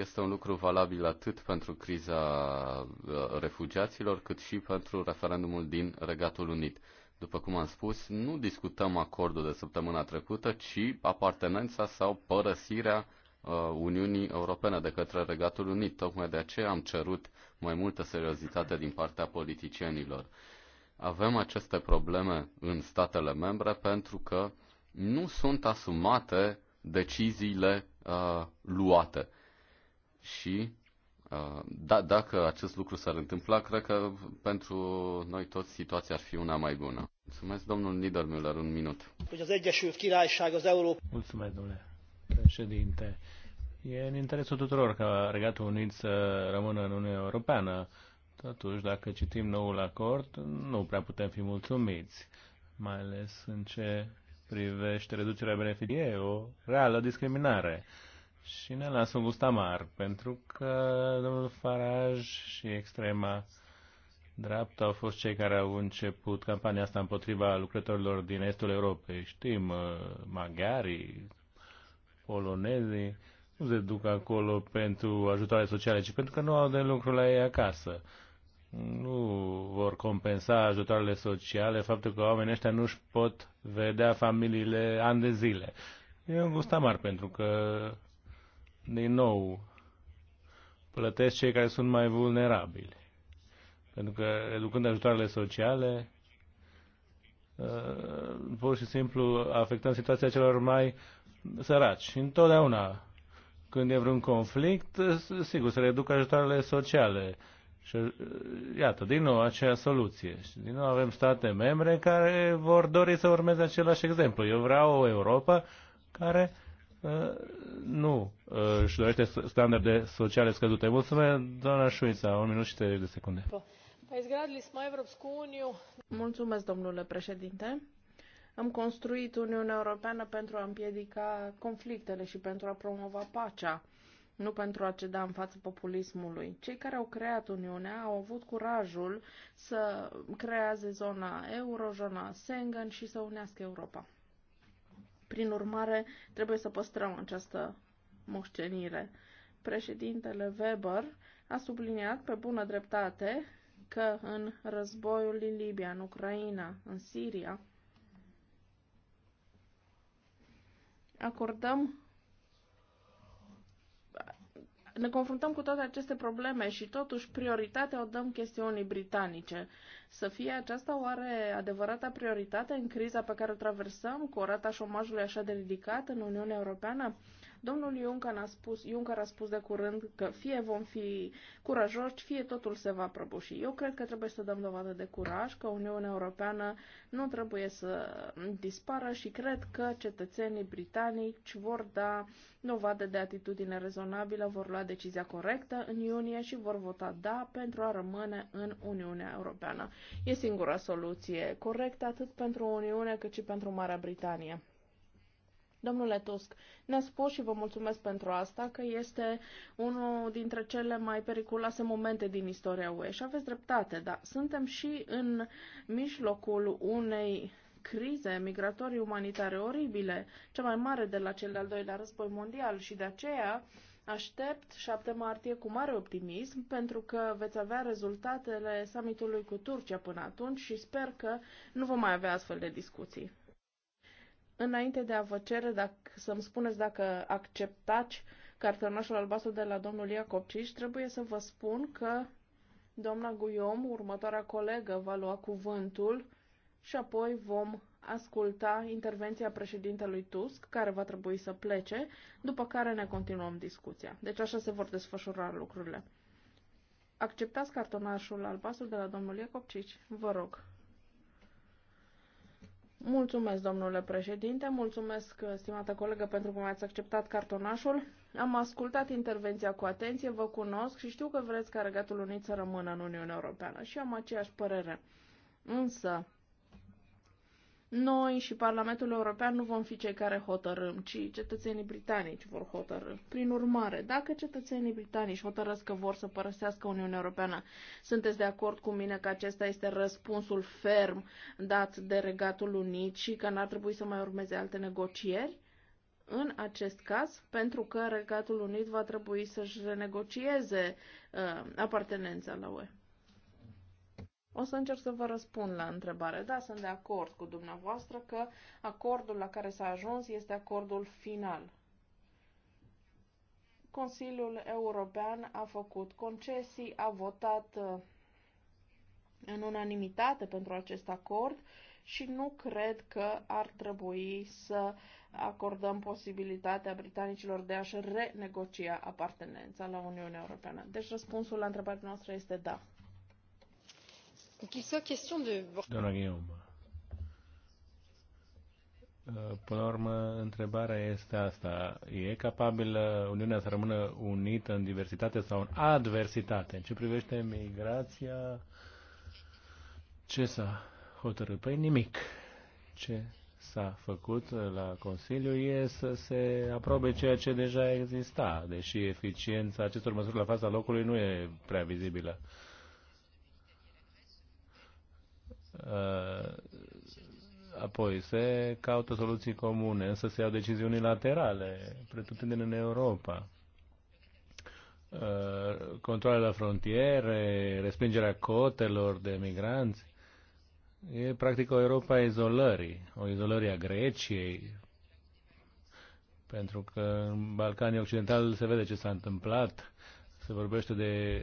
este un lucru valabil atât pentru criza uh, refugiaților, cât și pentru referendumul din Regatul Unit. După cum am spus, nu discutăm acordul de săptămâna trecută, ci apartenența sau părăsirea uh, Uniunii Europene de către Regatul Unit. Tocmai de aceea am cerut mai multă seriozitate din partea politicienilor. Avem aceste probleme în statele membre pentru că nu sunt asumate deciziile uh, luate și uh, da, dacă acest lucru s-ar întâmpla, cred că pentru noi toți situația ar fi una mai bună. Mulțumesc, domnul Niedermüller, un minut. Mulțumesc, domnule președinte. E în interesul tuturor ca Regatul Unit să rămână în Uniunea Europeană. Totuși, dacă citim noul acord, nu prea putem fi mulțumiți, mai ales în ce privește reducerea beneficiei, o reală discriminare și ne lasă un gust amar, pentru că domnul Faraj și extrema dreaptă au fost cei care au început campania asta împotriva lucrătorilor din estul Europei. Știm, uh, maghiarii, polonezii, nu se duc acolo pentru ajutoare sociale, ci pentru că nu au de lucru la ei acasă. Nu vor compensa ajutoarele sociale faptul că oamenii ăștia nu își pot vedea familiile ani de zile. E un gust amar pentru că din nou, plătesc cei care sunt mai vulnerabili. Pentru că, reducând ajutoarele sociale, uh, pur și simplu afectăm situația celor mai săraci. Și întotdeauna, când e vreun conflict, sigur, se reduc ajutoarele sociale. Și uh, iată, din nou aceea soluție. Și din nou avem state membre care vor dori să urmeze același exemplu. Eu vreau o Europa care Uh, nu uh, își dorește standarde sociale scăzute. Mulțumesc, doamna Șuița, un minut și 30 de secunde. Mulțumesc, domnule președinte. Am construit Uniunea Europeană pentru a împiedica conflictele și pentru a promova pacea, nu pentru a ceda în fața populismului. Cei care au creat Uniunea au avut curajul să creeze zona euro, zona Schengen și să unească Europa. Prin urmare, trebuie să păstrăm această moștenire. Președintele Weber a subliniat pe bună dreptate că în războiul din Libia, în Ucraina, în Siria, acordăm ne confruntăm cu toate aceste probleme și totuși prioritatea o dăm chestiunii britanice. Să fie aceasta oare adevărata prioritate în criza pe care o traversăm, cu o rata șomajului așa de ridicată în Uniunea Europeană? Domnul Juncker a spus, Juncker a spus de curând că fie vom fi curajoși, fie totul se va prăbuși. Eu cred că trebuie să dăm dovadă de curaj, că Uniunea Europeană nu trebuie să dispară și cred că cetățenii britanici vor da dovadă de atitudine rezonabilă, vor lua decizia corectă în iunie și vor vota da pentru a rămâne în Uniunea Europeană. E singura soluție corectă atât pentru Uniune cât și pentru Marea Britanie. Domnule Tusk, ne-a spus și vă mulțumesc pentru asta că este unul dintre cele mai periculoase momente din istoria UE și aveți dreptate, dar suntem și în mijlocul unei crize migratorii umanitare oribile, cea mai mare de la cel de-al doilea război mondial și de aceea Aștept 7 martie cu mare optimism pentru că veți avea rezultatele summitului cu Turcia până atunci și sper că nu vom mai avea astfel de discuții. Înainte de a vă cere dacă, să-mi spuneți dacă acceptați cartonașul albastru de la domnul Iacobciș, trebuie să vă spun că doamna Guiom, următoarea colegă, va lua cuvântul și apoi vom asculta intervenția președintelui Tusk, care va trebui să plece, după care ne continuăm discuția. Deci așa se vor desfășura lucrurile. Acceptați cartonașul albastru de la domnul Iacobcici? Vă rog. Mulțumesc, domnule președinte, mulțumesc, stimată colegă, pentru că mi-ați acceptat cartonașul. Am ascultat intervenția cu atenție, vă cunosc și știu că vreți ca Regatul Unit să rămână în Uniunea Europeană și am aceeași părere. Însă, noi și Parlamentul European nu vom fi cei care hotărâm, ci cetățenii britanici vor hotărâ. Prin urmare, dacă cetățenii britanici hotărăsc că vor să părăsească Uniunea Europeană, sunteți de acord cu mine că acesta este răspunsul ferm dat de Regatul Unit și că n-ar trebui să mai urmeze alte negocieri? În acest caz, pentru că Regatul Unit va trebui să-și renegocieze uh, apartenența la UE. O să încerc să vă răspund la întrebare. Da, sunt de acord cu dumneavoastră că acordul la care s-a ajuns este acordul final. Consiliul European a făcut concesii, a votat uh, în unanimitate pentru acest acord și nu cred că ar trebui să acordăm posibilitatea britanicilor de a-și renegocia apartenența la Uniunea Europeană. Deci răspunsul la întrebarea noastră este da. Qu'il soit question de... Doamna Guillaume. Uh, până la urmă, întrebarea este asta. E capabilă uh, Uniunea să rămână unită în diversitate sau în adversitate? În ce privește migrația, ce s-a hotărât? Păi nimic. Ce s-a făcut uh, la Consiliu e să se aprobe ceea ce deja exista, deși eficiența acestor măsuri la fața locului nu e prea vizibilă. Uh, apoi se caută soluții comune, însă se iau decizii laterale, pretutindeni în Europa. Uh, controlele la frontiere, respingerea cotelor de migranți. E practic o Europa a izolării, o izolării a Greciei, pentru că în Balcanii Occidentali se vede ce s-a întâmplat, se vorbește de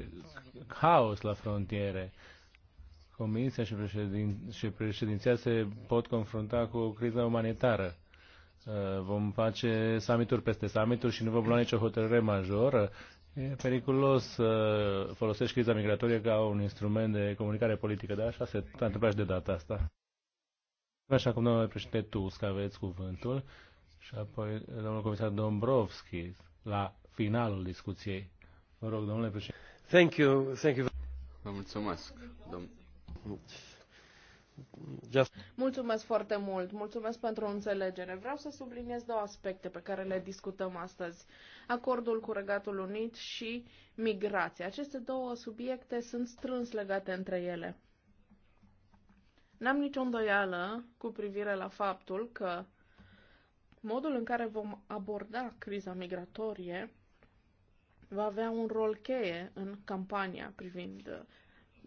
haos la frontiere. Comisia și, președin, și președinția se pot confrunta cu o criză umanitară. Uh, vom face summituri peste summituri și nu vom lua nicio hotărâre majoră. E periculos să folosești criza migratorie ca un instrument de comunicare politică, dar așa se întâmplă și de data asta. Așa cum domnule președinte Tusk aveți cuvântul și apoi domnul comisar Dombrovski la finalul discuției. Vă rog, domnule președinte. Thank you. Thank you. Vă mulțumesc, domnule Just... Mulțumesc foarte mult, mulțumesc pentru înțelegere. Vreau să subliniez două aspecte pe care le discutăm astăzi. Acordul cu Regatul Unit și migrația. Aceste două subiecte sunt strâns legate între ele. N-am nicio îndoială cu privire la faptul că modul în care vom aborda criza migratorie va avea un rol cheie în campania privind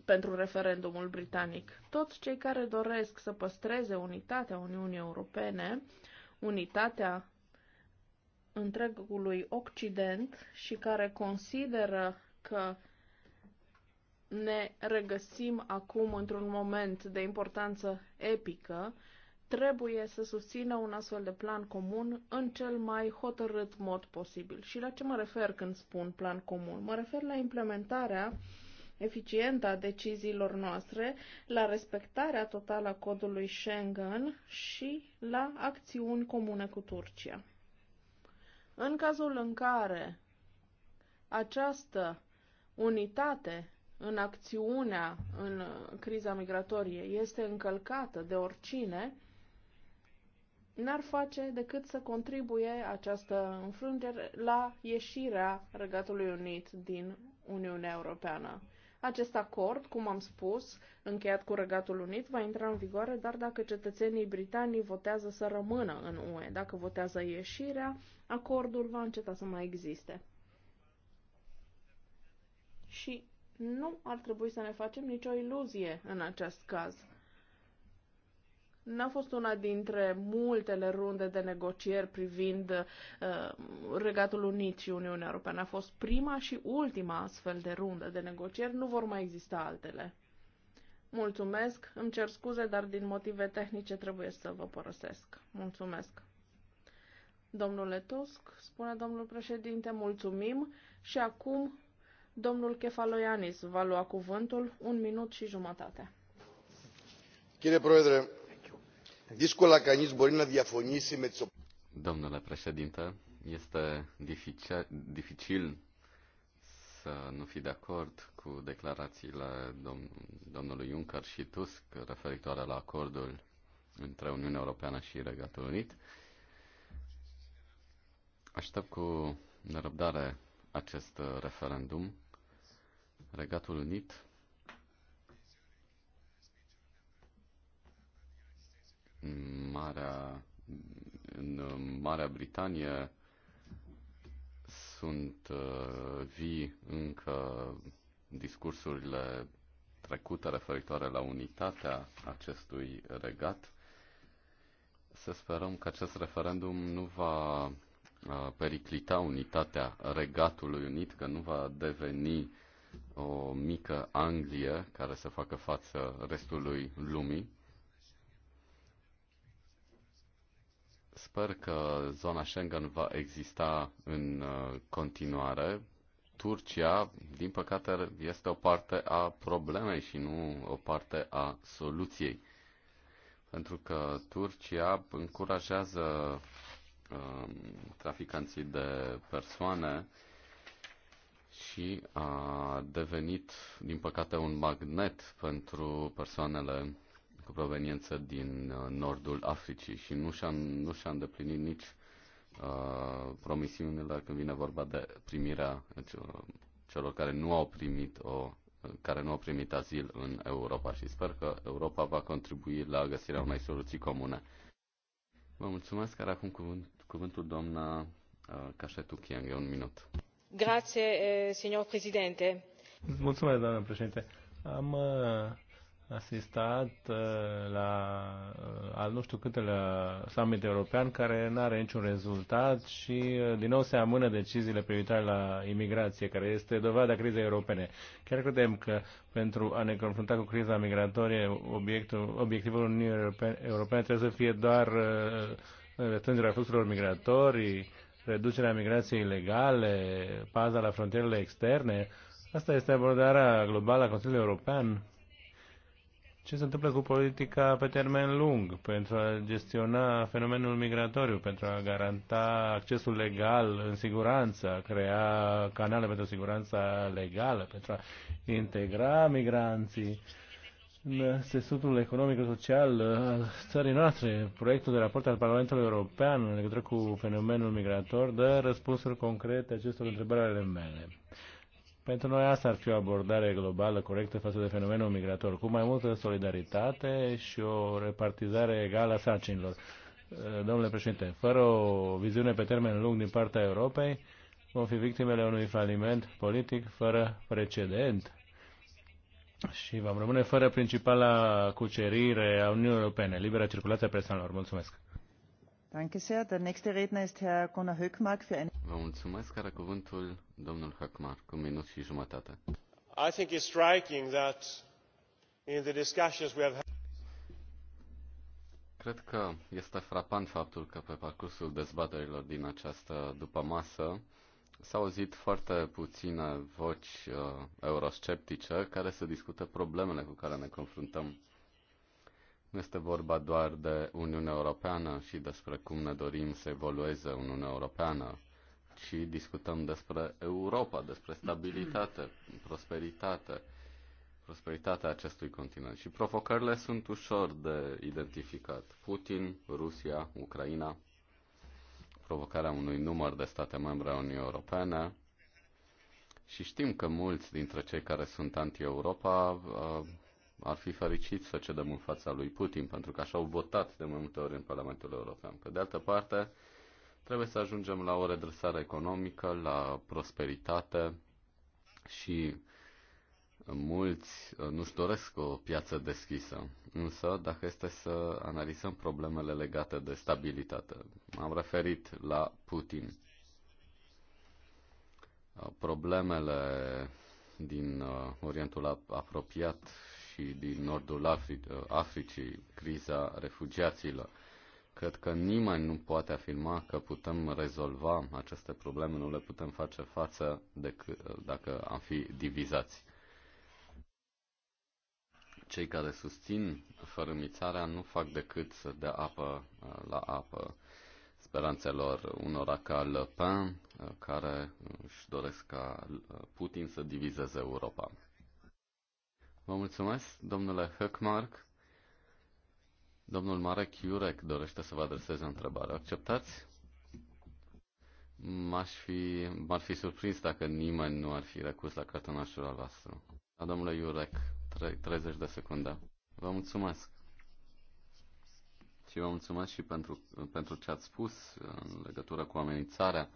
pentru referendumul britanic. Toți cei care doresc să păstreze unitatea Uniunii Europene, unitatea întregului Occident și care consideră că ne regăsim acum într-un moment de importanță epică, trebuie să susțină un astfel de plan comun în cel mai hotărât mod posibil. Și la ce mă refer când spun plan comun? Mă refer la implementarea uh, eficientă a deciziilor noastre, la respectarea totală a codului Schengen și la acțiuni comune cu Turcia. În cazul în care această unitate în acțiunea în criza migratorie este încălcată de oricine, n-ar face decât să contribuie această înfrângere la ieșirea Regatului Unit din Uniunea Europeană. Acest acord, cum am spus, încheiat cu Regatul Unit, va intra în vigoare, dar dacă cetățenii britanii votează să rămână în UE, dacă votează ieșirea, acordul va înceta să mai existe. Și nu ar trebui să ne facem nicio iluzie în acest caz. N-a fost una dintre multele runde de negocieri privind uh, Regatul Unit și Uniunea Europeană. A fost prima și ultima astfel de rundă de negocieri. Nu vor mai exista altele. Mulțumesc, îmi cer scuze, dar din motive tehnice trebuie să vă părăsesc. Mulțumesc. Domnule Tusk, spune domnul președinte, mulțumim și acum domnul Kefaloianis va lua cuvântul un minut și jumătate. Chine, proedre, Δύσκολα κανείς μπορεί να διαφωνήσει με Domnule președinte, este dificil, dificil să nu fi de acord cu declarațiile dom- domnului Juncker și Tusk referitoare la acordul între Uniunea Europeană și Regatul Unit. Aștept cu nerăbdare acest referendum. Regatul Unit Marea, în Marea Britanie sunt uh, vii încă discursurile trecute referitoare la unitatea acestui regat. Să sperăm că acest referendum nu va uh, periclita unitatea Regatului Unit, că nu va deveni o mică Anglie care să facă față restului lumii. Sper că zona Schengen va exista în uh, continuare. Turcia, din păcate, este o parte a problemei și nu o parte a soluției. Pentru că Turcia încurajează um, traficanții de persoane și a devenit, din păcate, un magnet pentru persoanele cu proveniență din uh, nordul Africii și nu și-a, nu și-a îndeplinit nici uh, promisiunile când vine vorba de primirea uh, celor care nu au primit o care nu au primit azil în Europa și sper că Europa va contribui la găsirea unei soluții comune. Vă mulțumesc, care acum cuvânt, cuvântul doamna uh, Cașetu Chiang, un minut. Grație, eh, signor președinte. Mulțumesc, doamna președinte. Am uh asistat uh, la uh, al nu știu câtelea summit european care nu are niciun rezultat și uh, din nou se amână deciziile privitoare la imigrație, care este dovada crizei europene. Chiar credem că pentru a ne confrunta cu criza migratorie, obiectul, obiectivul Uniunii europene, europene trebuie să fie doar restrângerea fluxurilor migratorii, reducerea migrației ilegale, paza la frontierele externe. Asta este abordarea globală a Consiliului European ce se întâmplă cu politica pe termen lung pentru a gestiona fenomenul migratoriu, pentru a garanta accesul legal în siguranță, a crea canale pentru siguranța legală, pentru a integra migranții în sesutul economic social al țării noastre. Proiectul de raport al Parlamentului European în legătură cu fenomenul migrator dă răspunsuri concrete acestor întrebări ale mele. Pentru noi asta ar fi o abordare globală corectă față de fenomenul migrator, cu mai multă solidaritate și o repartizare egală a sarcinilor. Domnule președinte, fără o viziune pe termen lung din partea Europei, vom fi victimele unui faliment politic fără precedent și vom rămâne fără principala cucerire a Uniunii Europene, libera circulație a persoanelor. Mulțumesc! Vă mulțumesc. Care cuvântul domnul Hökmark, cu minut și jumătate. I think it's striking that in the discussions we have had Cred că este frapant faptul că pe parcursul dezbaterilor din această dupămasă s-au auzit foarte puține voci uh, eurosceptice care să discută problemele cu care ne confruntăm nu este vorba doar de Uniunea Europeană și despre cum ne dorim să evolueze Uniunea Europeană, ci discutăm despre Europa, despre stabilitate, prosperitate, prosperitatea acestui continent. Și provocările sunt ușor de identificat. Putin, Rusia, Ucraina, provocarea unui număr de state membre a Uniunii Europene. Și știm că mulți dintre cei care sunt anti-Europa uh, ar fi fericit să cedăm în fața lui Putin, pentru că așa au votat de mai multe ori în Parlamentul European. Pe de altă parte, trebuie să ajungem la o redresare economică, la prosperitate și mulți uh, nu-și doresc o piață deschisă. Însă, dacă este să analizăm problemele legate de stabilitate, am referit la Putin. Uh, problemele din uh, Orientul apropiat și din nordul Afri- Africii, criza refugiaților. Cred că nimeni nu poate afirma că putem rezolva aceste probleme, nu le putem face față decât dacă am fi divizați. Cei care susțin fărâmițarea nu fac decât să dea apă uh, la apă speranțelor unora ca Le Pen, uh, care își doresc ca uh, Putin să divizeze Europa. Vă mulțumesc, domnule Höckmark. Domnul Marek Iurek dorește să vă adreseze o întrebare. Acceptați? M-aș fi, m-ar fi surprins dacă nimeni nu ar fi recurs la cartonașul albastru. A da, domnule Iurek, 30 de secunde. Vă mulțumesc. Și vă mulțumesc și pentru, pentru ce ați spus în legătură cu amenințarea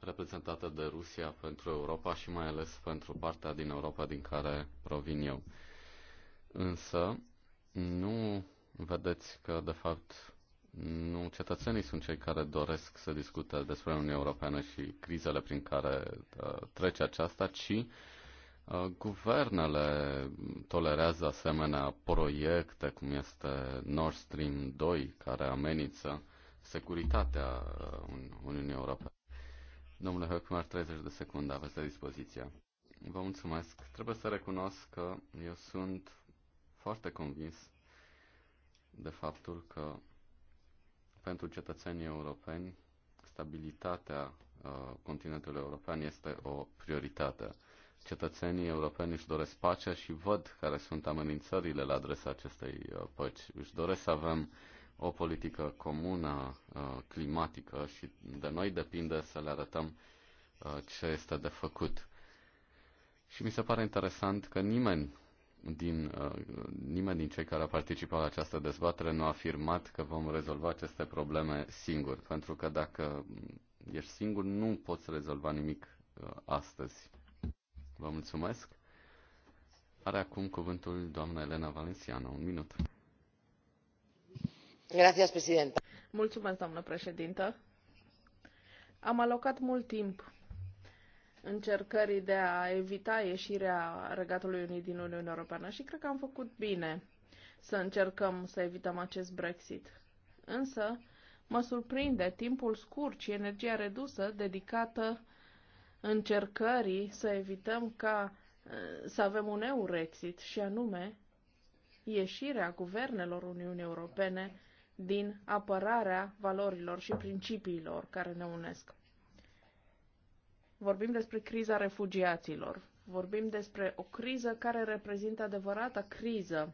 reprezentată de Rusia pentru Europa și mai ales pentru partea din Europa din care provin eu. Însă, nu vedeți că, de fapt, nu cetățenii sunt cei care doresc să discute despre Uniunea Europeană și crizele prin care ă, trece aceasta, ci ă, guvernele tolerează asemenea proiecte, cum este Nord Stream 2, care amenință securitatea ă, Uniunii Europene. Domnule Hökmar, 30 de secunde aveți la dispoziție. Vă mulțumesc. Trebuie să recunosc că eu sunt foarte convins de faptul că pentru cetățenii europeni stabilitatea uh, continentului european este o prioritate. Cetățenii europeni își doresc pacea și văd care sunt amenințările la adresa acestei uh, păci. Își doresc să avem uh, o politică comună uh, climatică și de noi depinde să le arătăm uh, ce este de făcut. Și mi se pare interesant că nimeni din, uh, nimeni din cei care au participat la această dezbatere nu a afirmat că vom rezolva aceste probleme singuri, pentru că dacă ești singur nu poți rezolva nimic astăzi. Vă mulțumesc. Are acum cuvântul doamna Elena Valenciano. Un minut. Mulțumesc, doamnă președintă. Am alocat mult timp încercării de a evita ieșirea Regatului Unit din Uniunea Europeană și cred că am făcut bine să încercăm să evităm acest Brexit. Însă, mă surprinde timpul scurt și energia redusă dedicată încercării să evităm ca eh, să avem un Eurexit și anume ieșirea guvernelor Uniunii Europene din apărarea valorilor și principiilor care ne unesc. Vorbim despre criza refugiaților. Vorbim despre o criză care reprezintă adevărata criză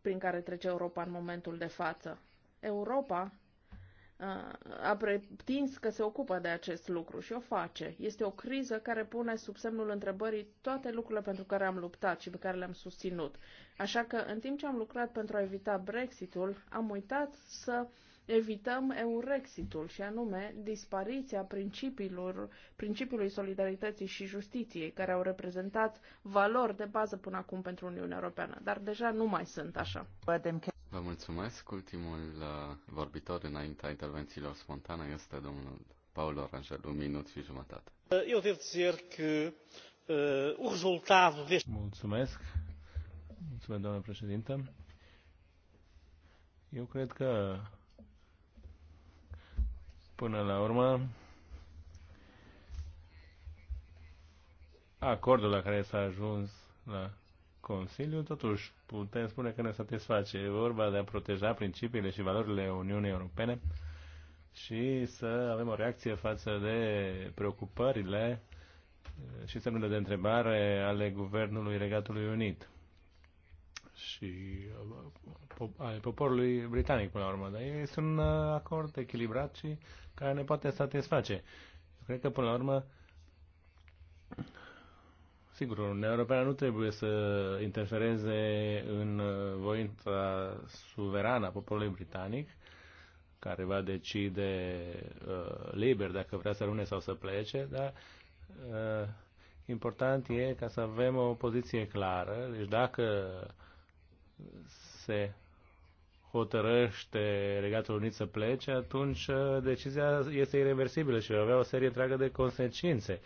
prin care trece Europa în momentul de față. Europa Uh, a pretins că se ocupă de acest lucru și o face. Este o criză care pune sub semnul întrebării toate lucrurile pentru care am luptat și pe care le-am susținut. Așa că, în timp ce am lucrat pentru a evita Brexitul, am uitat să evităm eurexitul și anume dispariția principiilor, principiului solidarității și justiției, care au reprezentat valori de bază până acum pentru Uniunea Europeană, dar deja nu mai sunt așa. Vă mulțumesc. Ultimul uh, vorbitor înaintea intervențiilor spontane este domnul Paul Orangel, un minut și jumătate. Uh, eu să zic că uh, rezultatul... Mulțumesc. Mulțumesc, domnule președinte. Eu cred că până la urmă acordul la care s-a ajuns la Consiliu, totuși putem spune că ne satisface. E vorba de a proteja principiile și valorile Uniunii Europene și să avem o reacție față de preocupările și semnele de întrebare ale Guvernului Regatului Unit și uh, ale poporului britanic, până la urmă. Dar este un uh, acord echilibrat și care ne poate satisface. Eu cred că, până la urmă, Sigur, Uniunea Europeană nu trebuie să interfereze în voința suverană a poporului britanic, care va decide uh, liber dacă vrea să rămâne sau să plece, dar uh, important e ca să avem o poziție clară. Deci dacă se hotărăște Regatul Unit să plece, atunci uh, decizia este irreversibilă și va avea o serie întreagă de consecințe.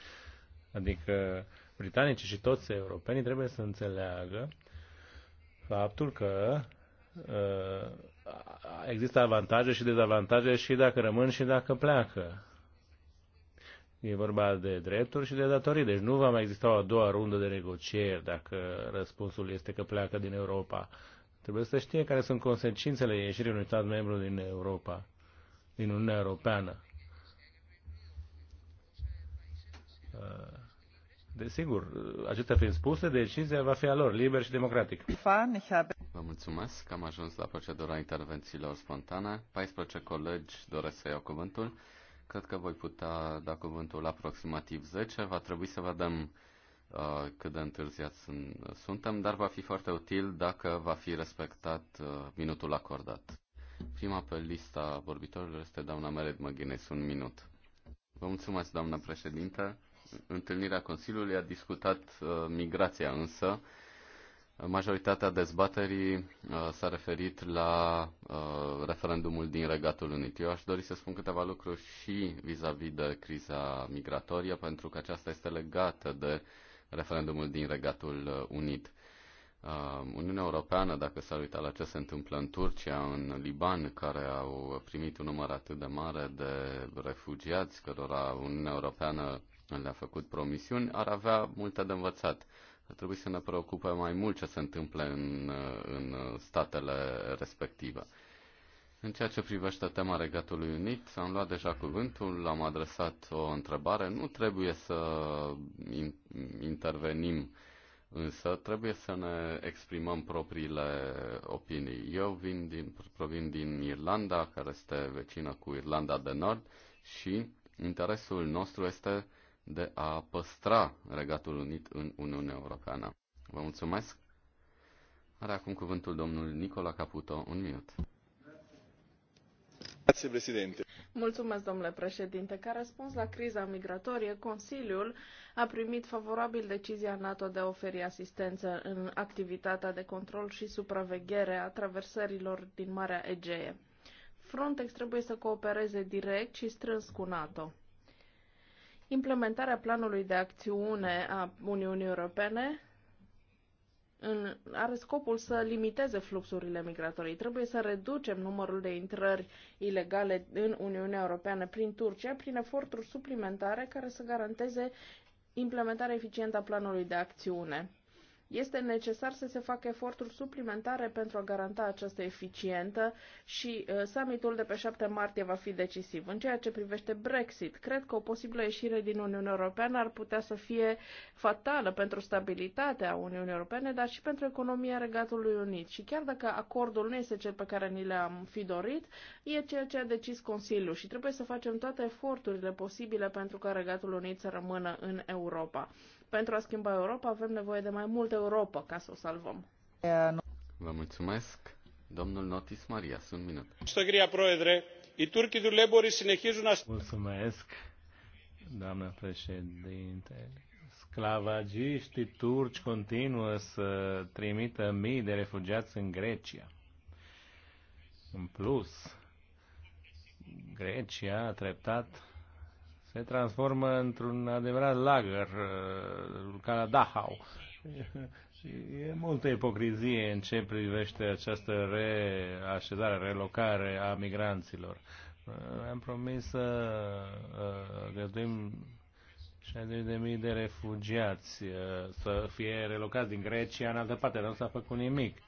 Adică uh, britanicii și toți europenii trebuie să înțeleagă faptul că uh, există avantaje și dezavantaje și dacă rămân și dacă pleacă. E vorba de drepturi și de datorii, deci nu va mai exista o a doua rundă de negocieri dacă răspunsul este că pleacă din Europa. Trebuie să știe care sunt consecințele ieșirii unui stat membru din Europa, din Uniunea Europeană. Uh, Desigur, acestea fiind spuse, decizia va fi a lor, liber și democratic. Vă mulțumesc că am ajuns la procedura intervențiilor spontane. 14 colegi doresc să iau cuvântul. Cred că voi putea da cuvântul aproximativ 10. Va trebui să vedem uh, cât de întârziați suntem, dar va fi foarte util dacă va fi respectat uh, minutul acordat. Prima pe lista vorbitorilor este doamna Meret Măghines, un minut. Vă mulțumesc, doamna președinte întâlnirea Consiliului a discutat uh, migrația, însă majoritatea dezbaterii uh, s-a referit la uh, referendumul din Regatul Unit. Eu aș dori să spun câteva lucruri și vis-a-vis -vis de criza migratorie, pentru că aceasta este legată de referendumul din Regatul Unit. Uniunea Europeană, dacă s-ar uita la ce se întâmplă în Turcia, în Liban, care au primit un număr atât de mare de refugiați, cărora Uniunea Europeană le-a făcut promisiuni, ar avea multe de învățat. Ar trebui să ne preocupe mai mult ce se întâmplă în, în statele respective. În ceea ce privește tema Regatului Unit, am luat deja cuvântul, am adresat o întrebare. Nu trebuie să intervenim, însă trebuie să ne exprimăm propriile opinii. Eu vin din, provin din Irlanda, care este vecină cu Irlanda de Nord și interesul nostru este de a păstra Regatul Unit în Uniunea Europeană. Vă mulțumesc. Are acum cuvântul domnul Nicola Caputo, un minut. Mulțumesc, domnule președinte. Ca răspuns la criza migratorie, Consiliul a primit favorabil decizia NATO de a oferi asistență în activitatea de control și supraveghere a traversărilor din Marea Egee. Frontex trebuie să coopereze direct și strâns cu NATO. Implementarea planului de acțiune a Uniunii Europene în, are scopul să limiteze fluxurile migratorii. Trebuie să reducem numărul de intrări ilegale în Uniunea Europeană prin Turcia, prin eforturi suplimentare care să garanteze implementarea eficientă a planului de acțiune. Este necesar să se facă eforturi suplimentare pentru a garanta această eficientă și uh, summitul de pe 7 martie va fi decisiv. În ceea ce privește Brexit, cred că o posibilă ieșire din Uniunea Europeană ar putea să fie fatală pentru stabilitatea Uniunii Europene, dar și pentru economia Regatului Unit. Și chiar dacă acordul nu este cel pe care ni le-am fi dorit, e ceea ce a decis Consiliul și trebuie să facem toate eforturile posibile pentru ca Regatul Unit să rămână în Europa. Pentru a schimba Europa avem nevoie de mai multă Europa ca să o salvăm. Vă mulțumesc. Domnul Notis Maria, sunt minut. Mulțumesc, doamnă președinte. Sclavagiștii turci continuă să trimită mii de refugiați în Grecia. În plus, Grecia treptat se transformă într-un adevărat lagăr uh, ca la Dachau. E multă ipocrizie în ce privește această reașezare, relocare a migranților. Uh, am promis să uh, găduim 60.000 de refugiați să fie relocați din Grecia în altă parte, dar nu s-a făcut nimic.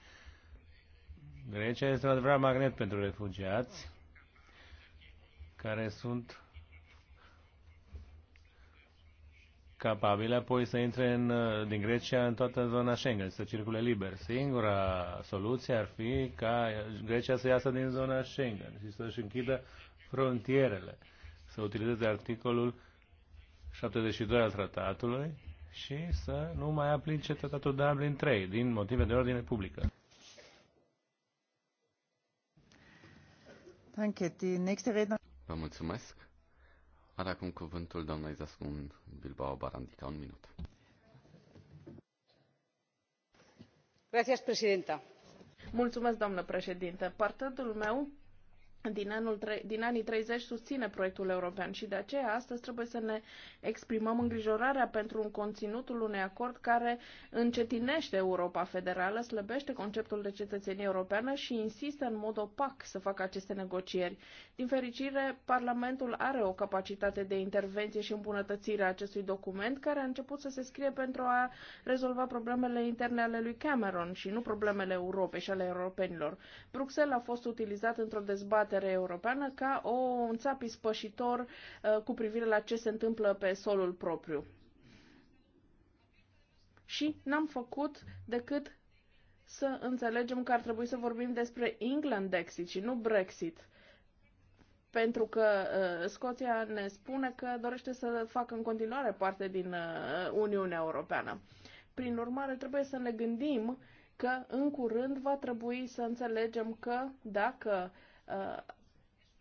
Grecia este un adevărat magnet pentru refugiați care sunt capabile apoi să intre în, uh, din Grecia în toată zona Schengen, să circule liber. Singura soluție ar fi ca Grecia să iasă din zona Schengen și să-și închidă frontierele, să utilizeze articolul 72 al tratatului și să nu mai aplice tratatul Dublin 3 din motive de ordine publică. Vă mulțumesc. Are acum cuvântul doamna Izascun Bilbao Barandica. Un minut. Mulțumesc, doamnă președinte. Partidul meu din, anul, din anii 30 susține proiectul european și de aceea astăzi trebuie să ne exprimăm îngrijorarea pentru un conținutul unui acord care încetinește Europa federală, slăbește conceptul de cetățenie europeană și insistă în mod opac să facă aceste negocieri. Din fericire, Parlamentul are o capacitate de intervenție și îmbunătățire a acestui document care a început să se scrie pentru a rezolva problemele interne ale lui Cameron și nu problemele Europei și ale europenilor. Bruxelles a fost utilizat într-o dezbatere dezbatere europeană ca o, un țap ispășitor uh, cu privire la ce se întâmplă pe solul propriu. Și n-am făcut decât să înțelegem că ar trebui să vorbim despre England Exit și nu Brexit. Pentru că uh, Scoția ne spune că dorește să facă în continuare parte din uh, Uniunea Europeană. Prin urmare, trebuie să ne gândim că în curând va trebui să înțelegem că dacă Uh,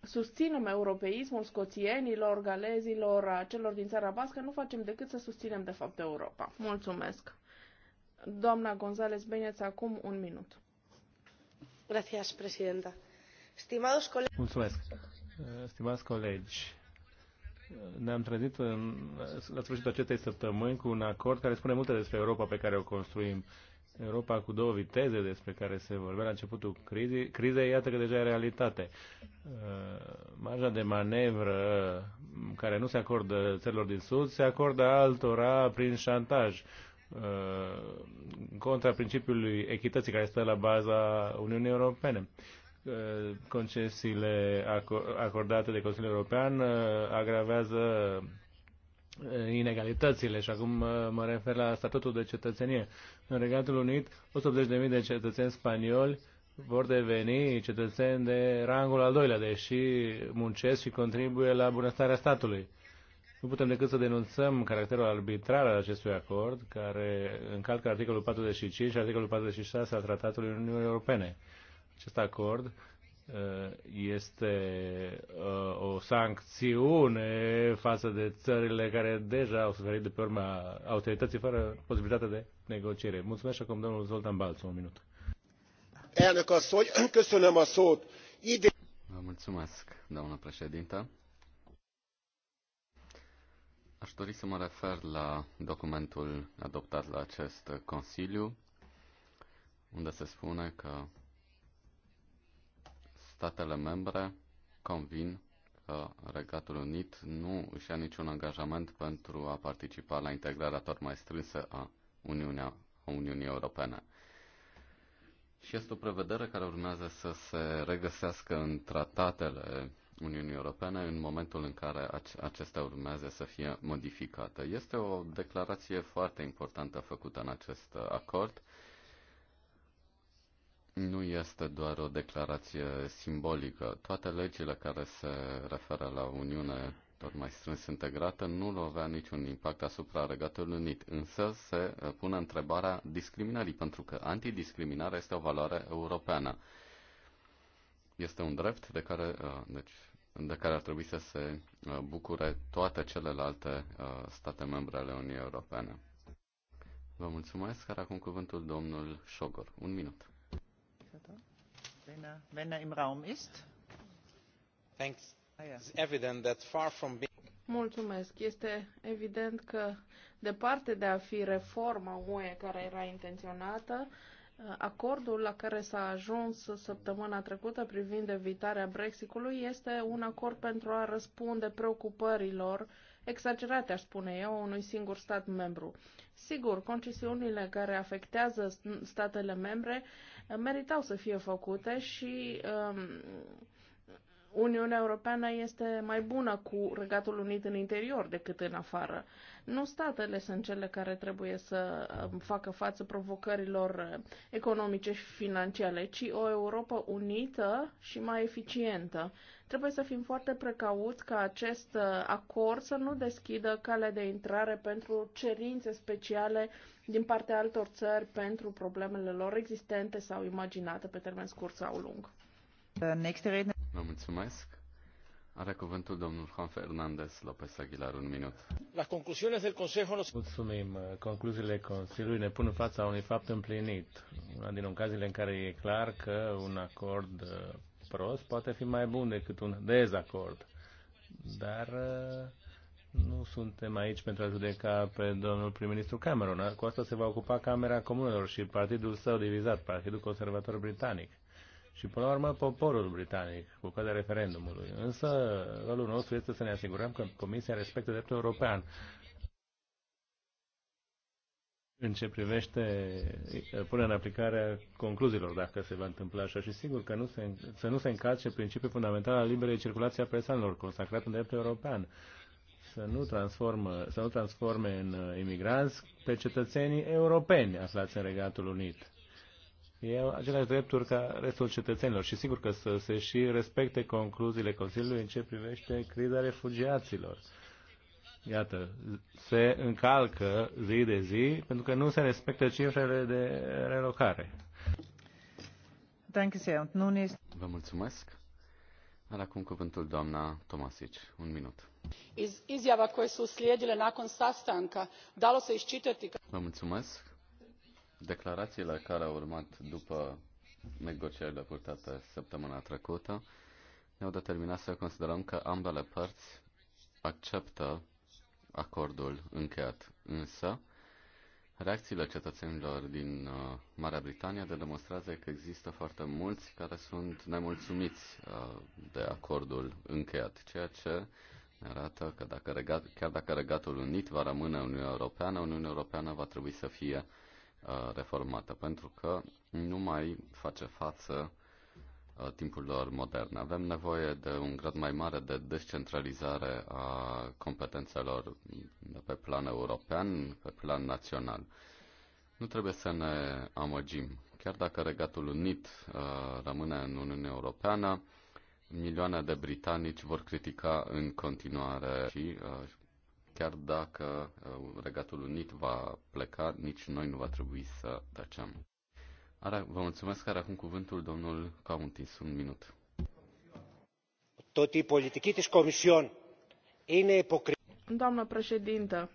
susținem europeismul scoțienilor, galezilor, a celor din țara bască, nu facem decât să susținem de fapt Europa. Mulțumesc. Doamna González Beneț, acum un minut. Gracias, presidenta. Stimados colegi... Mulțumesc. Stimați colegi, ne-am trezit în, la sfârșitul acestei săptămâni cu un acord care spune multe despre Europa pe care o construim Europa cu două viteze despre care se vorbea la începutul crizei, criza iată că deja e realitate. Uh, marja de manevră care nu se acordă țărilor din Sud se acordă altora prin șantaj uh, contra principiului echității care stă la baza Uniunii Europene uh, concesiile acordate de Consiliul European agravează inegalitățile și acum mă refer la statutul de cetățenie. În Regatul Unit, 180.000 de cetățeni spanioli vor deveni cetățeni de rangul al doilea, deși muncesc și contribuie la bunăstarea statului. Nu putem decât să denunțăm caracterul arbitrar al acestui acord, care încalcă articolul 45 și articolul 46 al Tratatului Uniunii Europene. Acest acord Uh, este uh, o sancțiune față de țările care deja au suferit de pe urma autorității fără posibilitatea de negociere. Mulțumesc acum domnul Zoltan Balț, un minut. Elnök asszony, köszönöm a szót. Ide... Vă mulțumesc, doamnă președintă. Aș dori să mă refer la documentul adoptat la acest Consiliu, unde se spune că statele membre convin că Regatul Unit nu își ia niciun angajament pentru a participa la integrarea tot mai strânsă a, Uniunea, a Uniunii Europene. Și este o prevedere care urmează să se regăsească în tratatele Uniunii Europene în momentul în care acestea urmează să fie modificate. Este o declarație foarte importantă făcută în acest acord nu este doar o declarație simbolică. Toate legile care se referă la Uniune tot mai strâns integrată nu avea niciun impact asupra Regatului Unit, însă se pune întrebarea discriminării, pentru că antidiscriminarea este o valoare europeană. Este un drept de care, uh, deci, de care ar trebui să se uh, bucure toate celelalte uh, state membre ale Uniunii Europene. Vă mulțumesc, care acum cuvântul domnul Șogor. Un minut. Er ah, este evident că departe de a fi reforma UE care era intenționată, acordul la care s-a ajuns săptămâna trecută privind evitarea Brexitului este un acord pentru a răspunde preocupărilor exagerate, aș spune eu, unui singur stat membru. Sigur, concesiunile care afectează statele membre eh, meritau să fie făcute și um, Uniunea Europeană este mai bună cu Regatul Unit în interior decât în afară. Nu statele sunt cele care trebuie să ehm, facă față provocărilor eh, economice și financiare, ci o Europa unită și mai eficientă. Trebuie să fim foarte precauți ca acest uh, acord să nu deschidă cale de intrare pentru cerințe speciale din partea altor țări pentru problemele lor existente sau imaginate pe termen scurt sau lung. Vă mulțumesc. Are cuvântul domnul Juan Fernández López Aguilar, un minut. La concluziile del Consejo nos... Mulțumim. Concluziile Consiliului ne pun în fața unui fapt împlinit. Una din cazurile în care e clar că un acord prost poate fi mai bun decât un dezacord. Dar uh, nu suntem aici pentru a judeca pe domnul prim-ministru Cameron. Cu asta se va ocupa Camera Comunelor și partidul său divizat, Partidul Conservator Britanic. Și, până la urmă, poporul britanic, cu cădea referendumului. Însă, rolul nostru este să ne asigurăm că Comisia respectă dreptul european în ce privește uh, punerea în aplicare a concluziilor, dacă se va întâmpla așa. Și sigur că nu se, să nu se încalce principiul fundamental al liberei circulații a persoanelor, consacrat în dreptul european. Să nu, transformă, să nu transforme în uh, imigranți pe cetățenii europeni aflați în Regatul Unit. E aceleași drepturi ca restul cetățenilor și sigur că să se și respecte concluziile Consiliului în ce privește criza refugiaților iată, se încalcă zi de zi pentru că nu se respectă cifrele de relocare. Vă mulțumesc. Are acum cuvântul doamna Tomasić. Un minut. Iz izjava koje su uslijedile nakon sastanka dalo se iščitati... Vă mulțumesc. Declarațiile care au urmat după negocierile purtate săptămâna trecută ne-au determinat să considerăm că ambele părți acceptă acordul încheiat. Însă, reacțiile cetățenilor din uh, Marea Britanie de demonstrează că există foarte mulți care sunt nemulțumiți uh, de acordul încheiat, ceea ce arată că dacă regat, chiar dacă Regatul Unit va rămâne Uniunea Europeană, Uniunea Europeană va trebui să fie uh, reformată, pentru că nu mai face față timpurilor moderne. Avem nevoie de un grad mai mare de descentralizare a competențelor pe plan european, pe plan național. Nu trebuie să ne amăgim. Chiar dacă Regatul Unit uh, rămâne în Uniunea Europeană, milioane de britanici vor critica în continuare și uh, chiar dacă uh, Regatul Unit va pleca, nici noi nu va trebui să tăcem vă mulțumesc, are acum cuvântul domnul Cauntis, Un minut. Toti politicii της Comision είναι υποκριτική. Doamnă președintă,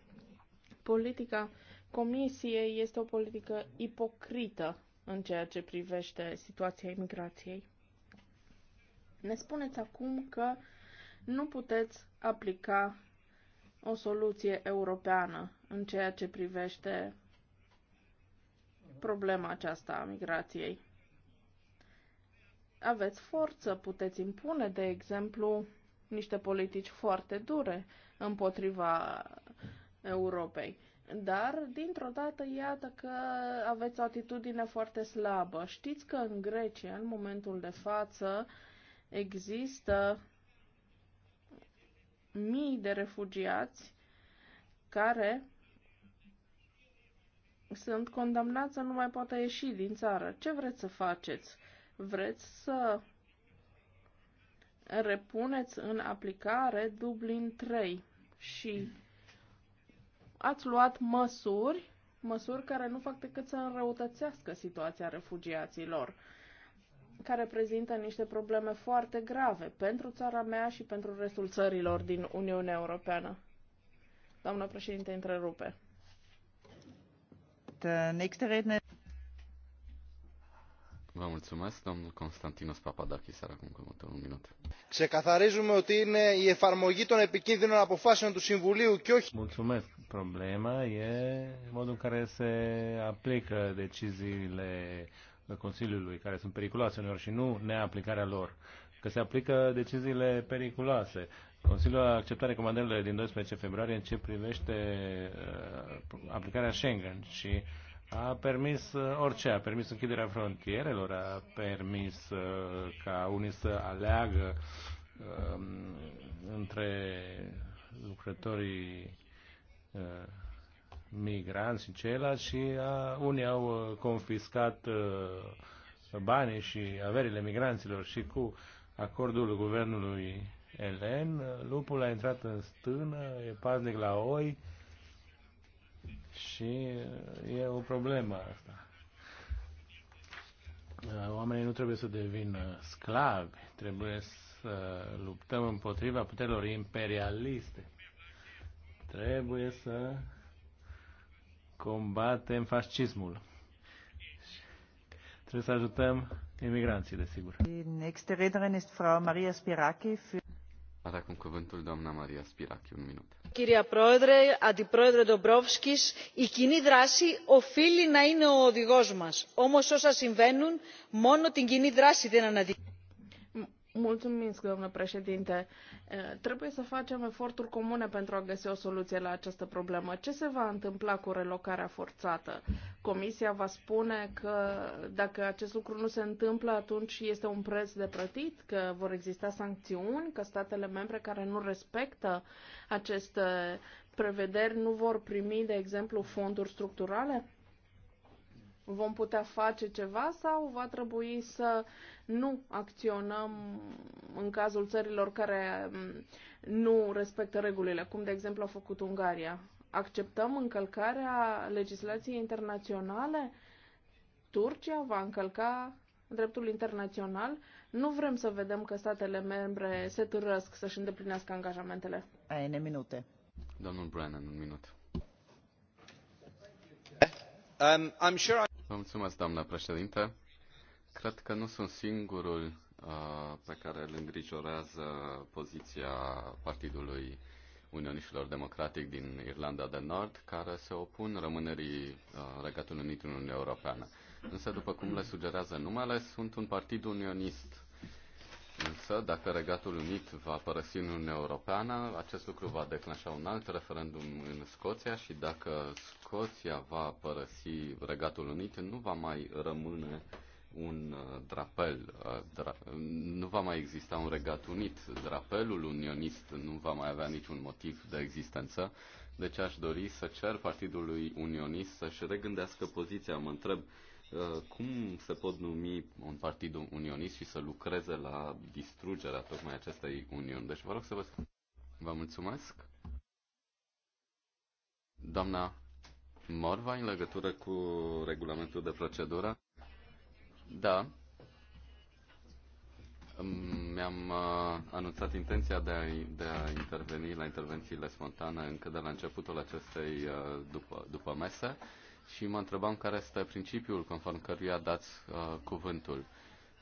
politica Comisiei este o politică ipocrită în ceea ce privește situația imigrației. Ne spuneți acum că nu puteți aplica o soluție europeană în ceea ce privește problema aceasta a migrației. Aveți forță, puteți impune, de exemplu, niște politici foarte dure împotriva Europei. Dar, dintr-o dată, iată că aveți o atitudine foarte slabă. Știți că în Grecia, în momentul de față, există mii de refugiați care sunt condamnați să nu mai poată ieși din țară. Ce vreți să faceți? Vreți să repuneți în aplicare Dublin 3 și ați luat măsuri, măsuri care nu fac decât să înrăutățească situația refugiaților, care prezintă niște probleme foarte grave pentru țara mea și pentru restul țărilor din Uniunea Europeană. Doamna președinte, întrerupe. Äh, Vă mulțumesc, domnul Constantinos Papadakis, are acum cuvântul un minut. Ξεκαθαρίζουμε ότι είναι η εφαρμογή των επικίνδυνων αποφάσεων του Συμβουλίου και όχι... Mulțumesc. Problema e modul în care se aplică deciziile Consiliului, care sunt periculoase uneori și nu neaplicarea lor. Că se aplică deciziile periculoase. Consiliul a acceptat recomandările din 12 februarie în ce privește uh, aplicarea Schengen și a permis uh, orice, a permis închiderea frontierelor, a permis uh, ca unii să aleagă um, între lucrătorii migranți și ceilalți și a, unii au confiscat banii și averile migranților și cu acordul guvernului elen, lupul a intrat în stână, e paznic la oi și e o problemă asta. Oamenii nu trebuie să devină sclavi, trebuie să luptăm împotriva puterilor imperialiste. Trebuie să combatem fascismul. Trebuie să ajutăm imigranții, desigur. Nächste Rednerin Frau Maria Spiraki. Für are acum cuvântul doamna Maria Spirachi, un minut. Κυρία Πρόεδρε, Αντιπρόεδρε Ντομπρόφσκης, η κοινή δράση οφείλει να είναι ο οδηγός μας. Όμως όσα συμβαίνουν, μόνο την κοινή δράση δεν αναδεικνύουν. Mulțumesc, domnule președinte. Trebuie să facem eforturi comune pentru a găsi o soluție la această problemă. Ce se va întâmpla cu relocarea forțată? Comisia va spune că dacă acest lucru nu se întâmplă, atunci este un preț de plătit, că vor exista sancțiuni, că statele membre care nu respectă aceste prevederi nu vor primi, de exemplu, fonduri structurale? Vom putea face ceva sau va trebui să nu acționăm în cazul țărilor care mm, nu respectă regulile, cum de exemplu a făcut Ungaria? Acceptăm încălcarea legislației internaționale? Turcia va încălca dreptul internațional? Nu vrem să vedem că statele membre se târăsc să-și îndeplinească angajamentele. ne minute. Domnul Brennan, un minut. Um, I'm sure I... Vă mulțumesc, doamnă președinte. Cred că nu sunt singurul uh, pe care îl îngrijorează poziția Partidului Unioniștilor Democratic din Irlanda de Nord, care se opun rămânerii uh, Regatului Unit în Uniunea Europeană. Însă, după cum le sugerează numele, sunt un partid unionist Însă, dacă Regatul Unit va părăsi Uniunea Europeană, acest lucru va declanșa un alt referendum în Scoția și dacă Scoția va părăsi Regatul Unit, nu va mai rămâne un uh, drapel, uh, dra- nu va mai exista un regat unit, drapelul unionist nu va mai avea niciun motiv de existență, deci aș dori să cer Partidului Unionist să-și regândească poziția. Mă întreb Uh, cum se pot numi un partid unionist și să lucreze la distrugerea tocmai acestei uniuni. Deci vă rog să vă spun. Vă mulțumesc. Doamna Morva, în legătură cu regulamentul de procedură? Da. Mi-am uh, anunțat intenția de a, de a interveni la intervențiile spontane încă de la începutul acestei uh, după, după mese și mă întrebam care este principiul conform căruia dați uh, cuvântul.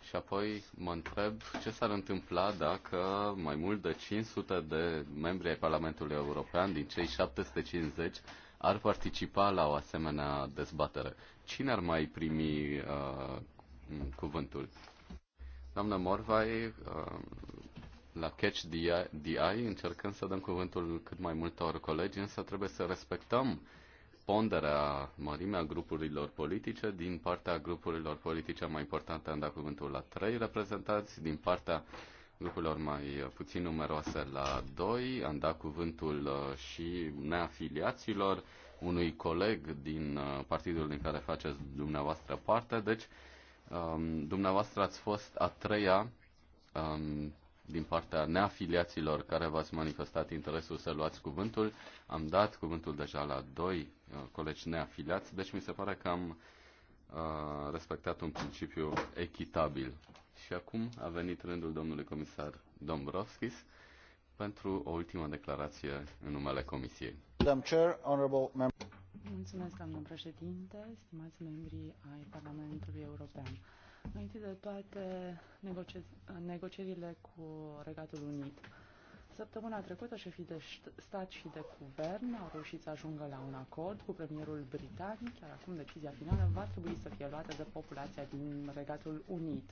Și apoi mă întreb ce s-ar întâmpla dacă mai mult de 500 de membri ai Parlamentului European din cei 750 ar participa la o asemenea dezbatere. Cine ar mai primi uh, cuvântul? Doamna Morvai, uh, la Catch DI, DI încercăm să dăm cuvântul cât mai multor colegi, însă trebuie să respectăm ponderea, mărimea grupurilor politice, din partea grupurilor politice mai importante am dat cuvântul la trei reprezentanți, din partea grupurilor mai puțin numeroase la doi, am dat cuvântul uh, și neafiliaților, unui coleg din uh, partidul din care faceți dumneavoastră parte, deci um, dumneavoastră ați fost a treia um, din partea neafiliaților care v-ați manifestat interesul să luați cuvântul. Am dat cuvântul deja la doi uh, colegi neafiliați, deci mi se pare că am uh, respectat un principiu echitabil. Și acum a venit rândul domnului comisar Dombrovskis pentru o ultimă declarație în numele Comisiei. Mulțumesc, doamnă președinte, stimați membrii ai Parlamentului European. Înainte de toate negocierile cu Regatul Unit. Săptămâna trecută, șefii de stat și de guvern au reușit să ajungă la un acord cu premierul britanic, iar acum decizia finală va trebui să fie luată de populația din Regatul Unit.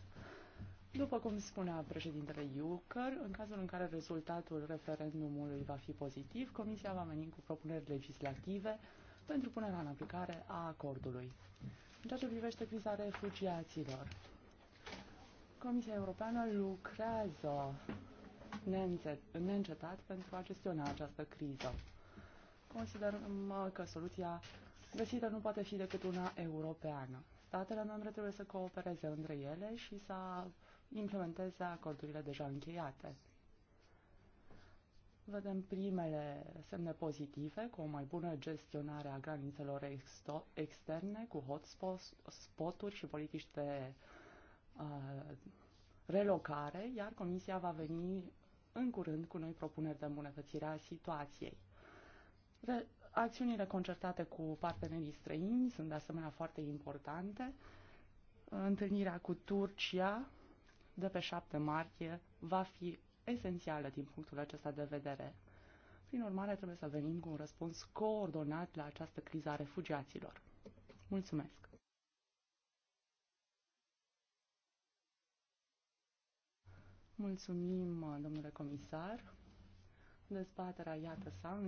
După cum spunea președintele Juncker, în cazul în care rezultatul referendumului va fi pozitiv, Comisia va veni cu propuneri legislative pentru punerea în aplicare a acordului. În ceea ce privește criza refugiaților, Comisia Europeană lucrează neîncetat pentru a gestiona această criză. Considerăm că soluția găsită nu poate fi decât una europeană. Statele membre trebuie să coopereze între ele și să implementeze acordurile deja încheiate vedem primele semne pozitive, cu o mai bună gestionare a granițelor externe, cu hotspot-uri și politici de uh, relocare, iar Comisia va veni în curând cu noi propuneri de îmbunătățire a situației. Re- acțiunile concertate cu partenerii străini sunt de asemenea foarte importante. Întâlnirea cu Turcia de pe 7 martie va fi esențială din punctul acesta de vedere. Prin urmare, trebuie să venim cu un răspuns coordonat la această criză a refugiaților. Mulțumesc! Mulțumim, domnule comisar. Dezbaterea, iată, s-a